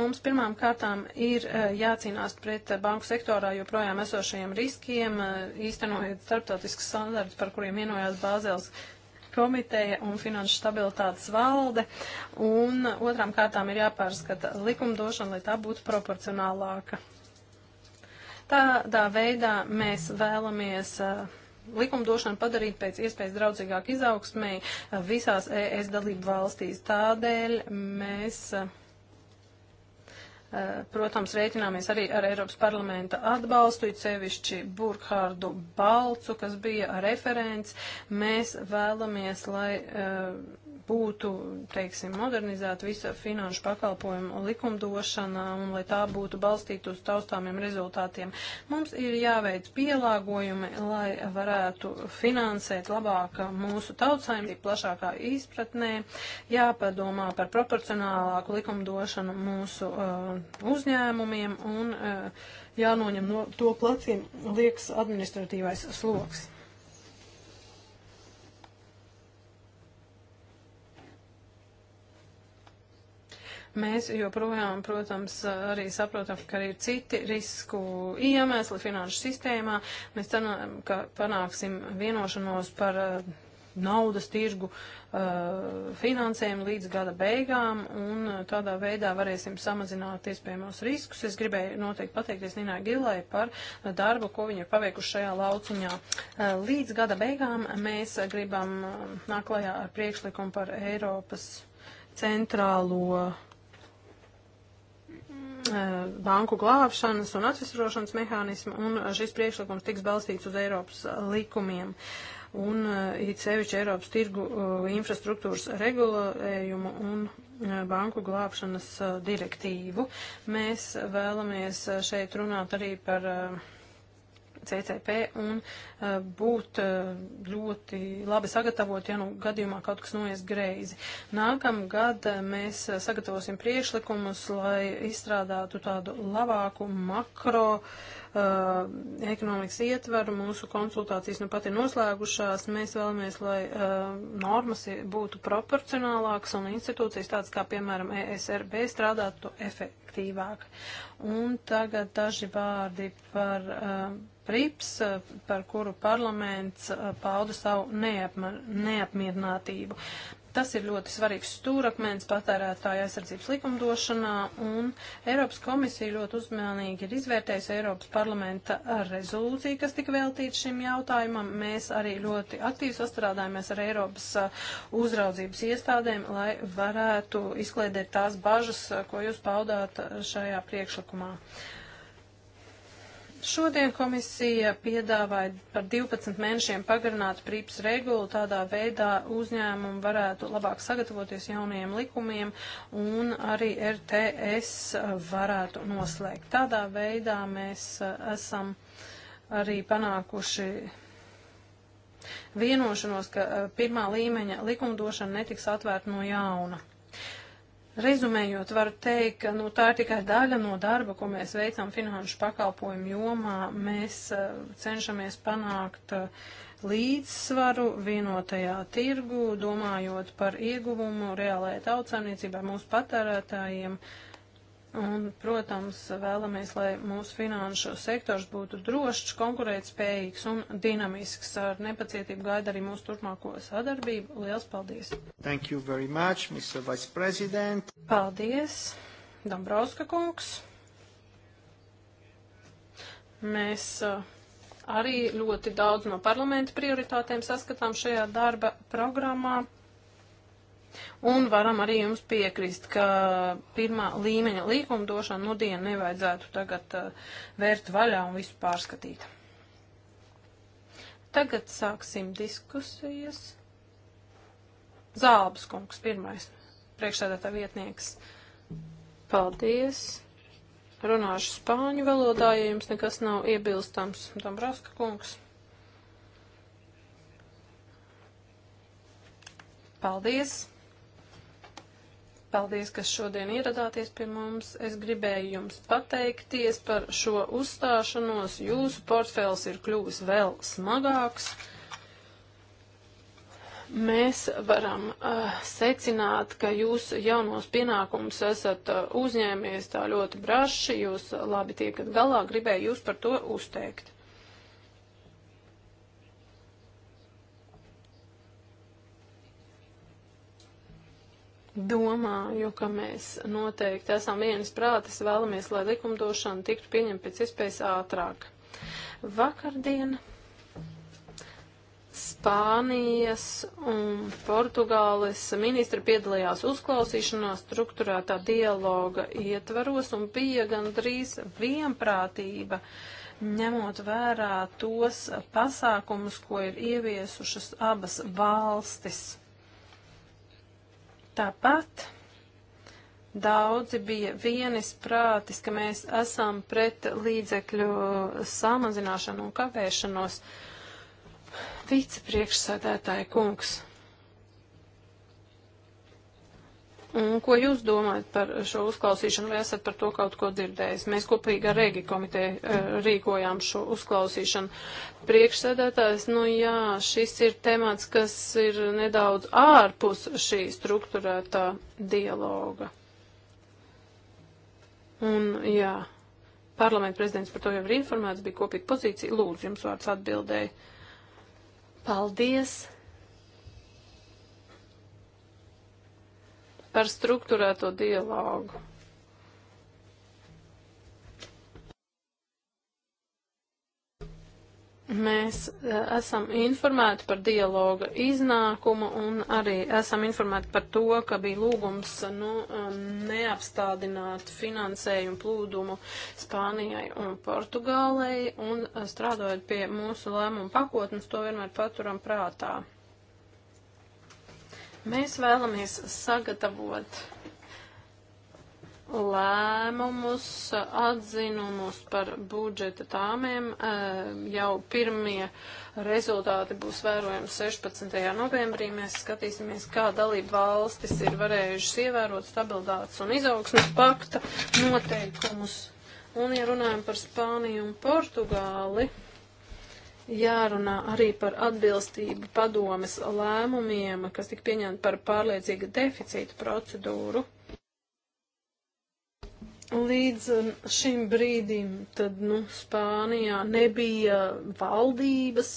Mums pirmām kārtām ir eh, jācīnās pret eh, banku sektorā joprojām esošajiem riskiem, eh, īstenojot starptautiskas standartus, par kuriem vienojās Bāzels komiteja un finanšu stabilitātes valde. Un otrām kārtām ir jāpārskata likumdošana, lai tā būtu proporcionālāka. Tādā veidā mēs vēlamies uh, likumdošanu padarīt pēc iespējas draudzīgāk izaugsmēji visās ES dalību valstīs. Tādēļ mēs, protams, rēķināmies arī ar Eiropas parlamenta atbalstu, it sevišķi Burkhārdu Balcu, kas bija referents. Mēs vēlamies, lai būtu, teiksim, modernizēta visa finanšu pakalpojumu likumdošana un lai tā būtu balstīta uz taustāmiem rezultātiem. Mums ir jāveic pielāgojumi, lai varētu finansēt labāk mūsu tautsājumību plašākā izpratnē, jāpadomā par proporcionālāku likumdošanu mūsu uh, uzņēmumiem un uh, jānoņem no to placiem liekas administratīvais sloks. Mēs joprojām, protams, arī saprotam, ka ir citi risku iemesli finanšu sistēmā. Mēs ceram, ka panāksim vienošanos par eh, naudas tirgu uh, finansējumu līdz gada beigām, un tādā veidā varēsim samazināt iespējamos riskus. Es gribēju noteikti pateikties Ninai Gilai par darbu, ko viņa ir paveikuši šajā lauciņā. Uh, līdz gada beigām mēs gribam nāklajā ar priekšlikumu par Eiropas centrālo Uh, banku glābšanas un atvesarošanas mehānismu, un uh, šis priekšlikums tiks balstīts uz Eiropas uh, likumiem un it sevišķi Eiropas tirgu infrastruktūras regulējumu un banku glābšanas direktīvu. Mēs vēlamies šeit runāt arī par uh, CCP un eh, būt eh, ļoti labi sagatavot, ja nu gadījumā kaut kas noies greizi. Nākamgad eh, mēs sagatavosim priekšlikumus, lai izstrādātu tādu labāku makro uh, ekonomikas ietveru. Mūsu konsultācijas nu pat ir noslēgušās. Mēs vēlamies, lai uh, normas būtu proporcionālākas un institūcijas tādas kā, piemēram, ESRB strādātu efektīvāk. Un tagad daži vārdi par. Uh, prips, eh, par kuru parlaments eh, pauda savu neapma, neapmierinātību. Tas ir ļoti svarīgs stūrakmens patērētāja aizsardzības likumdošanā, un Eiropas komisija ļoti uzmanīgi ir izvērtējusi Eiropas parlamenta eh, rezolūciju, kas tika veltīta šim jautājumam. Mēs arī ļoti aktīvi sastrādājamies ar Eiropas uzraudzības iestādēm, lai varētu izkliedēt tās bažas, ko jūs paudāt šajā priekšlikumā. Uh, Šodien komisija piedāvāja par 12 mēnešiem pagarināt prīps regulu, tādā veidā uzņēmumi varētu labāk sagatavoties jaunajiem likumiem un arī RTS varētu noslēgt. Tādā veidā mēs uh, esam arī panākuši vienošanos, ka uh, pirmā līmeņa likumdošana netiks atvērta no jauna. Rezumējot, varu teikt, ka nu, tā ir tikai daļa no darba, ko mēs veicam finanšu pakalpojumu jomā. Mēs uh, cenšamies panākt uh, līdzsvaru vienotajā tirgu, domājot par ieguvumu reālajai tautsāniecībai, mūsu patērētājiem. Uh, Un, protams, vēlamies, lai mūsu finanšu sektors būtu drošs, konkurētspējīgs un dinamisks. Ar nepacietību gaida arī mūsu turpmāko sadarbību. Lielas paldies! Thank you very much, Mr. Vice President. Paldies, Dombrovska kungs. Mēs uh, arī ļoti daudz no parlamenta prioritātēm saskatām šajā darba programmā. Un varam arī jums piekrist, ka pirmā līmeņa līkumdošana nu dienu nevajadzētu tagad uh, vērt vaļā un visu pārskatīt. Tagad sāksim diskusijas. Zālbas kungs pirmais, priekšsēdētā vietnieks. Paldies! runāšu spāņu valodā, ja jums nekas nav iebilstams. Dombrovska kungs. Paldies. Paldies, kas šodien ieradāties pie mums. Es gribēju jums pateikties par šo uzstāšanos. Jūsu portfels ir kļuvis vēl smagāks. Mēs varam uh, secināt, ka jūs jaunos pienākumus esat uh, uzņēmies tā ļoti braši, jūs labi tiekat galā, gribēju jūs par to uzteikt. Domāju, ka mēs noteikti esam vienas prātas, vēlamies, lai likumdošana tiktu pieņemta pēc iespējas ātrāk. Vakardien Spānijas un Portugāles ministri piedalījās uzklausīšanā struktūrētā dialoga ietvaros un bija gandrīz vienprātība, ņemot vērā tos pasākumus, ko ir ieviesušas abas valstis. Tāpat daudzi bija vienis prātis, ka mēs esam pret līdzekļu samazināšanu un kavēšanos. Vicepriekšsēdētāja kungs. Un ko jūs domājat par šo uzklausīšanu, vai esat par to kaut ko dzirdējis? Mēs kopīgi ar Rēgi komiteju eh, rīkojām šo uzklausīšanu. Priekšsēdētājs, nu jā, šis ir temats, kas ir nedaudz ārpus šī struktūrētā dialoga. Un jā, parlamenta prezidents par to jau ir informēts, bija kopīga pozīcija. Lūdzu, jums vārds atbildēja. Paldies! par struktūrēto dialogu. Mēs e, esam informēti par dialoga iznākumu un arī esam informēti par to, ka bija lūgums e, nu, e, neapstādināt finansējumu plūdumu Spānijai un Portugālei un strādājot pie mūsu lēmumu pakotnes, to vienmēr paturam prātā. Mēs vēlamies sagatavot lēmumus, atzinumus par budžeta tāmiem. Jau pirmie rezultāti būs vērojami 16. novembrī. Mēs skatīsimies, kā dalība valstis ir varējušas ievērot stabilitātes un izaugsmes pakta noteikumus. Un, ja runājam par Spāniju un Portugāli, jārunā arī par atbilstību padomes lēmumiem, kas tika pieņemti par pārliecīgu deficītu procedūru. Līdz um, šim brīdim tad, nu, Spānijā nebija valdības,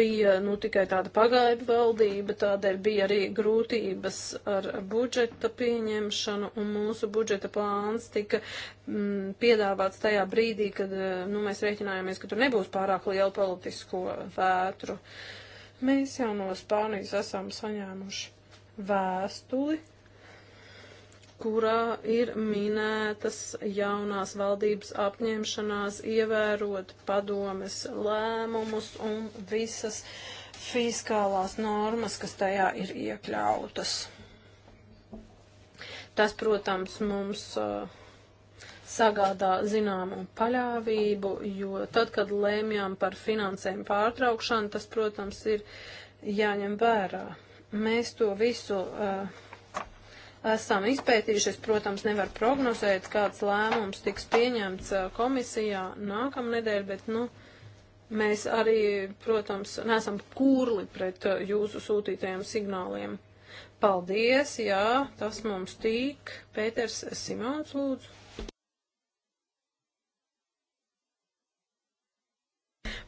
bija, nu, tikai tāda pagaidu valdība, tādēļ bija arī grūtības ar budžeta pieņemšanu, un mūsu budžeta plāns tika mm, piedāvāts tajā brīdī, kad, uh, nu, mēs rēķinājāmies, ka tur nebūs pārāk liela politisko vētru. Mēs jau no Spānijas esam saņēmuši vēstuli kurā ir minētas jaunās valdības apņemšanās ievērot padomes lēmumus un visas fiskālās normas, kas tajā ir iekļautas. Tas, protams, mums uh, sagādā zināmu paļāvību, jo tad, kad lēmjām par finansēm pārtraukšanu, tas, protams, ir jāņem vērā. Mēs to visu uh, esam izpētījušies. Protams, nevar prognozēt, kāds lēmums tiks pieņemts komisijā nākamnedēļ, bet, nu, mēs arī, protams, nesam kūrli pret jūsu sūtītajiem signāliem. Paldies, jā, tas mums tīk. Pēters Simons, lūdzu.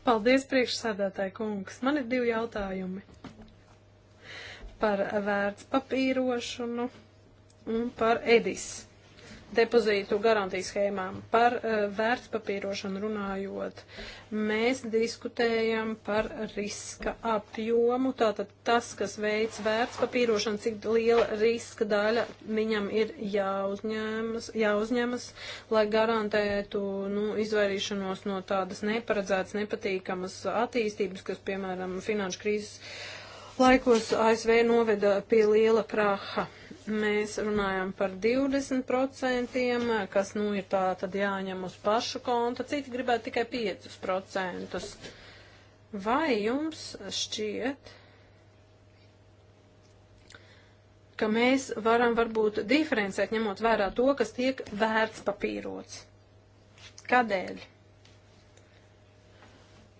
Paldies, priekšsādātāji kungs. Man ir divi jautājumi par vērts papīrošanu un par EDIS depozītu garantijas schēmām. Par uh, vērtspapīrošanu runājot, mēs diskutējam par riska apjomu. Tātad tas, kas veids vērtspapīrošanu, cik liela riska daļa viņam ir jāuzņemas, jāuzņemas lai garantētu nu, izvairīšanos no tādas neparedzētas, nepatīkamas attīstības, kas, piemēram, finanšu krīzes laikos ASV noveda pie liela praha. Mēs runājam par 20%, kas nu ir tā tad jāņem uz pašu konta, citi gribētu tikai 5%. Vai jums šķiet, ka mēs varam varbūt diferencēt, ņemot vērā to, kas tiek vērts papīrots? Kādēļ?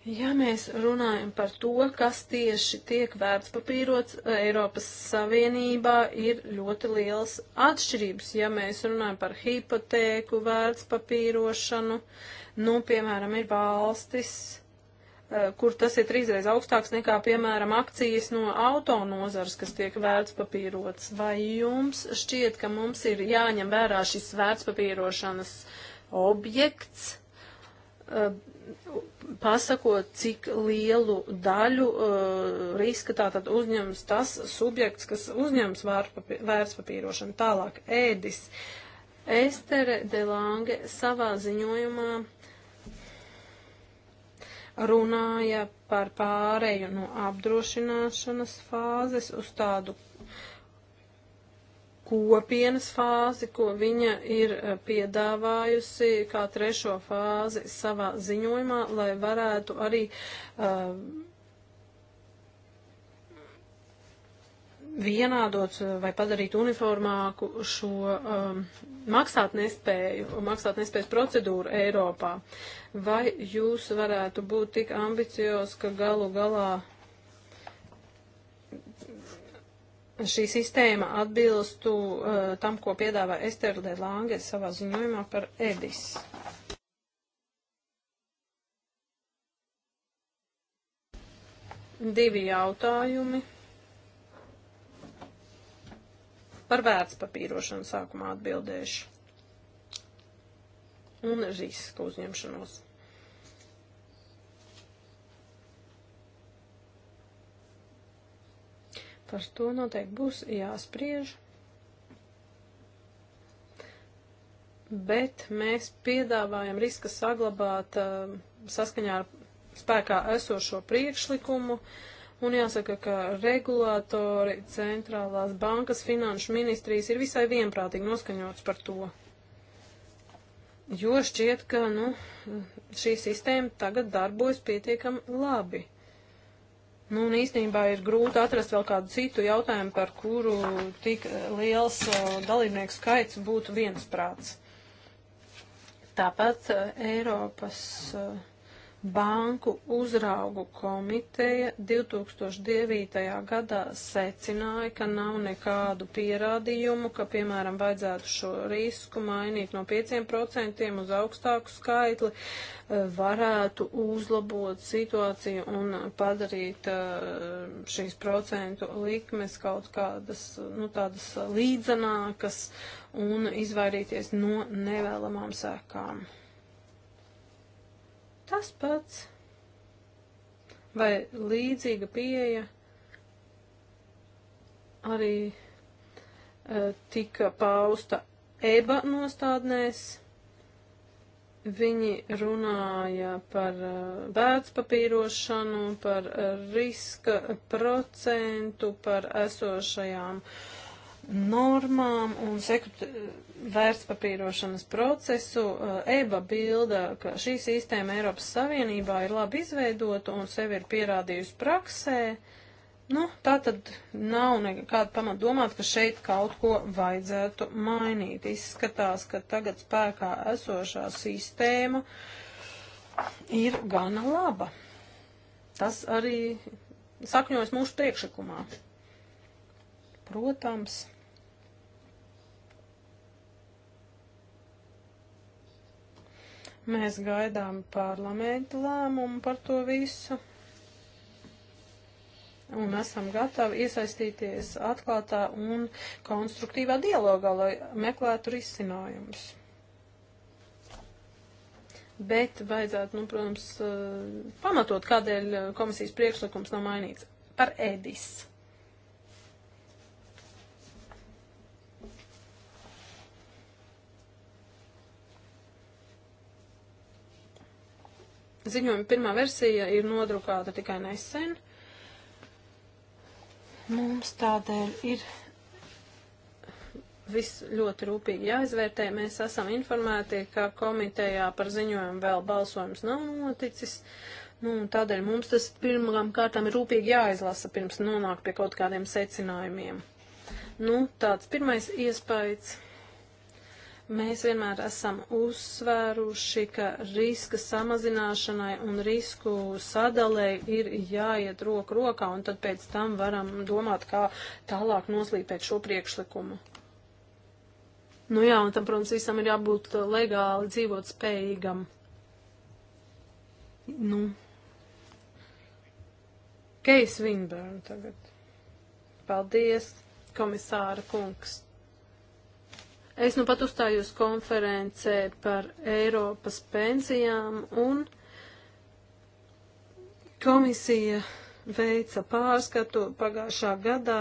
Ja mēs runājam par to, kas tieši tiek vērtspapīrots Eiropas Savienībā, ir ļoti liels atšķirības. Ja mēs runājam par hipotēku vērtspapīrošanu, nu, piemēram, ir valstis, eh, kur tas ir trīsreiz augstāks nekā, piemēram, akcijas no autonozars, kas tiek vērtspapīrots. Vai jums šķiet, ka mums ir jāņem vērā šis vērtspapīrošanas objekts? Eh, pasakot, cik lielu daļu uh, riska tātad uzņems tas subjekts, kas uzņems vērtspapīrošanu. Tālāk, ēdis. Estere Delange savā ziņojumā runāja par pārēju no apdrošināšanas fāzes uz tādu kopienas fāzi, ko viņa ir eh, piedāvājusi kā trešo fāzi savā ziņojumā, lai varētu arī uh, vienādot vai padarīt uniformāku šo um, uh, eh, maksātnespēju, maksātnespējas procedūru Eiropā. Vai jūs varētu būt tik ambicios, ka galu galā šī sistēma atbilstu uh, tam, ko piedāvā Esterle Lange savā ziņojumā par Edis. Divi jautājumi. Par vērtspapīrošanu sākumā atbildēšu. Un risku uzņemšanos. Par to noteikti būs jāspriež. Bet mēs piedāvājam riska saglabāt uh, saskaņā ar spēkā esošo priekšlikumu. Un jāsaka, ka regulātori centrālās bankas finanšu ministrijas ir visai vienprātīgi noskaņots par to. Jo šķiet, ka nu, šī sistēma tagad darbojas pietiekami labi. Nu, un īstenībā ir grūti atrast vēl kādu citu jautājumu, par kuru tik liels uh, dalībnieku skaits būtu viensprāts. Tāpat uh, Eiropas. Uh, Banku uzraugu komiteja 2009. gadā secināja, ka nav nekādu pierādījumu, ka, piemēram, vajadzētu šo risku mainīt no 5% uz augstāku skaitli, e, varētu uzlabot situāciju un padarīt e, šīs procentu likmes kaut kādas, nu, tādas līdzenākas un izvairīties no nevēlamām sēkām tas pats vai līdzīga pieeja arī uh, tika pausta EBA nostādnēs. Viņi runāja par e, vērtspapīrošanu, par riska procentu, par esošajām uh, normām un vērtspapīrošanas procesu. EBA eh, bilda, ka šī sistēma Eiropas Savienībā ir labi izveidota un sevi ir pierādījusi praksē. Nu, tā tad nav nekāda pamata domāt, ka šeit kaut ko vajadzētu mainīt. Izskatās, ka tagad spēkā esošā sistēma ir gana laba. Tas arī sakņojas mūsu priekšlikumā protams, mēs gaidām parlamentu lēmumu par to visu un esam gatavi iesaistīties atklātā un konstruktīvā dialogā, lai meklētu risinājumus. Bet vajadzētu, nu, protams, eh, pamatot, kādēļ eh, komisijas priekšlikums nav mainīts. Par Edis. Ziņojuma pirmā versija ir nodrukāta tikai nesen. Mums tādēļ ir viss ļoti rūpīgi jāizvērtē. Mēs esam informēti, ka komitejā par ziņojumu vēl balsojums nav noticis. Nu, tādēļ mums tas pirmām kārtām ir rūpīgi jāizlasa, pirms nonāk pie kaut kādiem secinājumiem. Nu, tāds pirmais iespējas. Mēs vienmēr esam uzsvēruši, ka riska samazināšanai un risku sadalēji ir jāiet roku rokā, un tad pēc tam varam domāt, kā tālāk noslīpēt šo priekšlikumu. Nu jā, un tam, protams, visam ir jābūt legāli dzīvot spējīgam. Nu. Keis Vinbērn tagad. Paldies, komisāra kungs. Es nu pat uzstājos konferencē par Eiropas pensijām un komisija veica pārskatu pagājušā gadā.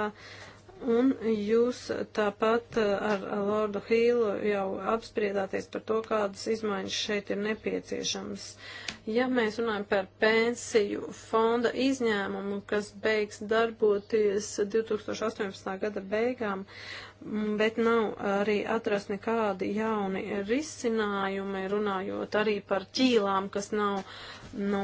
Un jūs tāpat ar Lordu Hīlu jau apspriedāties par to, kādas izmaiņas šeit ir nepieciešamas. Ja mēs runājam par pensiju fonda izņēmumu, kas beigs darboties 2018. gada beigām, bet nav arī atrast nekādi jauni risinājumi, runājot arī par ķīlām, kas nav nu,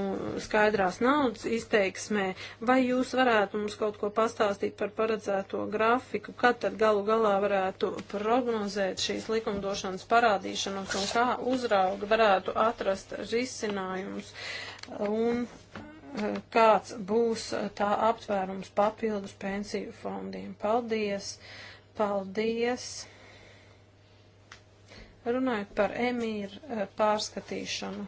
skaidrās naudas izteiksmē. Vai jūs varētu mums kaut ko pastāstīt par paredzēto grafiku, kad tad galu galā varētu prognozēt šīs likumdošanas parādīšanos un kā uzrauga varētu atrast risinājumus? Un eh, kāds būs tā aptvērums papildus pensiju fondiem. Paldies! Uh, Paldies! Runājot par emīru eh, pārskatīšanu.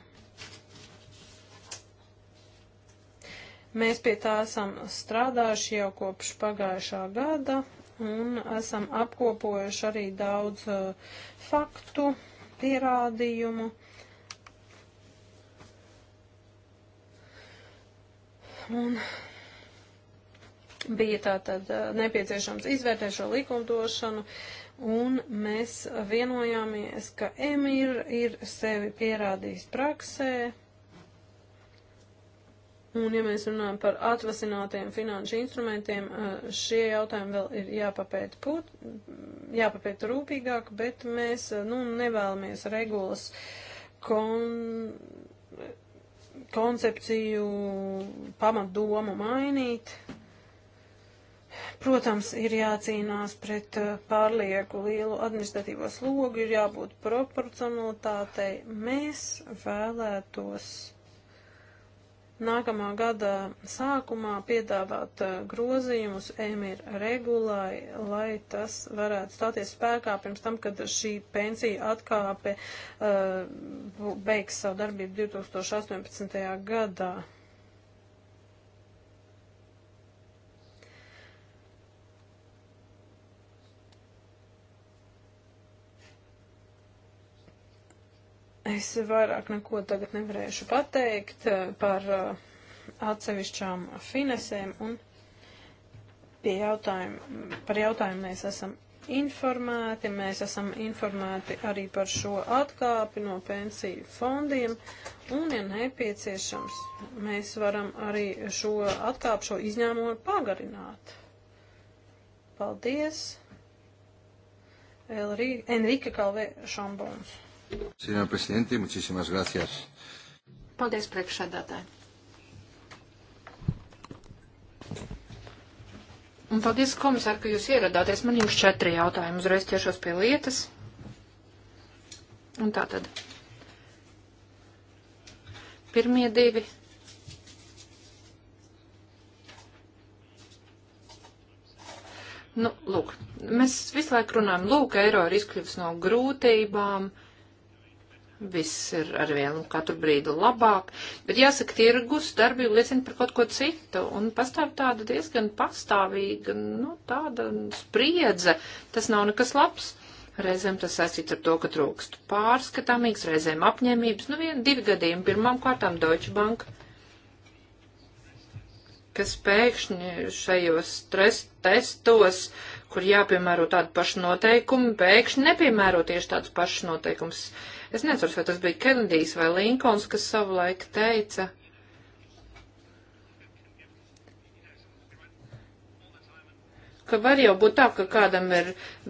Mēs pie tā esam strādājuši jau kopš pagājušā gada un esam apkopojuši arī daudz uh, faktu, pierādījumu. Un Bija tātad nepieciešams izvērtēt šo likumdošanu, un mēs vienojāmies, ka Emir ir sevi pierādījis praksē, Un, ja mēs runājam par atvasinātiem finanšu instrumentiem, šie jautājumi vēl ir jāpapēta, put, jāpapēta rūpīgāk, bet mēs nu, nevēlamies regulas kon, koncepciju pamatdomu mainīt. Protams, ir jācīnās pret eh, pārlieku lielu administratīvo slogu, ir jābūt proporcionalitātei. Mēs vēlētos nākamā gada sākumā piedāvāt eh, grozījumus emir regulai, lai tas varētu stāties spēkā pirms tam, kad šī pensija atkāpe uh, beigs savu darbību 2018. gadā. Es vairāk neko tagad nevarēšu pateikt eh, par eh, atsevišķām finesēm un pie jautājumu, par jautājumu mēs esam informēti, mēs esam informēti arī par šo atkāpi no pensiju fondiem un, ja nepieciešams, mēs varam arī šo atkāpu, šo izņēmumu pagarināt. Paldies! Enrika Kalvē Šambons. Senior prezidenti, muchísimas gracias. Paldies priekšsēdētāji. Un paldies, komisār, ka jūs ieradāties. Man jums četri jautājumi. Uzreiz ķeršos pie lietas. Un tā tad. Pirmie divi. Nu, lūk, mēs visu laiku runājam, lūk, eiro ir izkļuvis no grūtībām. Uh, viss ir arvien katru brīdi labāk, bet jāsaka, tirgus darbība liecina par kaut ko citu, un pastāv tāda diezgan pastāvīga, nu, tāda spriedze, tas nav nekas labs. Reizēm tas saistīts ar to, ka trūkst pārskatāmīgs, reizēm apņēmības, nu, vien divi gadījumi, pirmām kārtām Deutsche Bank, kas pēkšņi šajos stres testos kur jāpiemēro tādi paši noteikumi, pēkšņi nepiemēro tieši tādus pašus noteikumus Es nezinu, vai tas bija Kenedijs vai Linkons, kas savulaik teica. ka var jau būt tā, ka kādam ir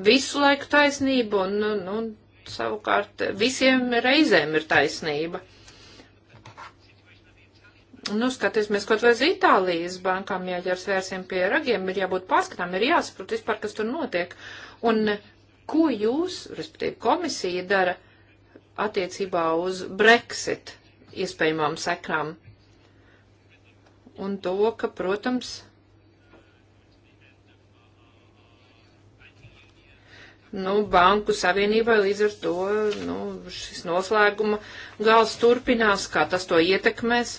visu laiku taisnība un, un, nu, nu, un savukārt visiem reizēm ir taisnība. Nu, skaties, mēs kaut vai uz Itālijas bankām jāķers vērsim pie ragiem, ir jābūt paskatām, ir jāsaprot vispār, kas tur notiek. Un ko jūs, respektīvi komisija, dara? attiecībā uz Brexit iespējamām sekām un to, ka, protams, nu, banku savienībai līdz ar to nu, šis noslēguma gals turpinās, kā tas to ietekmēs.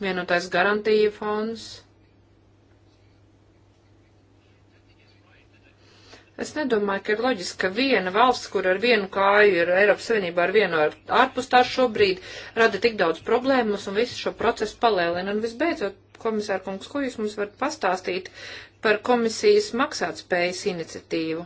Vienotais garantija fonds Es nedomāju, ka ir loģiski, ka viena valsts, kur ar vienu kāju ir Eiropas Savienībā, ar vienu ar ārpus tā šobrīd, rada tik daudz problēmas un visu šo procesu palēlina. Un visbeidzot, komisāra kungs, ko jūs mums varat pastāstīt par komisijas maksātspējas iniciatīvu?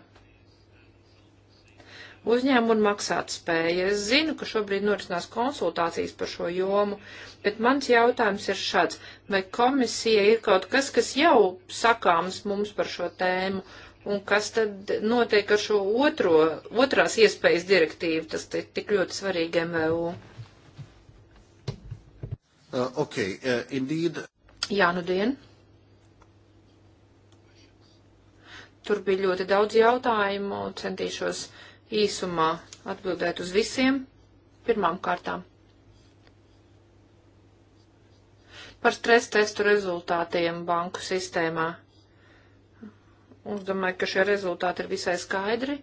Uzņēmuma un maksātspēja. Es zinu, ka šobrīd norisinās konsultācijas par šo jomu, bet mans jautājums ir šāds. Vai komisija ir kaut kas, kas jau sakāms mums par šo tēmu? Un kas tad notiek ar šo otro, otrās iespējas direktīvu, tas tik ļoti svarīgi MVU? Uh, okay, uh, indeed. Jā, nu dien. Tur bija ļoti daudz jautājumu, centīšos īsumā atbildēt uz visiem. Pirmām kārtām. Par stresa testu rezultātiem banku sistēmā. Un es domāju, ka šie rezultāti ir visai skaidri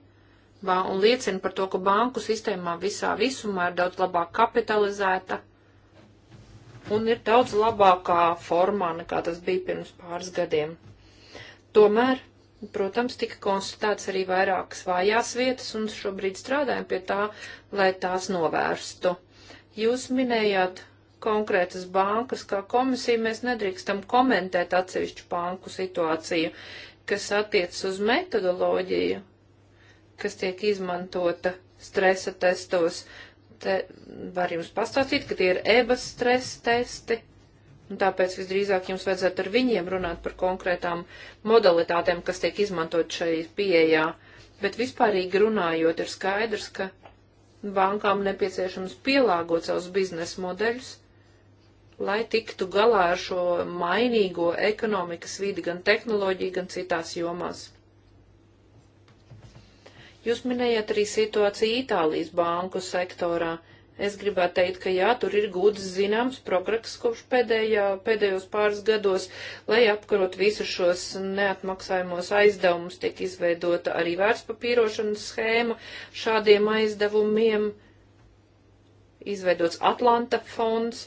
un liecina par to, ka banku sistēmā visā visumā ir daudz labāk kapitalizēta un ir daudz labākā formā nekā tas bija pirms pāris gadiem. Tomēr, protams, tika konstatēts arī vairākas vājās vietas un šobrīd strādājam pie tā, lai tās novērstu. Jūs minējāt konkrētas bankas, kā komisija mēs nedrīkstam komentēt atsevišķu banku situāciju, kas attiecas uz metodoloģiju, kas tiek izmantota stresa testos. Te var jums pastāstīt, ka tie ir ebas stresa testi, un tāpēc visdrīzāk jums vajadzētu ar viņiem runāt par konkrētām modalitātēm, kas tiek izmantot šai pieejā. Bet vispārīgi runājot, ir skaidrs, ka bankām nepieciešams pielāgot savus biznesa modeļus lai tiktu galā ar šo mainīgo ekonomikas vidi gan tehnoloģiju, gan citās jomās. Jūs minējat arī situāciju Itālijas banku sektorā. Es gribētu teikt, ka jā, tur ir gūts zināms progress kopš pēdējā, pēdējos pāris gados, lai apkarot visus šos neatmaksājumos aizdevumus, tiek izveidota arī vērtspapīrošanas schēma šādiem aizdevumiem, izveidots Atlanta fonds,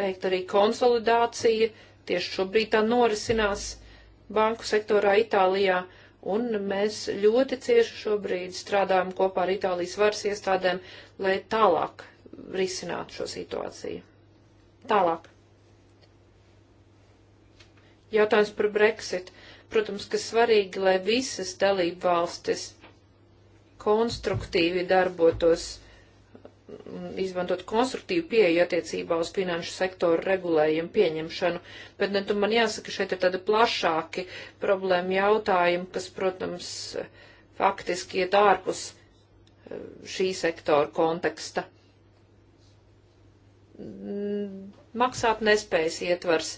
veikt arī konsolidācija. Tieši šobrīd tā norisinās banku sektorā Itālijā, un mēs ļoti cieši šobrīd strādājam kopā ar Itālijas varas iestādēm, lai tālāk risinātu šo situāciju. Tālāk. Jautājums par Brexit. Protams, ka svarīgi, lai visas dalību valstis konstruktīvi darbotos izmantot konstruktīvu pieeju attiecībā uz finanšu sektoru regulējumu pieņemšanu, bet ne tu man jāsaka, šeit ir tādi plašāki problēma jautājumi, kas, protams, faktiski iet ārpus eh, šī sektora konteksta. Mm, maksāt nespējas ietvars,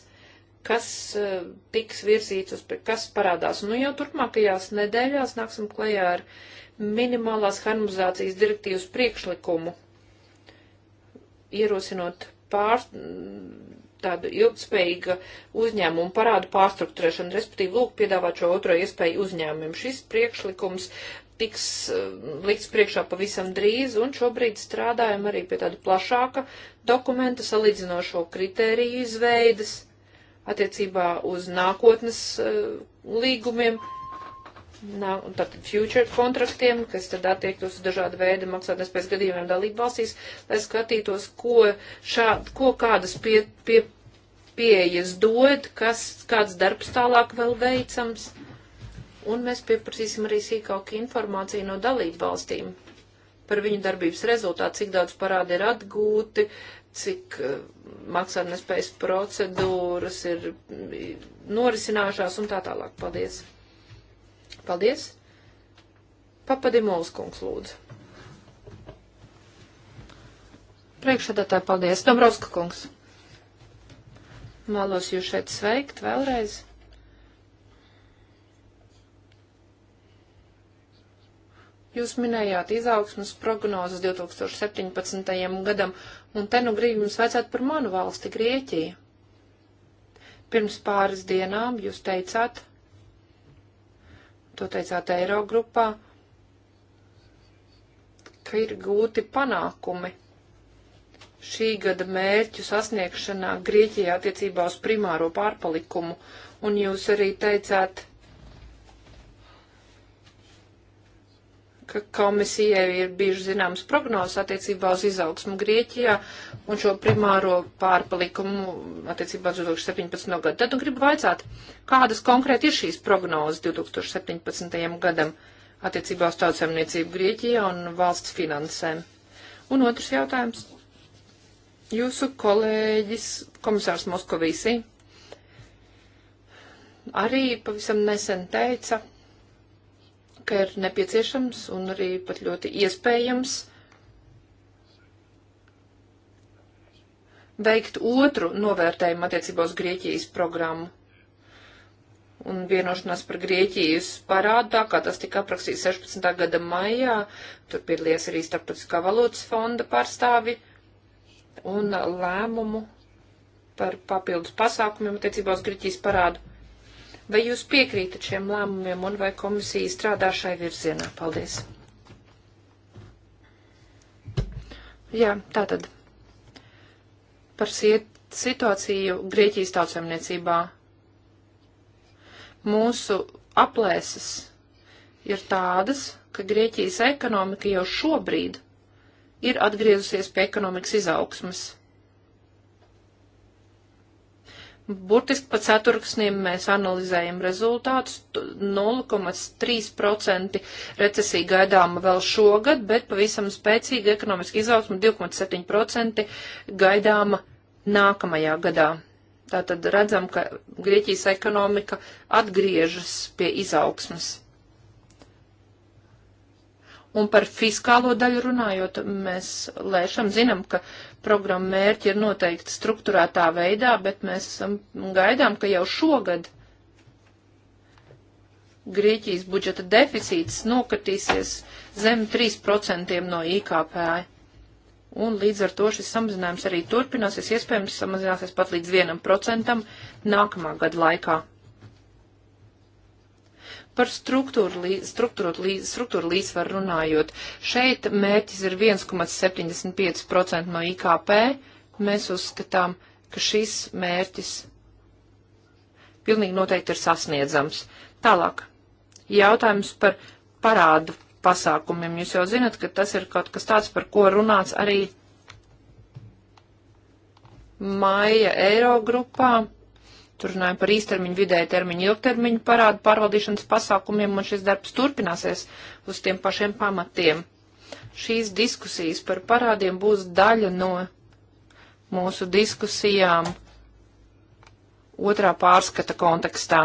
kas eh, tiks virzīts uz, kas parādās. Nu, jau turpmākajās nedēļās nāksim klajā ar minimālās harmonizācijas direktīvas priekšlikumu ierosinot pār, tādu ilgspējīga uzņēmumu parādu pārstruktūrēšanu, respektīvi lūk piedāvāt šo otro iespēju uzņēmumiem. Šis priekšlikums tiks eh, likts priekšā pavisam drīz, un šobrīd strādājam arī pie tāda plašāka dokumenta salīdzinošo kritēriju izveidas attiecībā uz nākotnes eh, līgumiem, nav, tātad future kontraktiem, kas tad attiektos dažāda veida maksātnespējas gadījumiem dalību valstīs, lai skatītos, ko, šā, ko kādas pie, pie, pieejas dod, kas, kāds darbs tālāk vēl veicams. Un mēs pieprasīsim arī sīkāku informāciju no dalību valstīm par viņu darbības rezultātu, cik daudz parādi ir atgūti, cik eh, maksātnespējas procedūras ir mm, norisinājušās un tā tālāk. Paldies! Paldies! Papadimovs kungs lūdzu. Priekšsēdētāji, paldies. Dombrovska kungs. Mālos jūs šeit sveikt vēlreiz. Jūs minējāt izaugsmas prognozes 2017. gadam, un te nu grib jums vajadzētu par manu valsti, Grieķiju. Pirms pāris dienām jūs teicāt, to teicāt Eirogrupā, ka ir gūti panākumi šī gada mērķu sasniegšanā Grieķijā attiecībā uz primāro pārpalikumu, un jūs arī teicāt, ka komisijai ir bijuši zināmas prognozes attiecībā uz izaugsmu Grieķijā un šo primāro pārpalikumu attiecībā uz 2017. gadu. Tad un nu gribu vaicāt, kādas konkrēti ir šīs prognozes 2017. gadam attiecībā uz tautsemniecību Grieķijā un valsts finansēm? Un otrs jautājums. Jūsu kolēģis, komisārs Moskovīsī, arī pavisam nesen teica, ka ir nepieciešams un arī pat ļoti iespējams veikt otru novērtējumu attiecībā uz Grieķijas programmu. Un vienošanās par Grieķijas parādu, tā kā tas tika aprakstīts 16. gada maijā, tur piedalījās arī Starptautiskā valūtas fonda pārstāvi un lēmumu par papildus pasākumiem attiecībā uz Grieķijas parādu. Vai jūs piekrītat šiem lēmumiem un vai komisija strādā šai virzienā? Paldies! Jā, tātad par situāciju Grieķijas tautsēmniecībā. Mūsu aplēses ir tādas, ka Grieķijas ekonomika jau šobrīd ir atgriezusies pie ekonomikas izaugsmas. Burtiski pa ceturksnim mēs analizējam rezultātus. 0,3% recesija gaidāma vēl šogad, bet pavisam spēcīga ekonomiska izaugsma 2,7% gaidāma nākamajā gadā. Tātad redzam, ka Grieķijas ekonomika atgriežas pie izaugsmas. Un par fiskālo daļu runājot, mēs lēšam, zinām, ka programma mērķi ir noteikti struktūrētā veidā, bet mēs esam um, gaidām, ka jau šogad Grieķijas budžeta deficīts nokatīsies zem 3% no IKP. Un līdz ar to šis samazinājums arī turpināsies, iespējams samazināsies pat līdz 1% nākamā gada laikā. Par struktūru, līdz, struktūru, līdz, struktūru līdzsvaru runājot, šeit mērķis ir 1,75% no IKP. Mēs uzskatām, ka šis mērķis pilnīgi noteikti ir sasniedzams. Tālāk, jautājums par parādu pasākumiem. Jūs jau zinat, ka tas ir kaut kas tāds, par ko runāts arī māja Eirogrupā. Tur runājam par īstermiņu, vidēja termiņu, ilgtermiņu parādu pārvaldīšanas pasākumiem, un šis darbs turpināsies uz tiem pašiem pamatiem. Šīs diskusijas par parādiem būs daļa no mūsu diskusijām otrā pārskata kontekstā.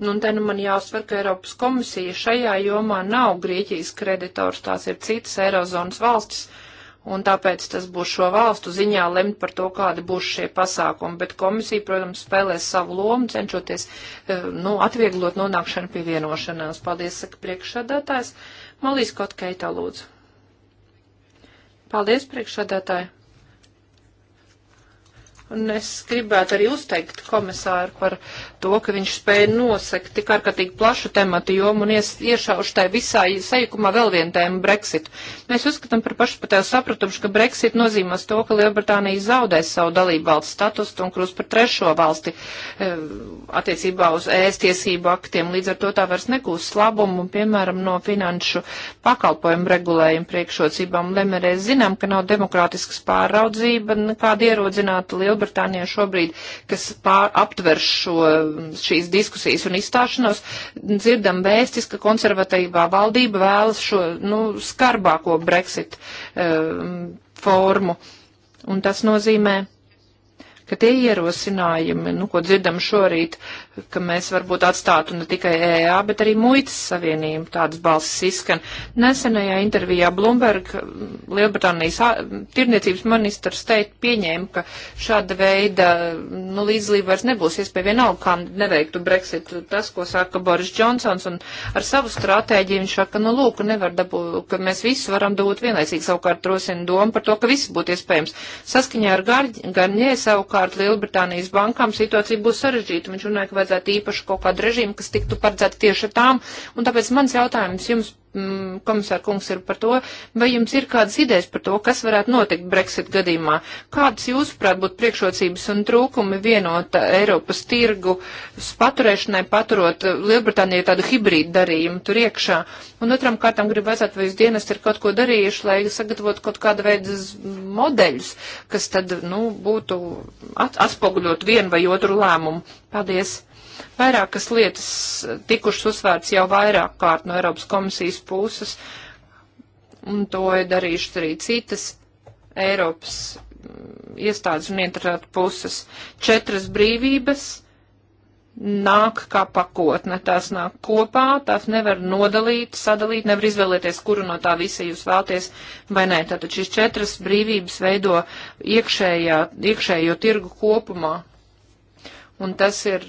Nu, un te nu man jāuzsver, ka Eiropas komisija šajā jomā nav Grieķijas kreditors, tās ir citas Eirozonas valstis un tāpēc tas būs šo valstu ziņā lemt par to, kādi būs šie pasākumi. Bet komisija, protams, spēlēs savu lomu, cenšoties eh, nu, atvieglot nonākšanu pie vienošanās. Paldies, saka priekšsādātājs. Malīs Kotkeita lūdzu. Paldies, priekšsādātāji. Un es gribētu arī uzteikt komisāru par to, ka viņš spēja nosekt tik ārkārtīgi plašu tematu jomu un ies, iešaušu tai visā sajūkumā vēl vienu tēmu Brexit. Mēs uzskatām par pašpatēju sapratumu, ka Brexit nozīmēs to, ka Lielbritānija zaudēs savu dalību valsts statusu un kļūs par trešo valsti e, attiecībā uz ēst tiesību aktiem. Līdz ar to tā vairs nekūs labumu, piemēram, no finanšu pakalpojumu regulējumu priekšrocībām. Lemērēs zinām, ka nav demokrātiskas pāraudzība, nekāda ierodzināta Lielbritānija. Lielbritānijā šobrīd, kas pār, aptver šo, šīs diskusijas un izstāšanos, dzirdam vēstis, ka konservatīvā valdība vēlas šo nu, skarbāko Brexit um, formu. Un tas nozīmē, ka tie ierosinājumi, nu, ko dzirdam šorīt, ka mēs varbūt atstātu ne tikai EA, bet arī muitas savienību. Tādas balsis izskan. Nesenajā intervijā Bloomberg Lielbritānijas tirniecības ministrs teikt pieņēma, ka šāda veida nu, līdzlība vairs nebūs iespēja vienalga, kā neveiktu Brexit. Tas, ko saka Boris Džonsons un ar savu stratēģiju, viņš saka, nu lūk, nevar dabūt, ka mēs visu varam dot vienlaicīgi. Savukārt rosina doma par to, ka viss būtu iespējams. Saskaņā ar Garņē savukārt Lielbritānijas bankām situācija būs sarežģīta. Viņš runāja, ka nevajadzētu īpaši kaut kādu režīmu, kas tiktu paredzēta tieši tām. Un tāpēc mans jautājums jums, mm, komisār kungs, ir par to, vai jums ir kādas idejas par to, kas varētu notikt Brexit gadījumā? Kādas jūsuprāt būtu priekšrocības un trūkumi vienota Eiropas tirgu paturēšanai, paturot Lielbritānijai tādu hibrīdu darījumu tur iekšā? Un otram kārtam gribu vajadzētu, vai jūs dienas ir kaut ko darījuši, lai sagatavotu kaut kādu veidu modeļus, kas tad, nu, būtu at atspoguļot vienu vai otru lēmumu. Paldies! Vairākas lietas tikušas uzsvērts jau vairāk kārt no Eiropas komisijas puses, un to ir darījušas arī citas Eiropas mm, iestādes un ietrāt puses. Četras brīvības nāk kā pakotne, tās nāk kopā, tās nevar nodalīt, sadalīt, nevar izvēlēties, kuru no tā visa jūs vēlties vai nē. Tātad šīs četras brīvības veido iekšējā, iekšējo tirgu kopumā. Un tas ir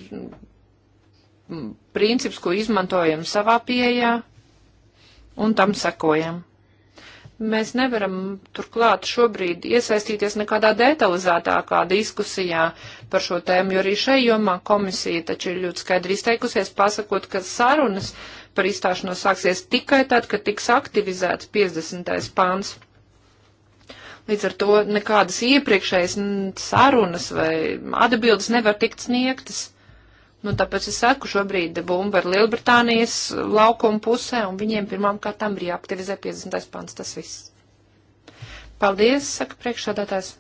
Mm, princips, ko izmantojam savā pieejā un tam sekojam. Mēs nevaram turklāt šobrīd iesaistīties nekādā detalizētākā diskusijā par šo tēmu, jo arī šai jomā komisija taču ir ļoti skaidri izteikusies, pasakot, ka sarunas par izstāšanos sāksies tikai tad, kad tiks aktivizēts 50. pāns. Līdz ar to nekādas iepriekšējas sarunas vai atbildes nevar tikt sniegtas. Nu, tāpēc es saku, šobrīd bumba ir Lielbritānijas laukuma pusē, un viņiem pirmām kārtām ir jāaktivizē 50. pants. Tas viss. Paldies, saka priekšādātājs.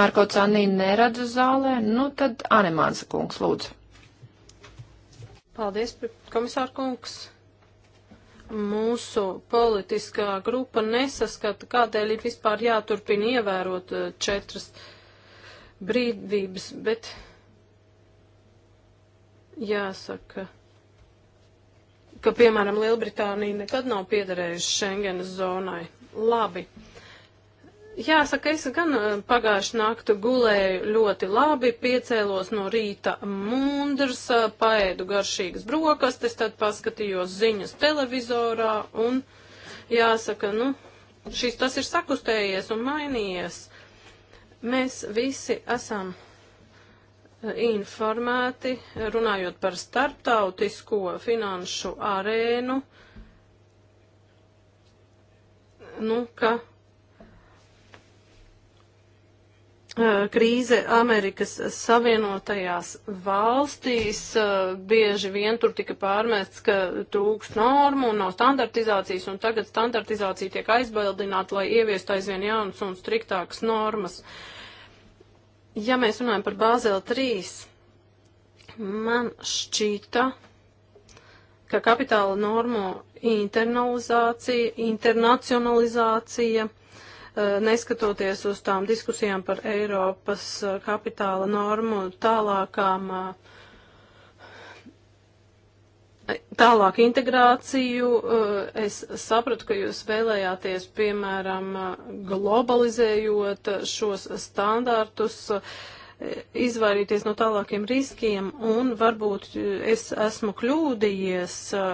Marko Canī neredzu zālē, nu tad Anemānsa kungs, lūdzu. Paldies, komisār kungs. Mūsu politiskā grupa nesaskata, kādēļ ir vispār jāturpina ievērot eh, četras. Uh, brīvības, bet jāsaka, ka, piemēram, Lielbritānija nekad nav piederējusi Schengenas zonai. Labi. Jāsaka, es gan eh, pagājuši naktu gulēju ļoti labi, piecēlos no rīta mundrs, eh, paēdu garšīgas brokastes, tad paskatījos ziņas televizorā un jāsaka, nu, šis tas ir sakustējies un mainījies. Mēs visi esam eh, informēti, runājot par starptautisko finanšu arēnu, nu, ka krīze Amerikas Savienotajās valstīs bieži vien tur tika pārmests, ka trūks normu un nav standartizācijas, un tagad standartizācija tiek aizbildināta, lai ieviestu aizvien jaunas un striktākas normas. Ja mēs runājam par Bāzeli 3, man šķita, ka kapitāla normu internalizācija, internacionalizācija, Eh, neskatoties uz tām diskusijām par Eiropas eh, kapitāla normu tālākām eh, tālāk integrāciju. Es sapratu, ka jūs vēlējāties, piemēram, globalizējot šos standartus, izvairīties no tālākiem riskiem, un varbūt e, es esmu kļūdījies e,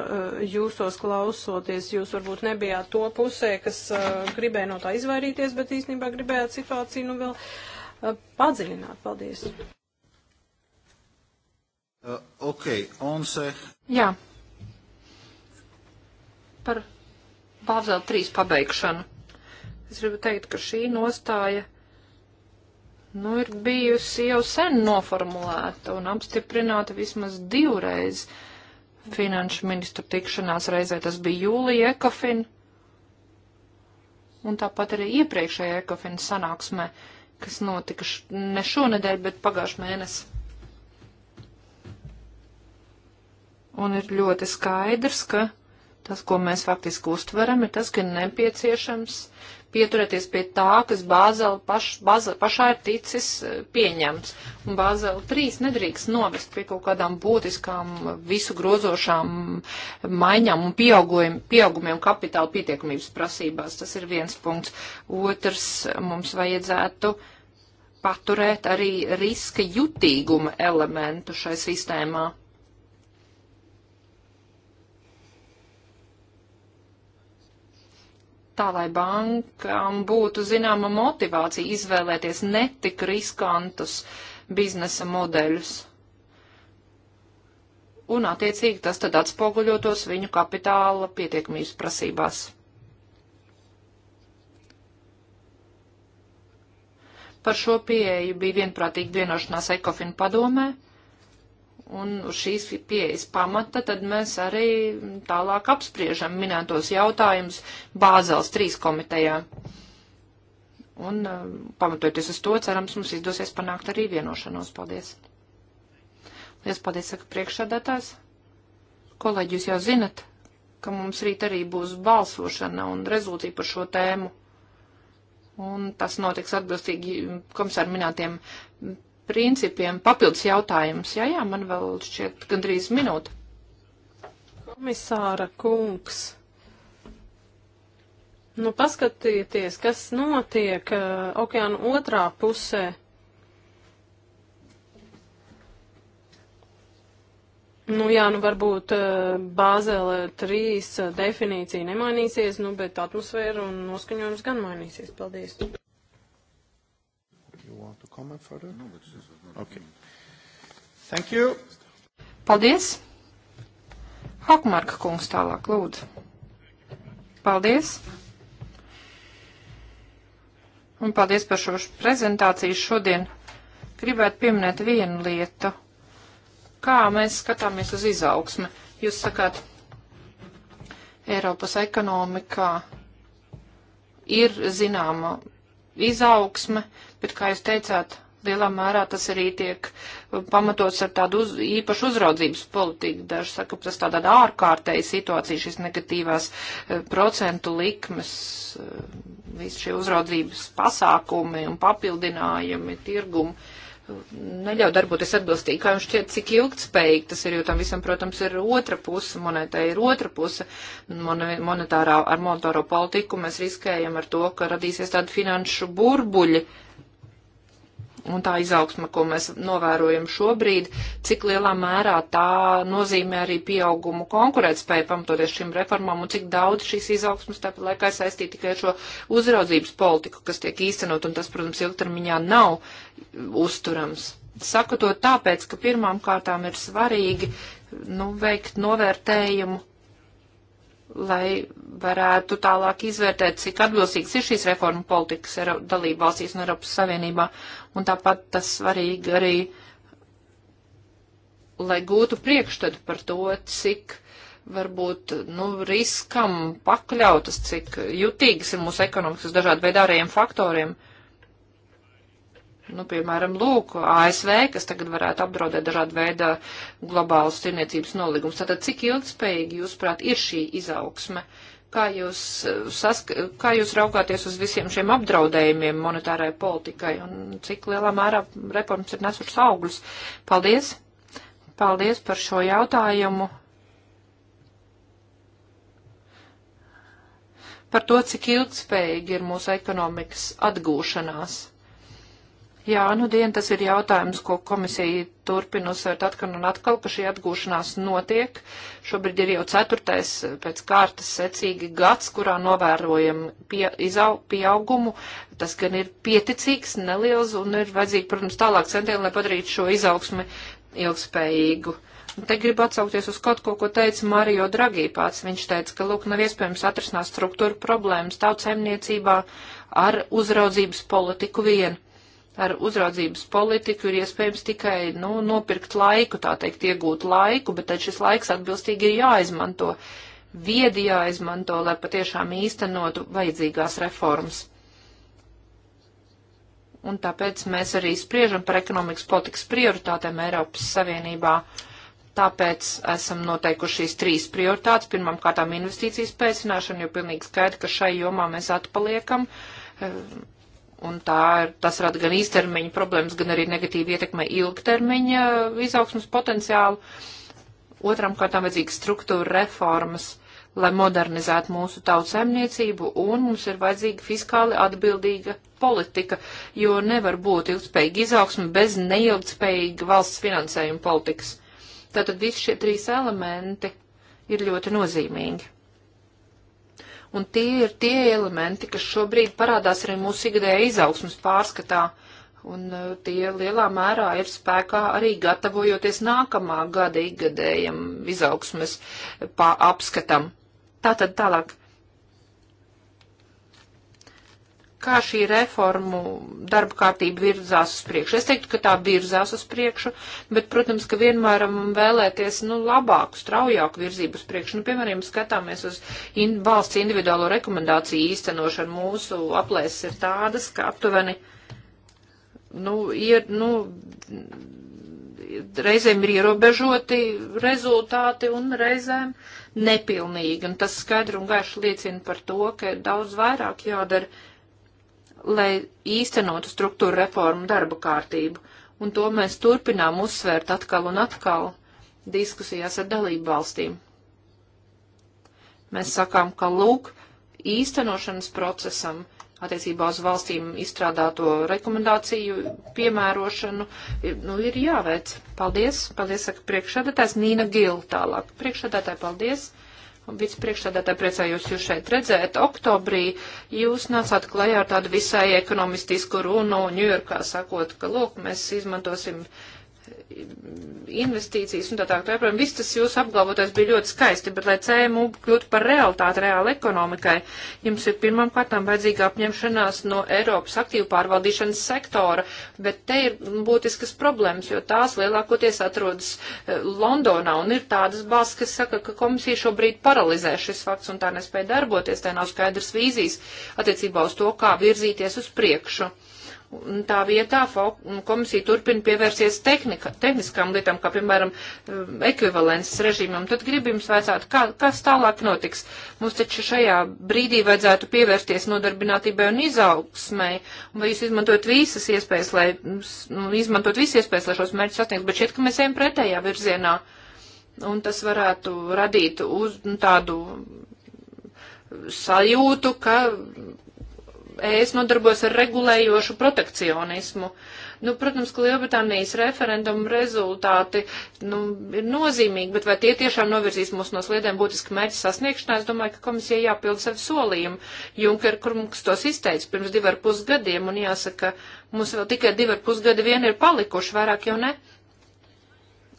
jūsos klausoties, jūs varbūt nebijāt to pusē, kas e, gribēja no tā izvairīties, bet īstenībā gribējāt situāciju nu vēl padziļināt. Paldies! Uh, ok, onse. Jā. Par Bāzēl 3 pabeigšanu. Es gribu teikt, ka šī nostāja nu, ir bijusi jau sen noformulēta un apstiprināta vismaz divreiz finanšu ministru tikšanās reizē. Tas bija jūlija ekofin un tāpat arī iepriekšējā ekofin sanāksmē, kas notika š, ne šonedēļ, bet pagājuši mēnesi. Un ir ļoti skaidrs, ka tas, ko mēs faktiski uztveram, ir tas, ka nepieciešams pieturēties pie tā, kas Bāzela paš, Bāzela pašā ir ticis eh, pieņemts. Un Bāzela 3 nedrīkst novest pie kaut kādām būtiskām visu grozošām maiņām un pieaugumiem kapitāla pietiekamības prasībās. Tas ir viens punkts. Otrs, mums vajadzētu paturēt arī riska jutīguma elementu šai sistēmā tā lai bankām būtu zināma motivācija izvēlēties netik riskantus biznesa modeļus. Un, attiecīgi, tas tad atspoguļotos viņu kapitāla pietiekamības prasībās. Par šo pieeju bija vienprātīgi vienošanās Ekofin padomē un uz šīs pieejas pamata tad mēs arī tālāk apspriežam minētos jautājumus Bāzels 3 komitejā. Un uh, pamatojoties uz to, cerams, mums izdosies panākt arī vienošanos. Paldies! Liels paldies, saka priekšsādātājs. Kolēģi, jūs jau zinat, ka mums rīt arī būs balsošana un rezultāti par šo tēmu. Un tas notiks atbilstīgi komisāra minētiem principiem papildus jautājums. Jā, jā, man vēl šķiet gandrīz minūte. Komisāra kungs. Nu, paskatieties, kas notiek uh, okeāna otrā pusē. Nu jā, nu varbūt uh, Bāzele 3 uh, definīcija nemainīsies, nu bet atmosfēra un noskaņojums gan mainīsies. Paldies! comment further? No, but this was not okay. Thank you. Paldies. Hakmarka kungs tālāk, lūdzu. Paldies. Un paldies par šo prezentāciju šodien. Gribētu pieminēt vienu lietu. Kā mēs skatāmies uz izaugsmi? Jūs sakāt, Eiropas ekonomikā ir zināma izaugsme, bet, kā jūs teicāt, lielā mērā tas arī tiek um, pamatots ar tādu uz, īpašu uzraudzības politiku. Daži saka, ka tas tādā ārkārtēja situācija, šis negatīvās eh, procentu likmes, eh, visi šie uzraudzības pasākumi un papildinājumi, tirgumi eh, neļauj darboties atbilstīgi, kā jums šķiet, cik ilgtspējīgi tas ir, jo tam visam, protams, ir otra puse, monētai ir otra puse, Mon monetārā, ar monetāro politiku mēs riskējam ar to, ka radīsies tādi finanšu burbuļi, uh, un tā izaugsma, ko mēs novērojam šobrīd, cik lielā mērā tā nozīmē arī pieaugumu konkurētspēju pamatoties šīm reformām un cik daudz šīs izaugsmas tāpat laikā saistīt tikai ar šo uzraudzības politiku, kas tiek īstenot, un tas, protams, ilgtermiņā nav uzturams. Saku to tāpēc, ka pirmām kārtām ir svarīgi nu, veikt novērtējumu lai varētu tālāk izvērtēt, cik atbilstīgs ir šīs reforma politikas dalība valstīs un Eiropas Savienībā. Un tāpat tas svarīgi arī, lai gūtu priekšstatu par to, cik varbūt nu, riskam pakļautas, cik jutīgas ir mūsu ekonomikas uz dažādu veidu ārējiem faktoriem. Uh, Nu, piemēram, lūk, ASV, kas tagad varētu apdraudēt dažādu veidu globālus tirniecības nolīgumus. Tātad, cik ilgspējīgi, jūsuprāt, ir šī izaugsme? Kā jūs, uh, sask kā jūs raugāties uz visiem šiem apdraudējumiem monetārai politikai un cik lielā mērā reformas ir nesušas augļus? Paldies! Paldies par šo jautājumu! Par to, cik ilgspējīgi ir mūsu ekonomikas atgūšanās. Jā, nu dien tas ir jautājums, ko komisija turpina uzsvērt atkal un atkal, ka šī atgūšanās notiek. Šobrīd ir jau ceturtais pēc kārtas secīgi gads, kurā novērojam pie, izau, pieaugumu. Tas gan ir pieticīgs, neliels un ir vajadzīgi, protams, tālāk centieni, lai padarītu šo izaugsmi ilgspējīgu. Un te gribu atsaukties uz kaut ko, ko teica Mario Dragī pats. Viņš teica, ka, lūk, nav iespējams atrisināt struktūra problēmas tautsēmniecībā ar uzraudzības politiku vienu ar uzraudzības politiku ir iespējams tikai nu, nopirkt laiku, tā teikt, iegūt laiku, bet tad šis laiks atbilstīgi ir jāizmanto, viedi jāizmanto, lai patiešām īstenotu vajadzīgās reformas. Un tāpēc mēs arī spriežam par ekonomikas politikas prioritātēm Eiropas Savienībā. Tāpēc esam noteikuši šīs trīs prioritātes. Pirmām kārtām investīcijas pēcināšana, jo pilnīgi skaidri, ka šai jomā mēs atpaliekam Un tā ir, tas rada gan īstermiņa problēmas, gan arī negatīvi ietekmē ilgtermiņa izaugsmas potenciālu. Otram kārtām vajadzīgas struktūra reformas, lai modernizētu mūsu tautsēmniecību, un mums ir vajadzīga fiskāli atbildīga politika, jo nevar būt ilgspējīga izaugsma bez neilgspējīga valsts finansējuma politikas. Tātad visi šie trīs elementi ir ļoti nozīmīgi un tie ir tie elementi, kas šobrīd parādās arī mūsu ikdējā izaugsmas pārskatā, un e, tie lielā mērā ir spēkā arī gatavojoties nākamā gada ikgadējam izaugsmas e, apskatam. Tātad tālāk kā šī reformu darba kārtība virzās uz priekšu. Es teiktu, ka tā virzās uz priekšu, bet, protams, ka vienmēr vēlēties, nu, labāku, straujāku virzību uz priekšu. Nu, piemēram, skatāmies uz in valsts individuālo rekomendāciju īstenošanu. Mūsu aplēses ir tādas, ka aptuveni, nu, ir, nu, reizēm ir ierobežoti rezultāti un reizēm nepilnīgi. Un tas skaidri un gaiši liecina par to, ka daudz vairāk jādara lai īstenotu struktūra reformu darba kārtību, un to mēs turpinām uzsvērt atkal un atkal diskusijās ar dalību valstīm. Mēs sakām, ka lūk, īstenošanas procesam attiecībā uz valstīm izstrādāto rekomendāciju piemērošanu nu, ir jāveic. Paldies, paldies, saka priekšsēdētājs Nīna Gil tālāk. Priekšsēdētāji, paldies! Vicepriekšstādātāji priecājos jūs šeit redzēt. Oktobrī jūs nācāt klajā ar tādu visai ekonomistisku runu Ņujorkā, sakot, ka, lūk, mēs izmantosim uh, investīcijas un tā tā. tā protams, viss tas jūsu apgalvotais bija ļoti skaisti, bet lai CMU kļūtu par realitāti, reāli ekonomikai, jums ir pirmām kārtām vajadzīga apņemšanās no Eiropas aktīvu pārvaldīšanas sektora, bet te ir būtiskas problēmas, jo tās lielākoties atrodas e, Londonā un ir tādas balss, kas saka, ka komisija šobrīd paralizē šis fakts un tā nespēja darboties, tai nav skaidrs vīzijas attiecībā uz to, kā virzīties uz priekšu tā vietā komisija turpina pievērsties tehnika, tehniskām lietām, kā piemēram um, ekvivalences režīmam, tad gribu jums vēcāt, kā, kas tālāk notiks. Mums taču šajā brīdī vajadzētu pievērsties nodarbinātībai un izaugsmai, vai jūs izmantot visas iespējas, lai, mm, nu, izmantot visas iespējas, lai šos mērķus sasniegtu, bet šķiet, ka mēs ejam pretējā virzienā. Un tas varētu radīt uz, nu, tādu sajūtu, ka es nodarbojos ar regulējošu protekcionismu. Nu, protams, ka Lielbritānijas referendumu rezultāti nu, ir nozīmīgi, bet vai tie tiešām novirzīs mūs no sliedēm būtiski mērķi sasniegšanā, es domāju, ka komisija jāpild sev solījumu. Junker Krumks tos izteica pirms divar pusgadiem, un jāsaka, mums vēl tikai divar pusgadi vien ir palikuši, vairāk jau ne. Uh,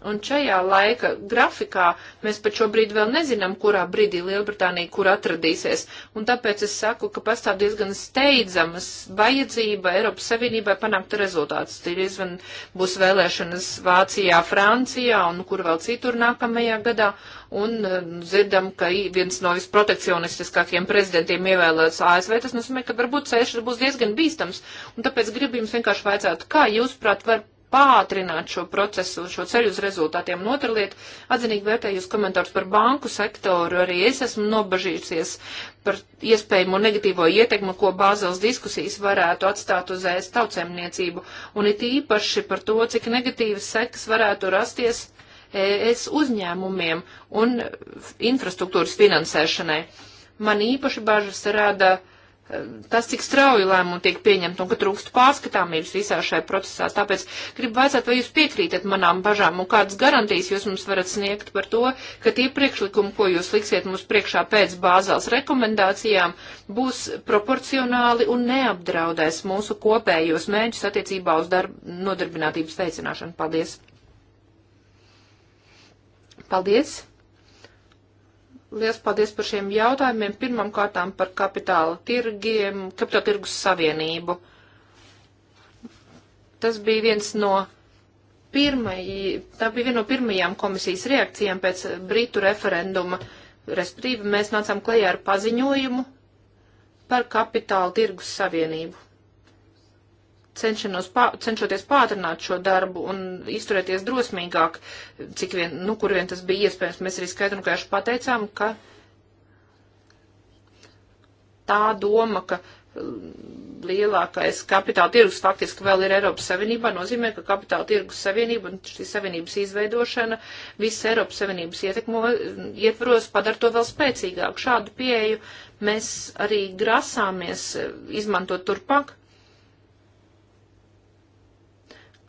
Un šajā laika grafikā mēs pat šobrīd vēl nezinām, kurā brīdī Lielbritānija kur atradīsies. Un tāpēc es saku, ka pastāv diezgan steidzamas vajadzība Eiropas Savienībai panākt rezultātus. Tīri izvan būs vēlēšanas Vācijā, Francijā un kur vēl citur nākamajā gadā. Un eh, dzirdam, ka viens no visprotekcionistiskākiem prezidentiem ievēlēts ASV. Tas nozīmē, ka varbūt ceļš būs diezgan bīstams. Un tāpēc gribu jums vienkārši vaicāt, kā jūs prāt var pātrināt šo procesu, šo ceļu uz rezultātiem. Un otra lieta, atzinīgi vērtēju jūs komentārus par banku sektoru, arī es esmu nobažījusies par iespējamo negatīvo ietekmi, ko bāzels diskusijas varētu atstāt uz ēst tautsēmniecību, un it īpaši par to, cik negatīvas sekas varētu rasties es uzņēmumiem un infrastruktūras finansēšanai. Man īpaši bažas rada uh, tas, cik strauji lēmumi tiek pieņemti un ka trūkst pārskatāmības visā šajā procesā. Tāpēc gribu vaicāt, vai jūs piekrītat manām bažām un kādas garantijas jūs mums varat sniegt par to, ka tie priekšlikumi, ko jūs liksiet mums priekšā pēc bāzās rekomendācijām, būs proporcionāli un neapdraudēs mūsu kopējos mēģus attiecībā uz darb, nodarbinātības veicināšanu. Paldies! Paldies! Liels paldies par šiem jautājumiem. Pirmam kārtām par kapitāla tirgiem, kapitāla tirgus savienību. Tas bija viens no pirmajiem, tā bija viena no pirmajām komisijas reakcijām pēc Britu referenduma. Respektīvi, mēs nācām klajā ar paziņojumu par kapitāla tirgus savienību cenšanos, pā, cenšoties pātrināt šo darbu un izturēties drosmīgāk, cik vien, nu, kur vien tas bija iespējams. Mēs arī skaidru un gaišu pateicām, ka tā doma, ka mm, lielākais kapitāla tirgus faktiski vēl ir Eiropas Savienībā, nozīmē, ka kapitāla tirgus savienība un šī savienības izveidošana visas Eiropas Savienības ietekmo, ietvaros padara to vēl spēcīgāk. Šādu pieeju mēs arī grasāmies eh, izmantot turpāk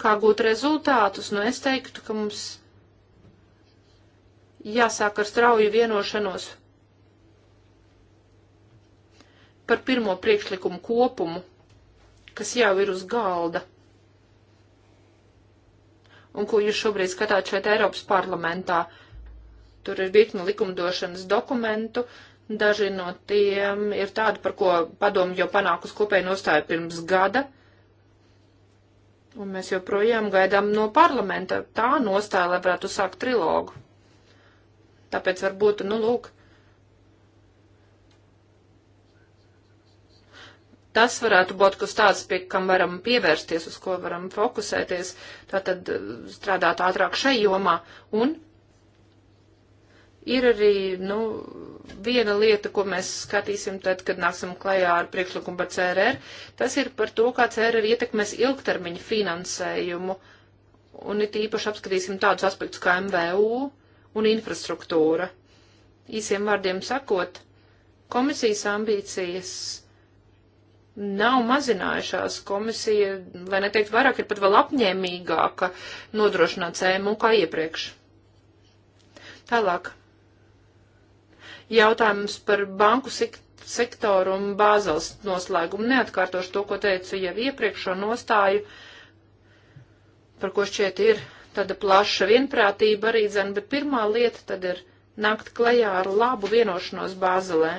Kā gūt rezultātus? Nu, es teiktu, ka mums jāsāk ar strauju vienošanos par pirmo priekšlikumu kopumu, kas jau ir uz galda un ko jūs šobrīd skatāt šeit Eiropas parlamentā. Tur ir virkni likumdošanas dokumentu, daži no tiem ir tādi, par ko padomu jau panākus kopēju nostāju pirms gada. Uh, Un mēs joprojām gaidām no parlamenta tā nostāja, lai varētu sākt trilogu. Tāpēc varbūt, nu, lūk, tas varētu būt kas tāds, pie kam varam pievērsties, uz ko varam fokusēties, tātad eh, strādāt ātrāk šai jomā un Ir arī, nu, viena lieta, ko mēs skatīsim tad, kad nāksim klajā ar priekšlikumu par CRR, tas ir par to, kā CRR ietekmēs ilgtermiņa finansējumu. Un it īpaši apskatīsim tādus aspektus kā MVU un infrastruktūra. Īsiem vārdiem sakot, komisijas ambīcijas nav mazinājušās. Komisija, lai neteikt vairāk, ir pat vēl apņēmīgāka nodrošināt cēmu kā iepriekš. Tālāk jautājums par banku sektoru un bāzels noslēgumu. Neatkārtošu to, ko teicu jau iepriekšo nostāju, par ko šķiet ir tāda plaša vienprātība arī dzen, bet pirmā lieta tad ir nākt klajā ar labu vienošanos bāzelē.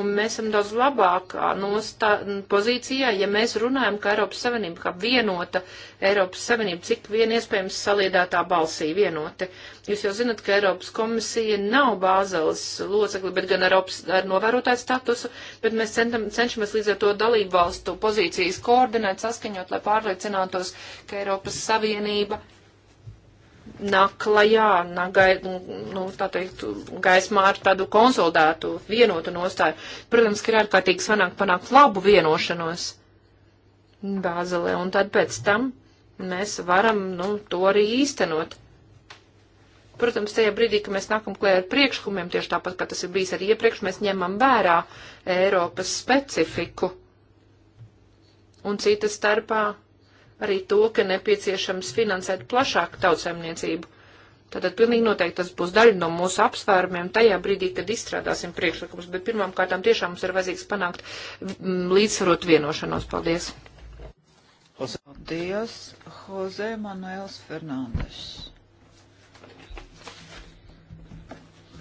Un mēs esam daudz labākā nostā, pozīcijā, ja mēs runājam, ka Eiropas Savienība, kā vienota Eiropas Savienība, cik vien iespējams saliedētā balsī vienoti. Jūs jau zinat, ka Eiropas komisija nav bāzeles locekli, bet gan Eiropas ar novērotāju statusu, bet mēs centam, cenšamies līdz ar to dalību valstu pozīcijas koordinēt, saskaņot, lai pārliecinātos, ka Eiropas Savienība nāk klajā, nāk gai, nu, tā teikt, gaismā ar tādu konsolidētu, vienotu nostāju. Protams, ka ir ārkārtīgi svanāk panākt labu vienošanos Bāzelē, un tad pēc tam mēs varam, nu, to arī īstenot. Protams, tajā brīdī, kad mēs nākam klajā ar priekšlikumiem, tieši tāpat, kā tas ir bijis arī iepriekš, mēs ņemam vērā Eiropas specifiku. Un citas starpā arī to, ka nepieciešams finansēt plašāku tautsēmniecību. Tātad pilnīgi noteikti tas būs daļa no mūsu apsvērumiem tajā brīdī, kad izstrādāsim priekšlikumus, bet pirmām kārtām tiešām mums ir vajadzīgs panākt līdzsvarot vienošanos. Paldies! Paldies, Jose Manuels Fernandes.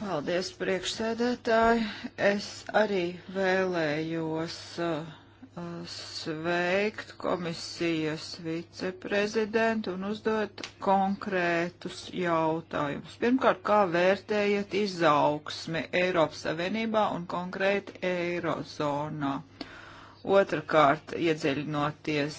Paldies, priekšsēdētāji. Es arī vēlējos uh, sveikt komisijas viceprezidentu un uzdot konkrētus jautājumus. Pirmkārt, kā vērtējat izaugsmi Eiropas Savienībā un konkrēti Eirozonā? Uh, Otrakārt, iedziļinoties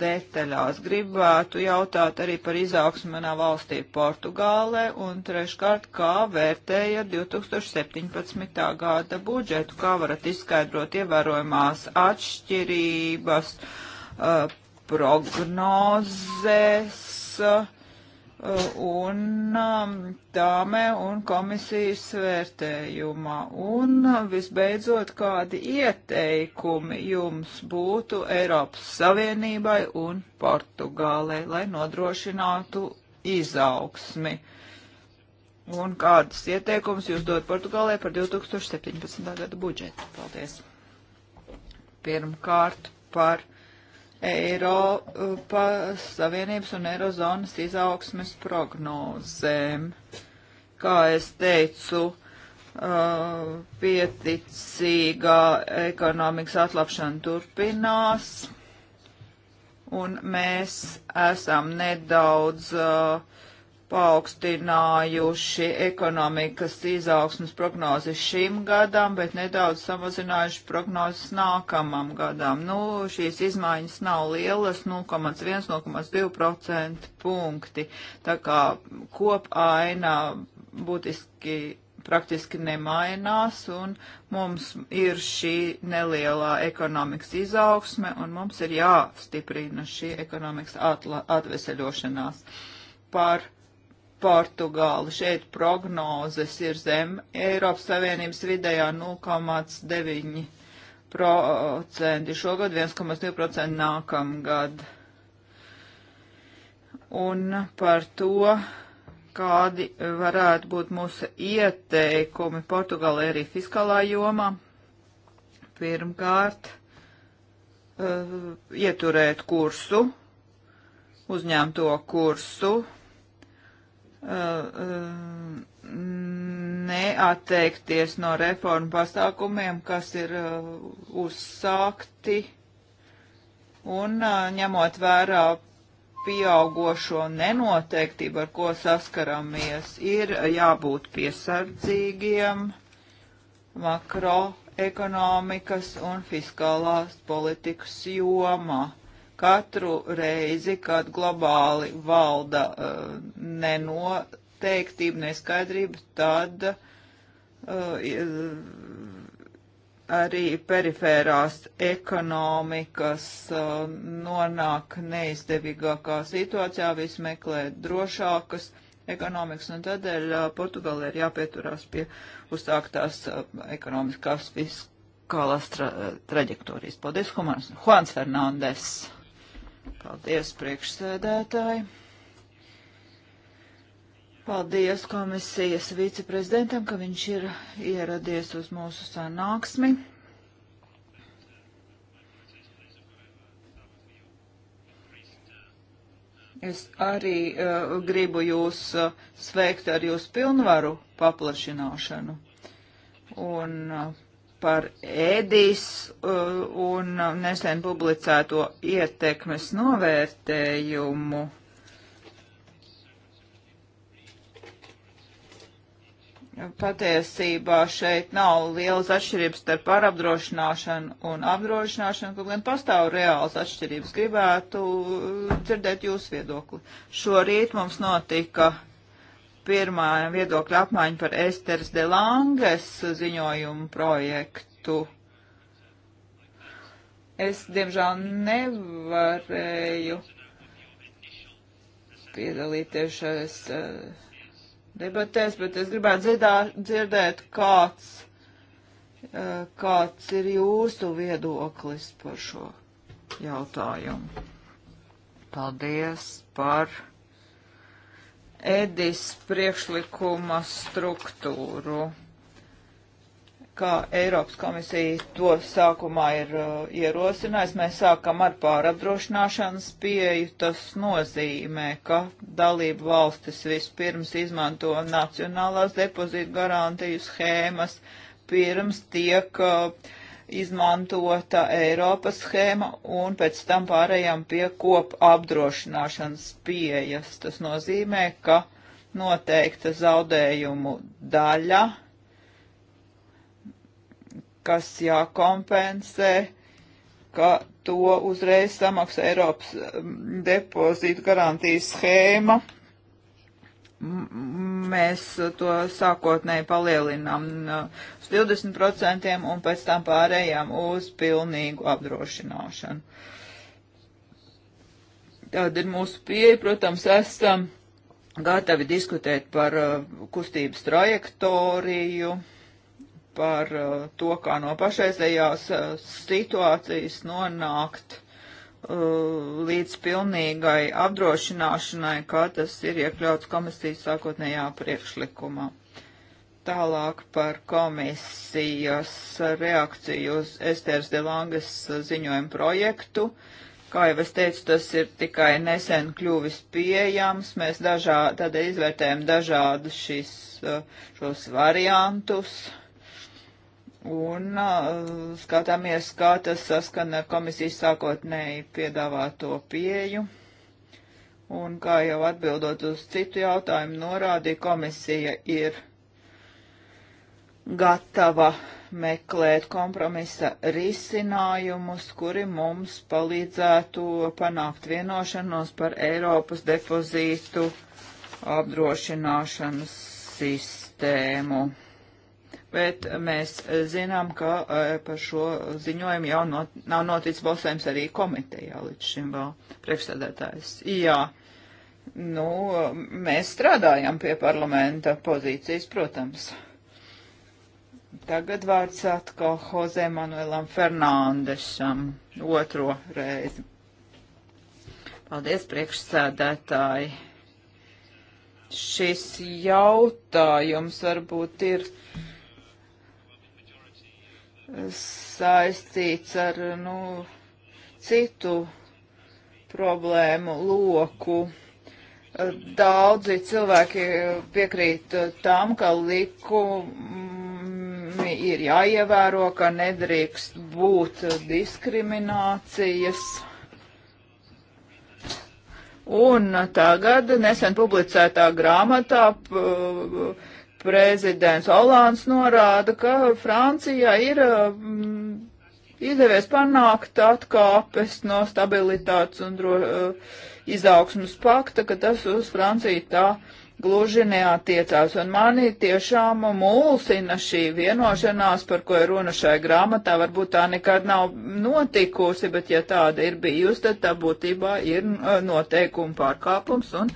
detaļās, gribētu jautāt arī par izaugsmu manā valstī Portugālē, un treškārt, kā vērtēja 2017. gada budžetu, kā varat izskaidrot ievērojumās atšķirības, uh, prognozēs, uh, un tāmē um, un komisijas vērtējumā. Un um, visbeidzot, kādi ieteikumi jums būtu Eiropas Savienībai un Portugālei, lai nodrošinātu izaugsmi? Un kādas ieteikumus jūs dod Portugālei par 2017. gada budžetu? Paldies! Pirmkārt par Eiropas Savienības un Eirozonas izaugsmes prognozēm. Kā es teicu, Uh, pieticīgā ekonomikas atlapšana turpinās, un mēs esam nedaudz uh, paaugstinājuši ekonomikas izaugsmas prognozes šim gadam, bet nedaudz samazinājuši prognozes nākamam gadam. Nu, šīs izmaiņas nav lielas, 0,1-0,2% punkti, tā kā kopaina būtiski praktiski nemainās, un mums ir šī nelielā ekonomikas izaugsme, un mums ir jāstiprina šī ekonomikas atla, atveseļošanās par Portugāli. Šeit prognozes ir zem Eiropas Savienības vidējā 0,9% šogad, 1,2% nākamgad. Un par to, kādi varētu būt mūsu ieteikumi Portugālē arī fiskālā jomā. Pirmkārt, uh, ieturēt kursu, uzņemto kursu, neatteikties no reformu pasākumiem, kas ir uh, uzsākti un uh, ņemot vērā pieaugošo nenoteiktību, ar ko saskaramies, ir jābūt piesardzīgiem makroekonomikas un fiskālās politikas jomā katru reizi, kad globāli valda uh, nenoteiktība, neskaidrība, tad uh, arī perifērās ekonomikas uh, nonāk neizdevīgākā situācijā, viss meklē drošākas ekonomikas, un tādēļ uh, Portugāla ir jāpieturās pie uzsāktās uh, ekonomiskās fiskālās tra traģektorijas. Paldies, Humans. Juans Fernandes. Paldies, priekšsēdētāji. Paldies komisijas viceprezidentam, ka viņš ir ieradies uz mūsu sanāksmi. Es arī uh, gribu jūs uh, sveikt ar jūsu pilnvaru paplašināšanu. Un uh, par ēdīs uh, un nesen publicēto ietekmes novērtējumu. Patiesībā šeit nav lielas atšķirības starp pārapdrošināšanu un apdrošināšanu, kaut gan pastāv reāls atšķirības. Gribētu uh, dzirdēt jūsu viedokli. Šorīt mums notika pirmā viedokļa apmaiņa par Esteras de Langes ziņojumu projektu. Es, diemžēl, nevarēju piedalīties šajās uh, eh, debatēs, bet es gribētu dzirdā, dzirdēt, kāds, uh, kāds ir jūsu viedoklis par šo jautājumu. Paldies par Edis priekšlikuma struktūru, kā Eiropas komisija to sākumā ir uh, ierosinājusi. Mēs sākam ar pārapdrošināšanas pieeju. Tas nozīmē, ka dalību valstis vispirms izmanto nacionālās depozītu garantiju schēmas, pirms tiek uh, izmantota Eiropas schēma un pēc tam pārējām pie kop apdrošināšanas pieejas. Tas nozīmē, ka noteikta zaudējumu daļa, kas jākompensē, ka to uzreiz samaksā Eiropas mm, depozītu garantijas schēma mēs to sākotnēji palielinām uh, uz 20% un pēc tam pārējām uz pilnīgu apdrošināšanu. Tāda ir mūsu pieeja, protams, esam gatavi diskutēt par uh, kustības trajektoriju, par uh, to, kā no pašreizējās situācijas nonākt Uh, līdz pilnīgai apdrošināšanai, kā tas ir iekļauts komisijas sākotnējā priekšlikumā. Tālāk par komisijas reakciju uz Estēras Delangas ziņojumu projektu. Kā jau es teicu, tas ir tikai nesen kļuvis pieejams. Mēs dažā, tādēļ izvērtējam dažādus šis, uh, šos variantus. Uh, un uh, skatāmies, kā tas saskana ar komisijas sākotnēji piedāvāto pieju. Un kā jau atbildot uz citu jautājumu, norādīja komisija ir gatava meklēt kompromisa risinājumus, kuri mums palīdzētu panākt vienošanos par Eiropas depozītu apdrošināšanas sistēmu bet mēs zinām, ka eh, par šo ziņojumu jau not, nav noticis balsojums arī komitejā līdz šim vēl priekšsēdētājs. Jā, nu, mēs strādājam pie parlamenta pozīcijas, protams. Tagad vārds atkal Jose Manuelam Fernandešam otro reizi. Paldies, priekšsēdētāji. Šis jautājums varbūt ir saistīts ar nu, citu problēmu loku. Daudzi cilvēki piekrīt tam, ka likumi ir jāievēro, ka nedrīkst būt diskriminācijas. Un tagad nesen publicētā grāmatā uh, prezidents Olāns norāda, ka Francijā ir mm, izdevies panākt atkāpes no stabilitātes un dro, eh, izaugsmas pakta, ka tas uz Franciju tā gluži neatiecās. Un mani tiešām mulsina šī vienošanās, par ko ir runa šai grāmatā. Varbūt tā nekad nav notikusi, bet ja tāda ir bijusi, tad tā būtībā ir eh, noteikuma pārkāpums un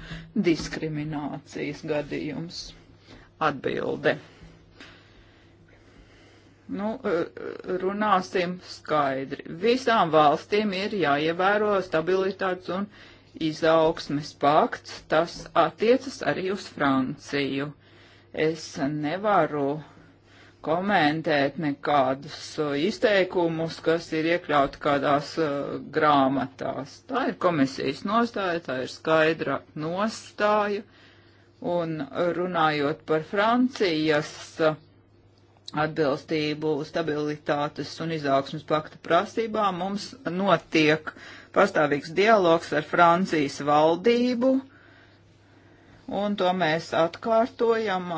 diskriminācijas gadījums atbildi. Nu, e, e, runāsim skaidri. Visām valstīm ir jāievēro stabilitātes un izaugsmes pakts. Tas attiecas arī uz Franciju. Es nevaru komentēt nekādus e, izteikumus, kas ir iekļauti kādās uh, grāmatās. Tā ir komisijas nostāja, tā ir skaidra nostāja. Uh, Un runājot par Francijas atbilstību stabilitātes un izaugsmas pakta prasībām, mums notiek pastāvīgs dialogs ar Francijas valdību, un to mēs atkārtojam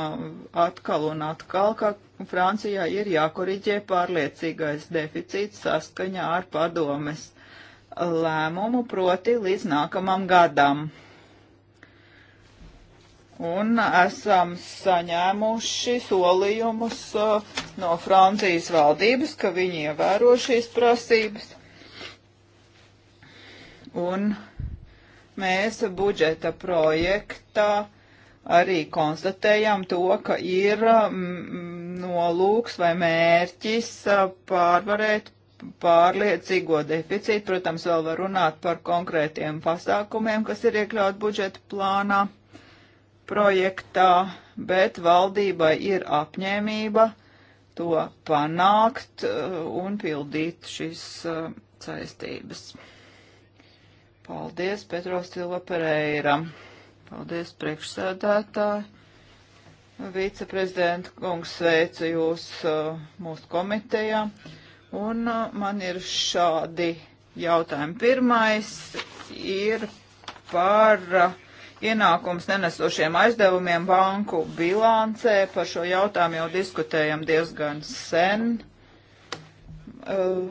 atkal un atkal, ka Francijā ir jākoriģē pārliecīgais deficīts saskaņā ar padomes lēmumu, proti līdz nākamam gadam un esam saņēmuši solījumus uh, no Francijas valdības, ka viņi ievēro šīs prasības. Un mēs budžeta projektā arī konstatējam to, ka ir mm, nolūks vai mērķis uh, pārvarēt pārliecīgo deficītu. Protams, vēl var runāt par konkrētiem pasākumiem, kas ir iekļaut budžeta plānā projektā, bet valdībai ir apņēmība to panākt uh, un pildīt šīs uh, saistības. Paldies, Petro Silva Pereira. Paldies, priekšsēdētāji. Viceprezidenta kungs sveicu jūs uh, mūsu komitejā. Un man ir šādi jautājumi. Pirmais ir par uh, ienākums nenesošiem aizdevumiem banku bilancē. Par šo jautājumu jau diskutējam diezgan sen. Uh,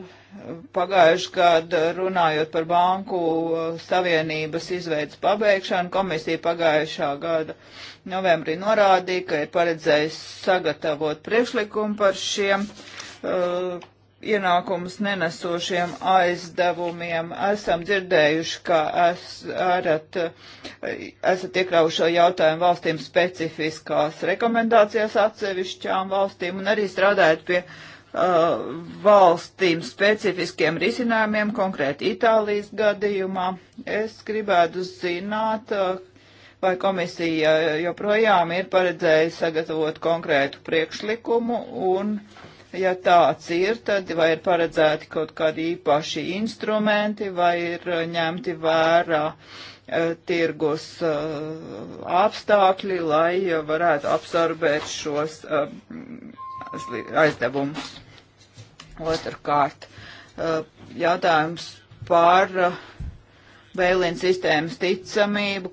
pagājuši gadu runājot par banku uh, savienības izveidas pabeigšanu, komisija pagājušā gada novembrī norādīja, ka ir paredzējis sagatavot priekšlikumu par šiem uh, ienākumus nenesošiem aizdevumiem. Esam dzirdējuši, ka es, arat, esat iekļaujuši šo jautājumu valstīm specifiskās rekomendācijās atsevišķām valstīm un arī strādājat pie uh, valstīm specifiskiem risinājumiem, konkrēti Itālijas gadījumā. Es gribētu zināt, uh, vai komisija joprojām ir paredzējusi sagatavot konkrētu priekšlikumu un uh, Ja tāds ir, tad vai ir paredzēti kaut kādi īpaši instrumenti, vai ir uh, ņemti vērā uh, tirgus uh, apstākļi, lai varētu absorbēt šos aizdevumus. Otrkārt, jautājums par Bēlīna sistēmas ticamību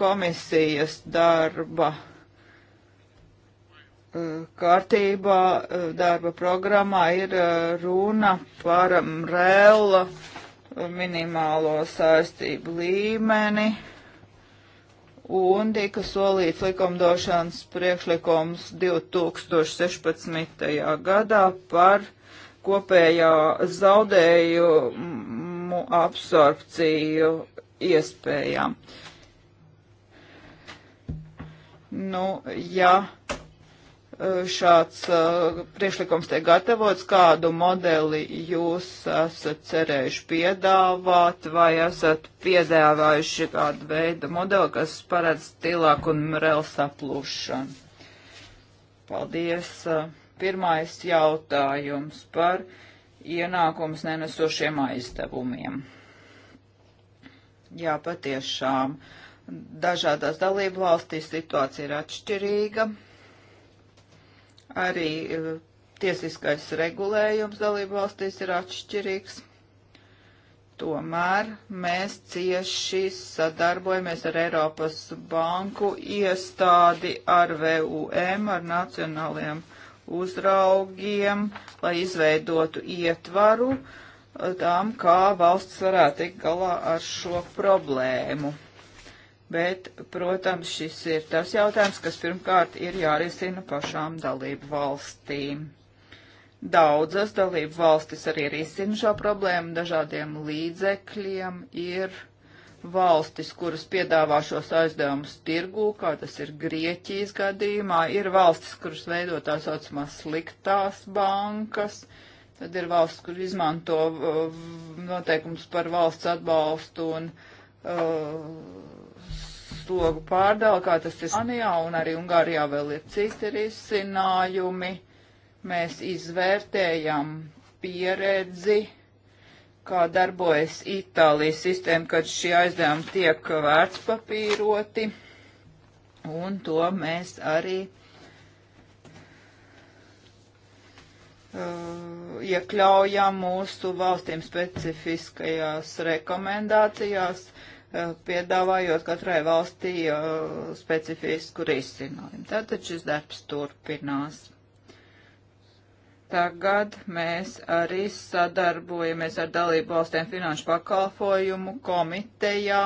komisijas darba kārtībā, eh, darba programmā ir eh, runa par MREL mm, eh, minimālo saistību līmeni un tika solīts likumdošanas priekšlikums 2016. gadā par kopējā zaudējumu absorpciju iespējām. Nu, ja šāds uh, priekšlikums tiek gatavots, kādu modeli jūs esat cerējuši piedāvāt, vai esat piedāvājuši kādu veidu modeli, kas paredz tilāku un mrelu saplūšanu? Paldies. Uh, Pirmais jautājums par ienākums nenesošiem aizdevumiem. Jā, patiešām. Dažādās dalību valstīs situācija ir atšķirīga Arī eh, tiesiskais regulējums dalību valstīs ir atšķirīgs. Tomēr mēs cieši sadarbojamies ar Eiropas banku iestādi, ar VUM, ar nacionāliem uzraugiem, lai izveidotu ietvaru eh, tam, kā valsts varētu tikt galā ar šo problēmu bet, protams, šis ir tas jautājums, kas pirmkārt ir jārisina pašām dalību valstīm. Daudzas dalību valstis arī risina šo problēmu dažādiem līdzekļiem. Ir valstis, kuras piedāvā šos aizdevumus tirgū, kā tas ir Grieķijas gadījumā, ir valstis, kuras veido tā saucamās sliktās bankas, tad ir valsts, kur izmanto uh, noteikums par valsts atbalstu un uh, slogu pārdala, kā tas ir Anijā un arī Ungārijā vēl ir citi risinājumi. Mēs izvērtējam pieredzi, kā darbojas Itālijas sistēma, kad šie aizdevumi tiek vērtspapīroti, un to mēs arī uh, iekļaujam mūsu valstīm specifiskajās rekomendācijās. Uh, Eh, piedāvājot katrai valstī eh, specifisku risinājumu. Tātad šis darbs turpinās. Tagad mēs arī sadarbojamies ar dalību valstiem finanšu pakalpojumu komitejā,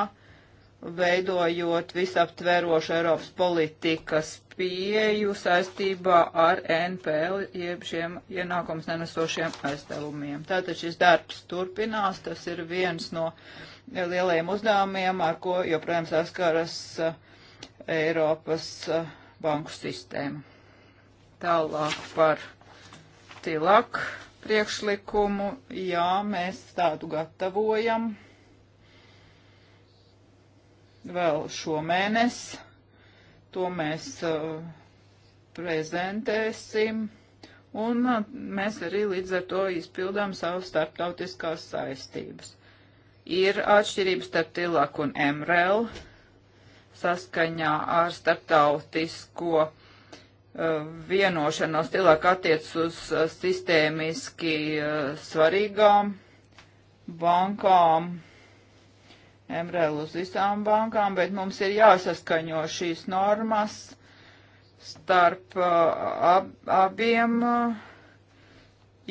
veidojot visaptverošu Eiropas politikas pieju saistībā ar NPL, jeb šiem ienākums nenesošiem aizdevumiem. Tātad šis darbs turpinās, tas ir viens no uh, lielajiem uzdevumiem, ar ko joprojām saskaras eh, Eiropas eh, banku sistēma. Tālāk par tilak priekšlikumu. Jā, mēs tādu gatavojam vēl šomēnes. To mēs uh, prezentēsim. Un uh, mēs arī līdz ar to izpildām savas starptautiskās saistības ir atšķirības starp TILAK un MREL saskaņā ar starptautisko uh, vienošanos TILAK attiec uz uh, sistēmiski uh, svarīgām bankām, MREL uz visām bankām, bet mums ir jāsaskaņo šīs normas starp uh, ab, abiem uh,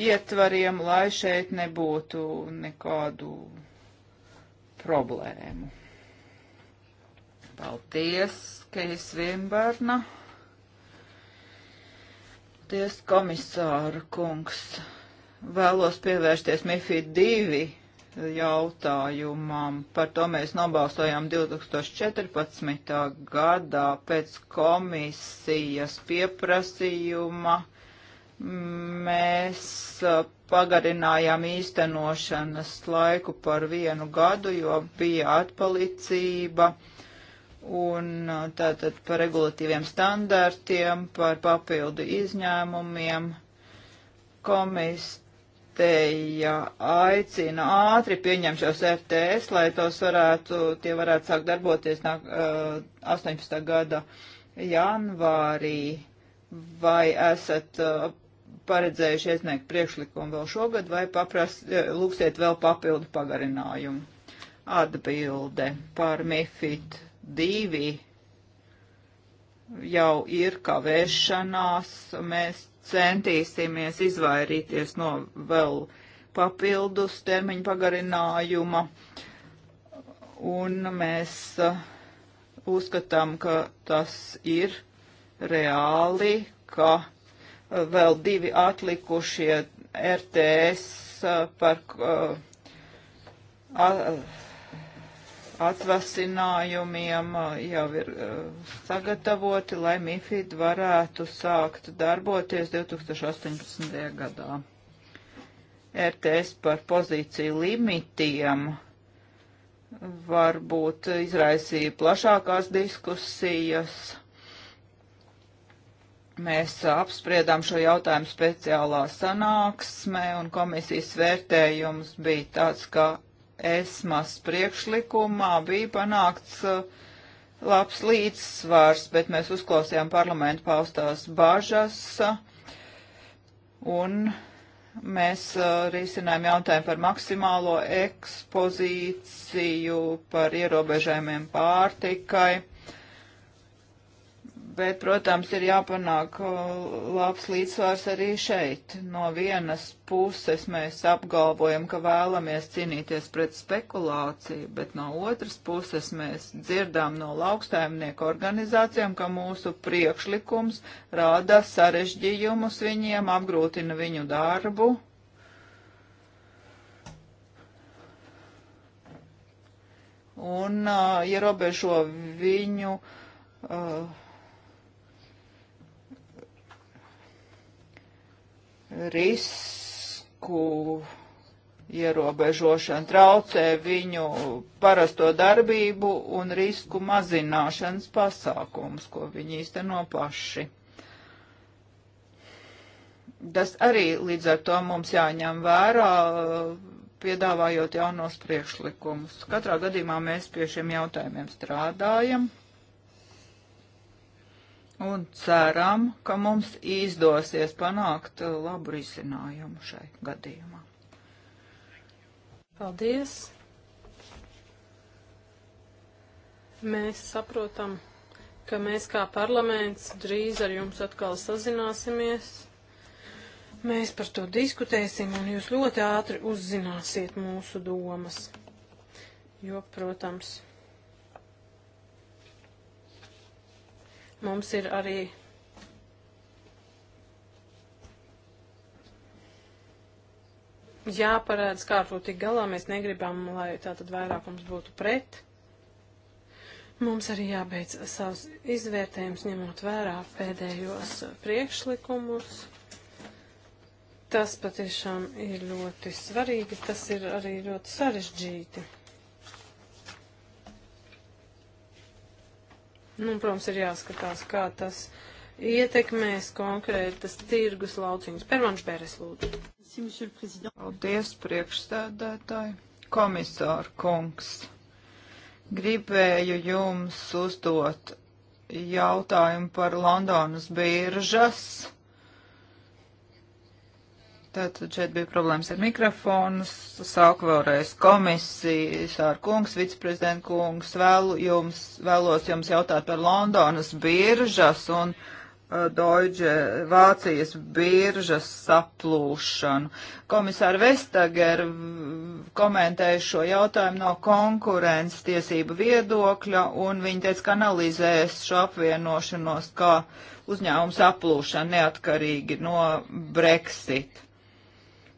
ietvariem, lai šeit nebūtu nekādu problēmu. Paldies, Kejas Vimberna. Paldies, komisāra kungs. Vēlos pievērsties MIFID 2 jautājumam. Par to mēs nobalsojām 2014. gadā pēc komisijas pieprasījuma mēs uh, pagarinājām īstenošanas laiku par vienu gadu, jo bija atpalicība un uh, tātad par regulatīviem standartiem, par papildu izņēmumiem. Komisteja aicina ātri pieņemt šos RTS, lai tos varētu, tie varētu sākt darboties nāk, 18. Uh, gada janvārī vai esat uh, paredzējuši iesniegt priekšlikumu vēl šogad vai paprast, e, lūksiet vēl papildu pagarinājumu. Atbilde par MIFID 2 jau ir kavēšanās. Mēs centīsimies izvairīties no vēl papildus termiņu pagarinājuma. Un mēs e, uzskatām, ka tas ir reāli, ka vēl divi atlikušie RTS uh, par uh, atvasinājumiem uh, jau ir sagatavoti, lai MIFID varētu sākt darboties 2018. gadā. RTS par pozīciju limitiem varbūt izraisīja plašākās diskusijas Mēs apspriedām šo jautājumu speciālā sanāksmē, un komisijas vērtējums bija tāds, ka esmas priekšlikumā bija panākts uh, labs līdzsvars, bet mēs uzklausījām parlamentu paustās bažas, un mēs uh, risinājām jautājumu par maksimālo ekspozīciju, par ierobežējumiem pārtikai Bet, protams, ir jāpanāk labs līdzsvars arī šeit. No vienas puses mēs apgalvojam, ka vēlamies cīnīties pret spekulāciju, bet no otras puses mēs dzirdām no lauksaimnieku organizācijām, ka mūsu priekšlikums rāda sarežģījumus viņiem, apgrūtina viņu darbu. Un uh, ierobežo viņu. Uh, risku ierobežošana, traucē viņu parasto darbību un risku mazināšanas pasākums, ko viņi īsteno paši. Tas arī līdz ar to mums jāņem vērā, piedāvājot jaunos priekšlikumus. Katrā gadījumā mēs pie šiem jautājumiem strādājam un ceram, ka mums izdosies panākt labu risinājumu šai gadījumā. Paldies! Mēs saprotam, ka mēs kā parlaments drīz ar jums atkal sazināsimies. Mēs par to diskutēsim, un jūs ļoti ātri uzzināsiet mūsu domas. Jo, protams, Mums ir arī jāparādz, kā ar to tik galā. Mēs negribam, lai tā tad vairākums būtu pret. Mums arī jābeidz savus izvērtējumus, ņemot vērā pēdējos priekšlikumus. Tas patiešām ir ļoti svarīgi, tas ir arī ļoti sarežģīti. Nu, protams, ir jāskatās, kā tas ietekmēs konkrētas tirgus lauciņas. Pervanš Bēres lūdzu. Paldies, priekšstādātāji. Komisāra kungs, gribēju jums uzdot jautājumu par Londonas bīržas Tātad šeit bija problēmas ar mikrofonu. Sāku vēlreiz komisiju, Sāra kungs, viceprezidenta kungs, vēlu jums, vēlos jums jautāt par Londonas biržas un uh, Deutsche Vācijas biržas saplūšanu. Komisāra Vestager komentēja šo jautājumu no konkurences tiesību viedokļa, un viņa teica, ka analizēs šo apvienošanos kā uzņēmumu saplūšanu neatkarīgi no Brexit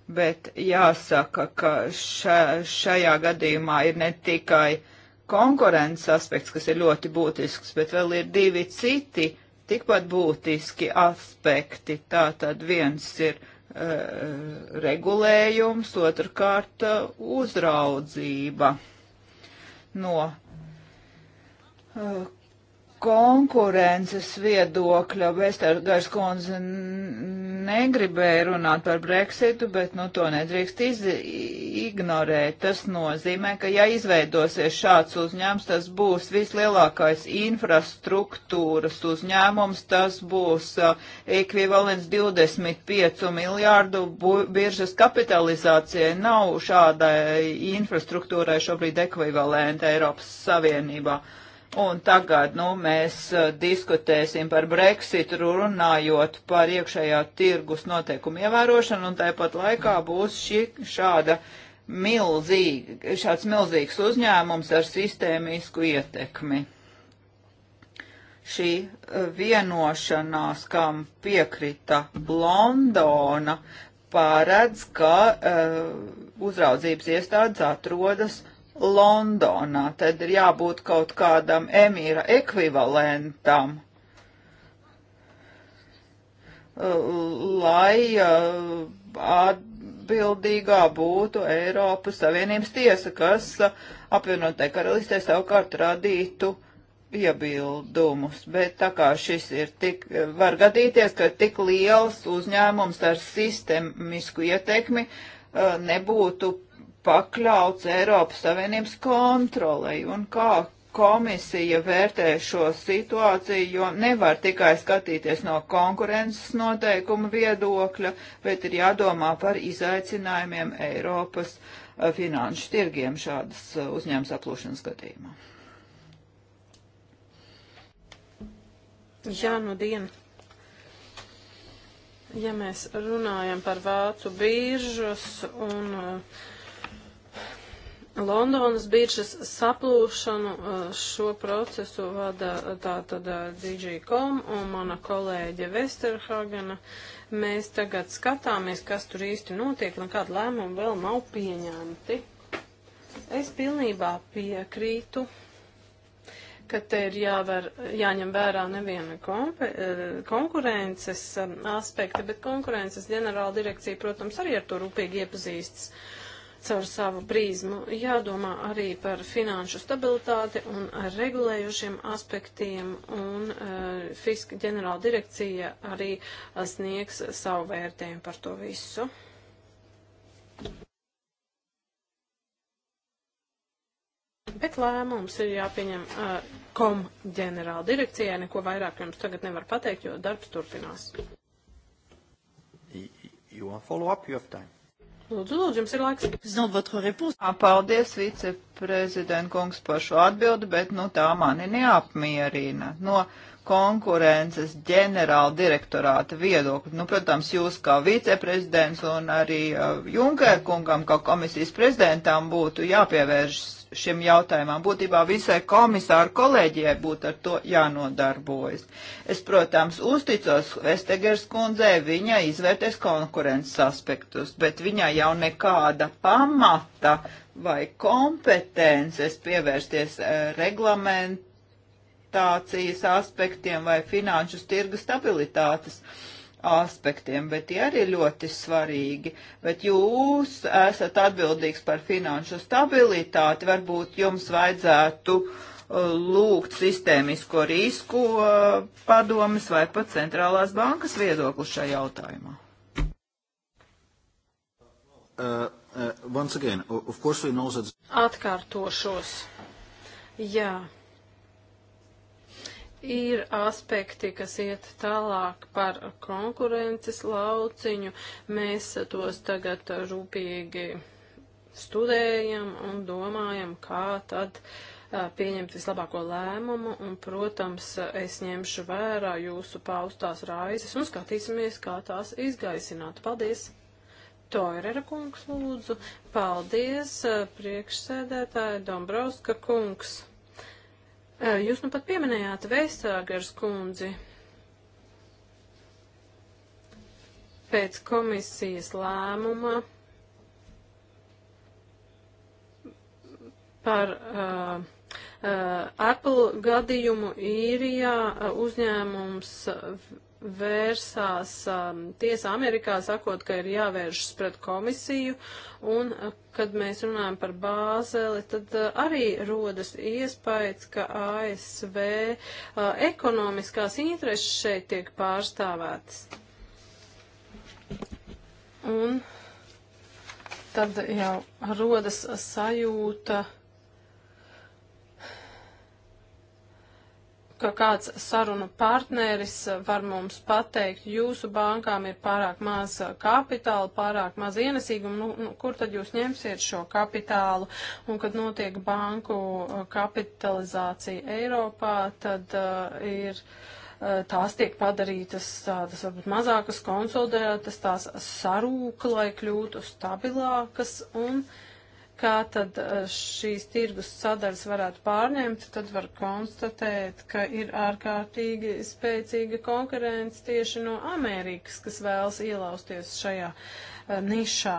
bet jāsaka, ka ša, šajā gadījumā ir ne tikai konkurences aspekts, kas ir ļoti būtisks, bet vēl ir divi citi tikpat būtiski aspekti. Tātad viens ir uh, regulējums, otrkārt uh, uzraudzība no uh, konkurences viedokļa Vestergars kundze negribēja runāt par Brexitu, bet nu, to nedrīkst ignorēt. Tas nozīmē, ka ja izveidosies šāds uzņēmums, tas būs vislielākais infrastruktūras uzņēmums, tas būs uh, ekvivalents 25 miljārdu biržas kapitalizācijai. Nav šādai infrastruktūrai šobrīd ekvivalenta Eiropas Savienībā. Uh, Un tagad nu, mēs diskutēsim par Brexitu, runājot par iekšējā tirgus noteikumu ievērošanu, un tāpat laikā būs šī, šāda milzīga, šāds milzīgs uzņēmums ar sistēmisku ietekmi. Šī vienošanās, kam piekrita Londona, pārēdz, ka uh, uzraudzības iestādes atrodas Londonā. Tad ir jābūt kaut kādam emīra ekvivalentam, lai uh, atbildīgā būtu Eiropas Savienības tiesa, kas uh, apvienotai karalistē savukārt radītu iebildumus, bet tā kā šis ir tik, var gadīties, ka tik liels uzņēmums ar sistemisku ietekmi uh, nebūtu pakļauts Eiropas Savienības kontrolei un kā komisija vērtē šo situāciju, jo nevar tikai skatīties no konkurences noteikuma viedokļa, bet ir jādomā par izaicinājumiem Eiropas eh, finanšu tirgiem šādas eh, uzņēmas aplūšanas gadījumā. Jā, nu no dienu. Ja mēs runājam par vācu bīržas un uh, Londonas biržas saplūšanu uh, šo procesu vada uh, tātad uh, DG.com un mana kolēģe Vesterhagena. Mēs tagad skatāmies, kas tur īsti notiek un kāda lēmuma vēl nav pieņemti. Es pilnībā piekrītu, ka te ir jāver, jāņem vērā neviena konkurences um, aspekta, bet konkurences ģenerāla direkcija, protams, arī ar to rūpīgi iepazīstas. Uh, caur savu prizmu. Jādomā arī par finanšu stabilitāti un regulējušiem aspektiem, un uh, Fiska ģenerāla direkcija arī eh, sniegs savu vērtējumu par to visu. Bet lēmums ir jāpieņem uh, kom ģenerāla direkcijai. Neko vairāk jums tagad nevar pateikt, jo darbs turpinās. You want follow up? You have time. Lūdzu, lūdzu, jums ir laiks. Zinu, votre repūs. Ah, paldies, viceprezident kungs, par šo atbildi, bet, nu, tā mani neapmierina. No konkurences ģenerāla direktorāta viedokļa. Nu, protams, jūs kā viceprezidents un arī uh, Junker kungam, kā komisijas prezidentam, būtu jāpievēršas šiem jautājumam. Būtībā visai komisāru kolēģijai būtu ar to jānodarbojas. Es, protams, uzticos Vestegers kundzē, viņa izvērtēs konkurences aspektus, bet viņai jau nekāda pamata vai kompetences pievērsties e, reglamentācijas aspektiem vai finanšu tirgu stabilitātes. Uh, aspektiem, bet tie arī ļoti svarīgi. Bet jūs esat atbildīgs par finanšu stabilitāti, varbūt jums vajadzētu uh, lūgt sistēmisko risku uh, padomis vai pat centrālās bankas viedokli šajā jautājumā. Uh, uh, again, that... Atkārtošos. Jā, ir aspekti, kas iet tālāk par konkurences lauciņu. Mēs tos tagad rūpīgi studējam un domājam, kā tad pieņemt vislabāko lēmumu, un, protams, es ņemšu vērā jūsu paustās raizes un skatīsimies, kā tās izgaisināt. Paldies! Toirera kungs lūdzu. Paldies, priekšsēdētāja Dombrovska kungs. Jūs nu pat pieminējāt Vēstāgers kundzi. Pēc komisijas lēmuma par uh, uh, Apple gadījumu īrijā uzņēmums vērsās um, tiesa Amerikā, sakot, ka ir jāvēršas pret komisiju, un uh, kad mēs runājam par bāzeli, tad uh, arī rodas iespējas, ka ASV uh, ekonomiskās intereses šeit tiek pārstāvētas. Un tad jau rodas sajūta. Uh, ka kāds sarunu partneris var mums pateikt, jūsu bankām ir pārāk maz kapitāla, pārāk maz ienesīguma, nu, nu, kur tad jūs ņemsiet šo kapitālu? Un, kad notiek banku uh, kapitalizācija Eiropā, tad uh, ir. Uh, tās tiek padarītas tādas varbūt mazākas konsolidētas, tās sarūk, lai kļūtu stabilākas un uh, kā tad uh, šīs tirgus sadaļas varētu pārņemt, tad var konstatēt, ka ir ārkārtīgi spēcīga konkurence tieši no Amerikas, kas vēlas ielausties šajā uh, nišā.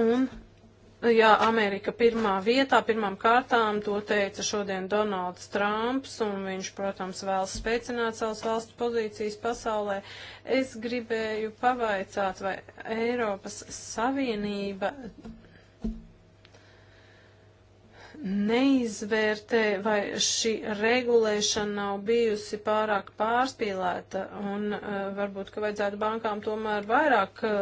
Un, jā, Amerika pirmā vietā, pirmām kārtām, to teica šodien Donalds Trumps, un viņš, protams, vēlas spēcināt savas valsts pozīcijas pasaulē. Es gribēju pavaicāt, vai Eiropas Savienība neizvērtē, vai šī regulēšana nav bijusi pārāk pārspīlēta, un uh, varbūt, ka vajadzētu bankām tomēr vairāk uh,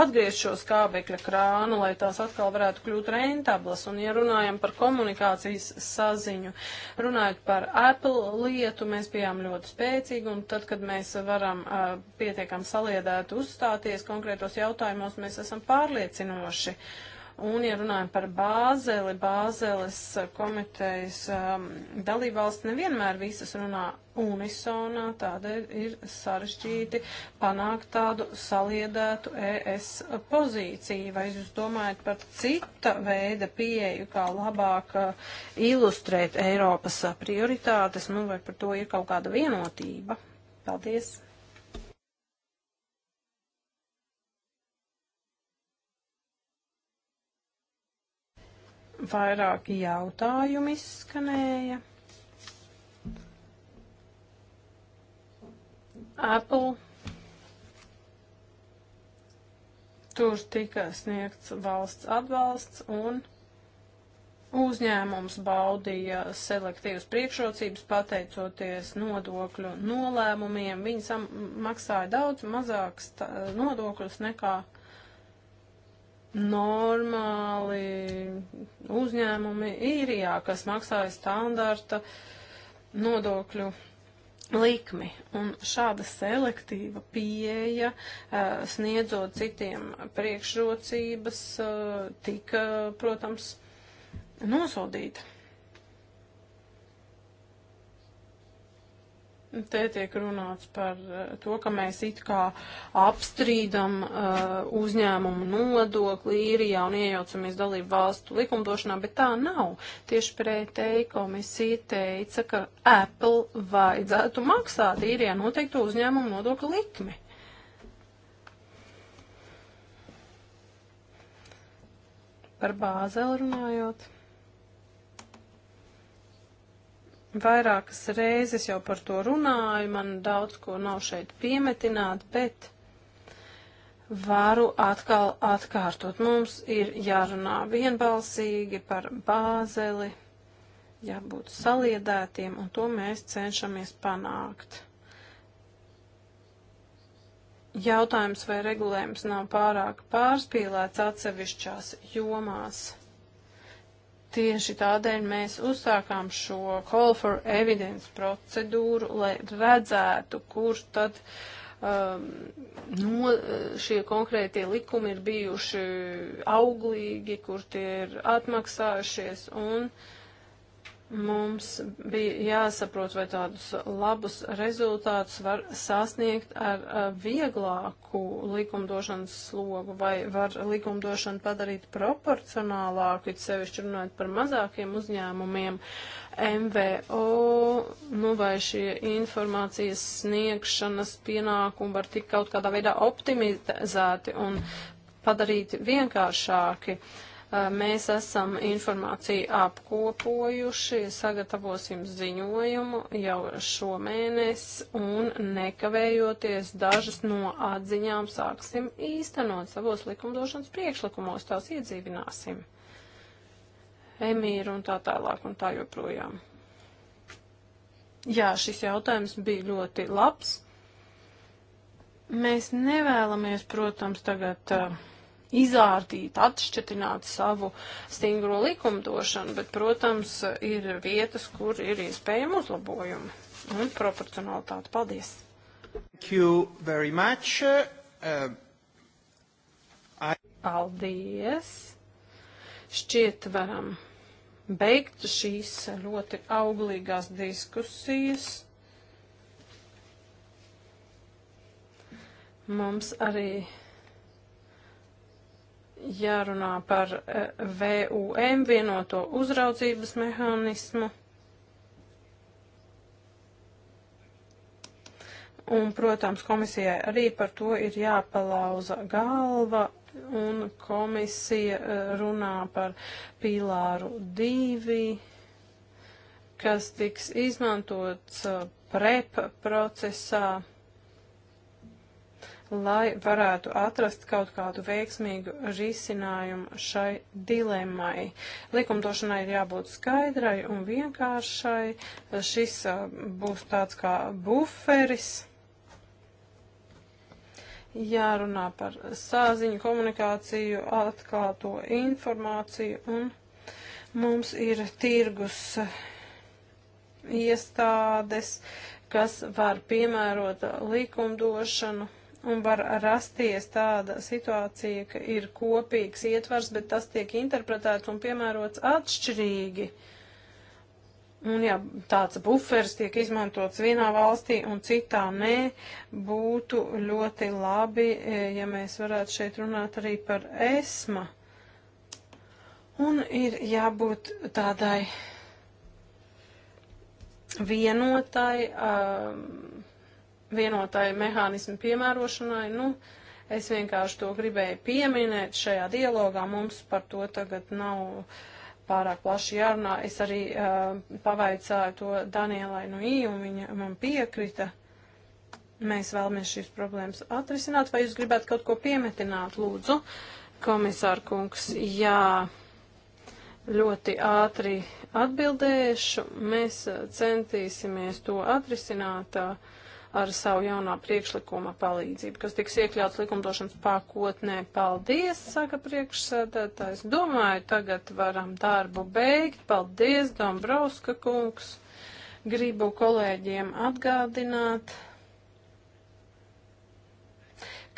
atgriezt šo skābekļa krānu, lai tās atkal varētu kļūt rentablas. Un, ja runājam par komunikācijas saziņu, runājot par Apple lietu, mēs bijām ļoti spēcīgi, un tad, kad mēs varam uh, pietiekam saliedēt uzstāties konkrētos jautājumos, mēs esam pārliecinoši. Uh, Un, ja runājam par Bāzeli, Bāzeles komitejas um, dalībvalsts nevienmēr visas runā unisonā, tādēļ ir sarežģīti panākt tādu saliedētu ES pozīciju. Vai jūs domājat par cita veida pieeju, kā labāk uh, ilustrēt Eiropas prioritātes, nu vai par to ir kaut kāda vienotība? Paldies! vairāki jautājumi izskanēja. Apple. Tur tika sniegts valsts atbalsts un uzņēmums baudīja selektīvas priekšrocības pateicoties nodokļu nolēmumiem. Viņi maksāja daudz mazākus nodokļus nekā normāli uzņēmumi īrijā, kas maksāja standarta nodokļu likmi. Un šāda selektīva pieeja, eh, sniedzot citiem priekšrocības, eh, tika, protams, nosodīta. Te tiek runāts par eh, to, ka mēs it kā apstrīdam uh, uzņēmumu nodokli īrijā un iejaucamies dalību valstu likumdošanā, bet tā nav. Tieši pretēji komisija teica, ka Apple vajadzētu maksāt īrijā noteikto uzņēmumu nodokli likmi. Par bāzeli runājot. vairākas reizes jau par to runāju, man daudz ko nav šeit piemetināt, bet varu atkal atkārtot. Mums ir jārunā vienbalsīgi par bāzeli, jābūt saliedētiem, un to mēs cenšamies panākt. Jautājums vai regulējums nav pārāk pārspīlēts atsevišķās jomās Tieši tādēļ mēs uzsākām šo call for evidence procedūru, lai redzētu, kur tad um, no, šie konkrētie likumi ir bijuši auglīgi, kur tie ir atmaksājušies un uh, Mums bija jāsaprot, vai tādus labus rezultātus var sasniegt ar vieglāku likumdošanas slogu, vai var likumdošanu padarīt proporcionālāku, it sevišķi runājot par mazākiem uzņēmumiem, MVO, nu vai šie informācijas sniegšanas pienākumi var tik kaut kādā veidā optimizēti un padarīti vienkāršāki. Uh, Mēs esam informāciju apkopojuši, sagatavosim ziņojumu jau šomēnes un nekavējoties dažas no atziņām sāksim īstenot savos likumdošanas priekšlikumos, tās iedzīvināsim. Emīru un tā tālāk un tā joprojām. Jā, šis jautājums bija ļoti labs. Mēs nevēlamies, protams, tagad. Uh, izārtīt, atšķetināt savu stingro likumdošanu, bet, protams, ir vietas, kur ir iespējami uzlabojumi un proporcionalitāte. Paldies! Thank you very much. Uh, I... Paldies! Šķiet varam beigt šīs ļoti auglīgās diskusijas. Mums arī jārunā par e, VUM vienoto uzraudzības mehānismu. Un, protams, komisijai arī par to ir jāpalauza galva, un komisija e, runā par pīlāru divi, kas tiks izmantots e, prep procesā lai varētu atrast kaut kādu veiksmīgu risinājumu šai dilemmai. Likumdošanai ir jābūt skaidrai un vienkāršai. Šis būs tāds kā buferis. Jārunā par sāziņu komunikāciju, atklāto informāciju un mums ir tirgus iestādes, kas var piemērot likumdošanu un var rasties tāda situācija, ka ir kopīgs ietvars, bet tas tiek interpretēts un piemērots atšķirīgi. Un ja tāds bufers tiek izmantots vienā valstī un citā nē, būtu ļoti labi, e, ja mēs varētu šeit runāt arī par esma. Un ir jābūt tādai vienotai. Um, vienotai mehānismu piemērošanai. Nu, es vienkārši to gribēju pieminēt šajā dialogā. Mums par to tagad nav pārāk plaši jārunā. Es arī uh, pavaicāju to Danielai no I, un viņa man piekrita. Mēs vēlamies šīs problēmas atrisināt. Vai jūs gribētu kaut ko piemetināt, lūdzu, komisārkungs? Jā ļoti ātri atbildēšu. Mēs uh, centīsimies to atrisināt. Uh, ar savu jaunā priekšlikuma palīdzību, kas tiks iekļauts likumdošanas pakotnē. Paldies, saka priekšsēdētājs. Domāju, tagad varam darbu beigt. Paldies, Dombrovska kungs. Gribu kolēģiem atgādināt,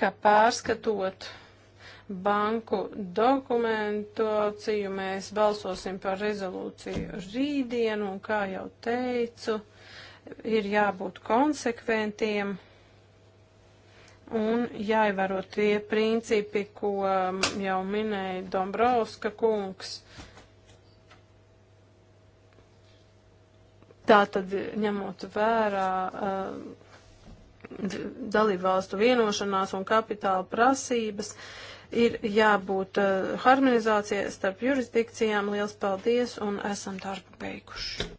ka pārskatot banku dokumentāciju mēs balsosim par rezolūciju rītdienu, un kā jau teicu, ir jābūt konsekventiem un jāievēro tie principi, ko mm, jau minēja Dombrovska kungs. Tā tad ņemot vērā uh, dalībvalstu vienošanās un kapitāla prasības, ir jābūt uh, harmonizācijai starp jurisdikcijām. Liels paldies un esam darbu beiguši.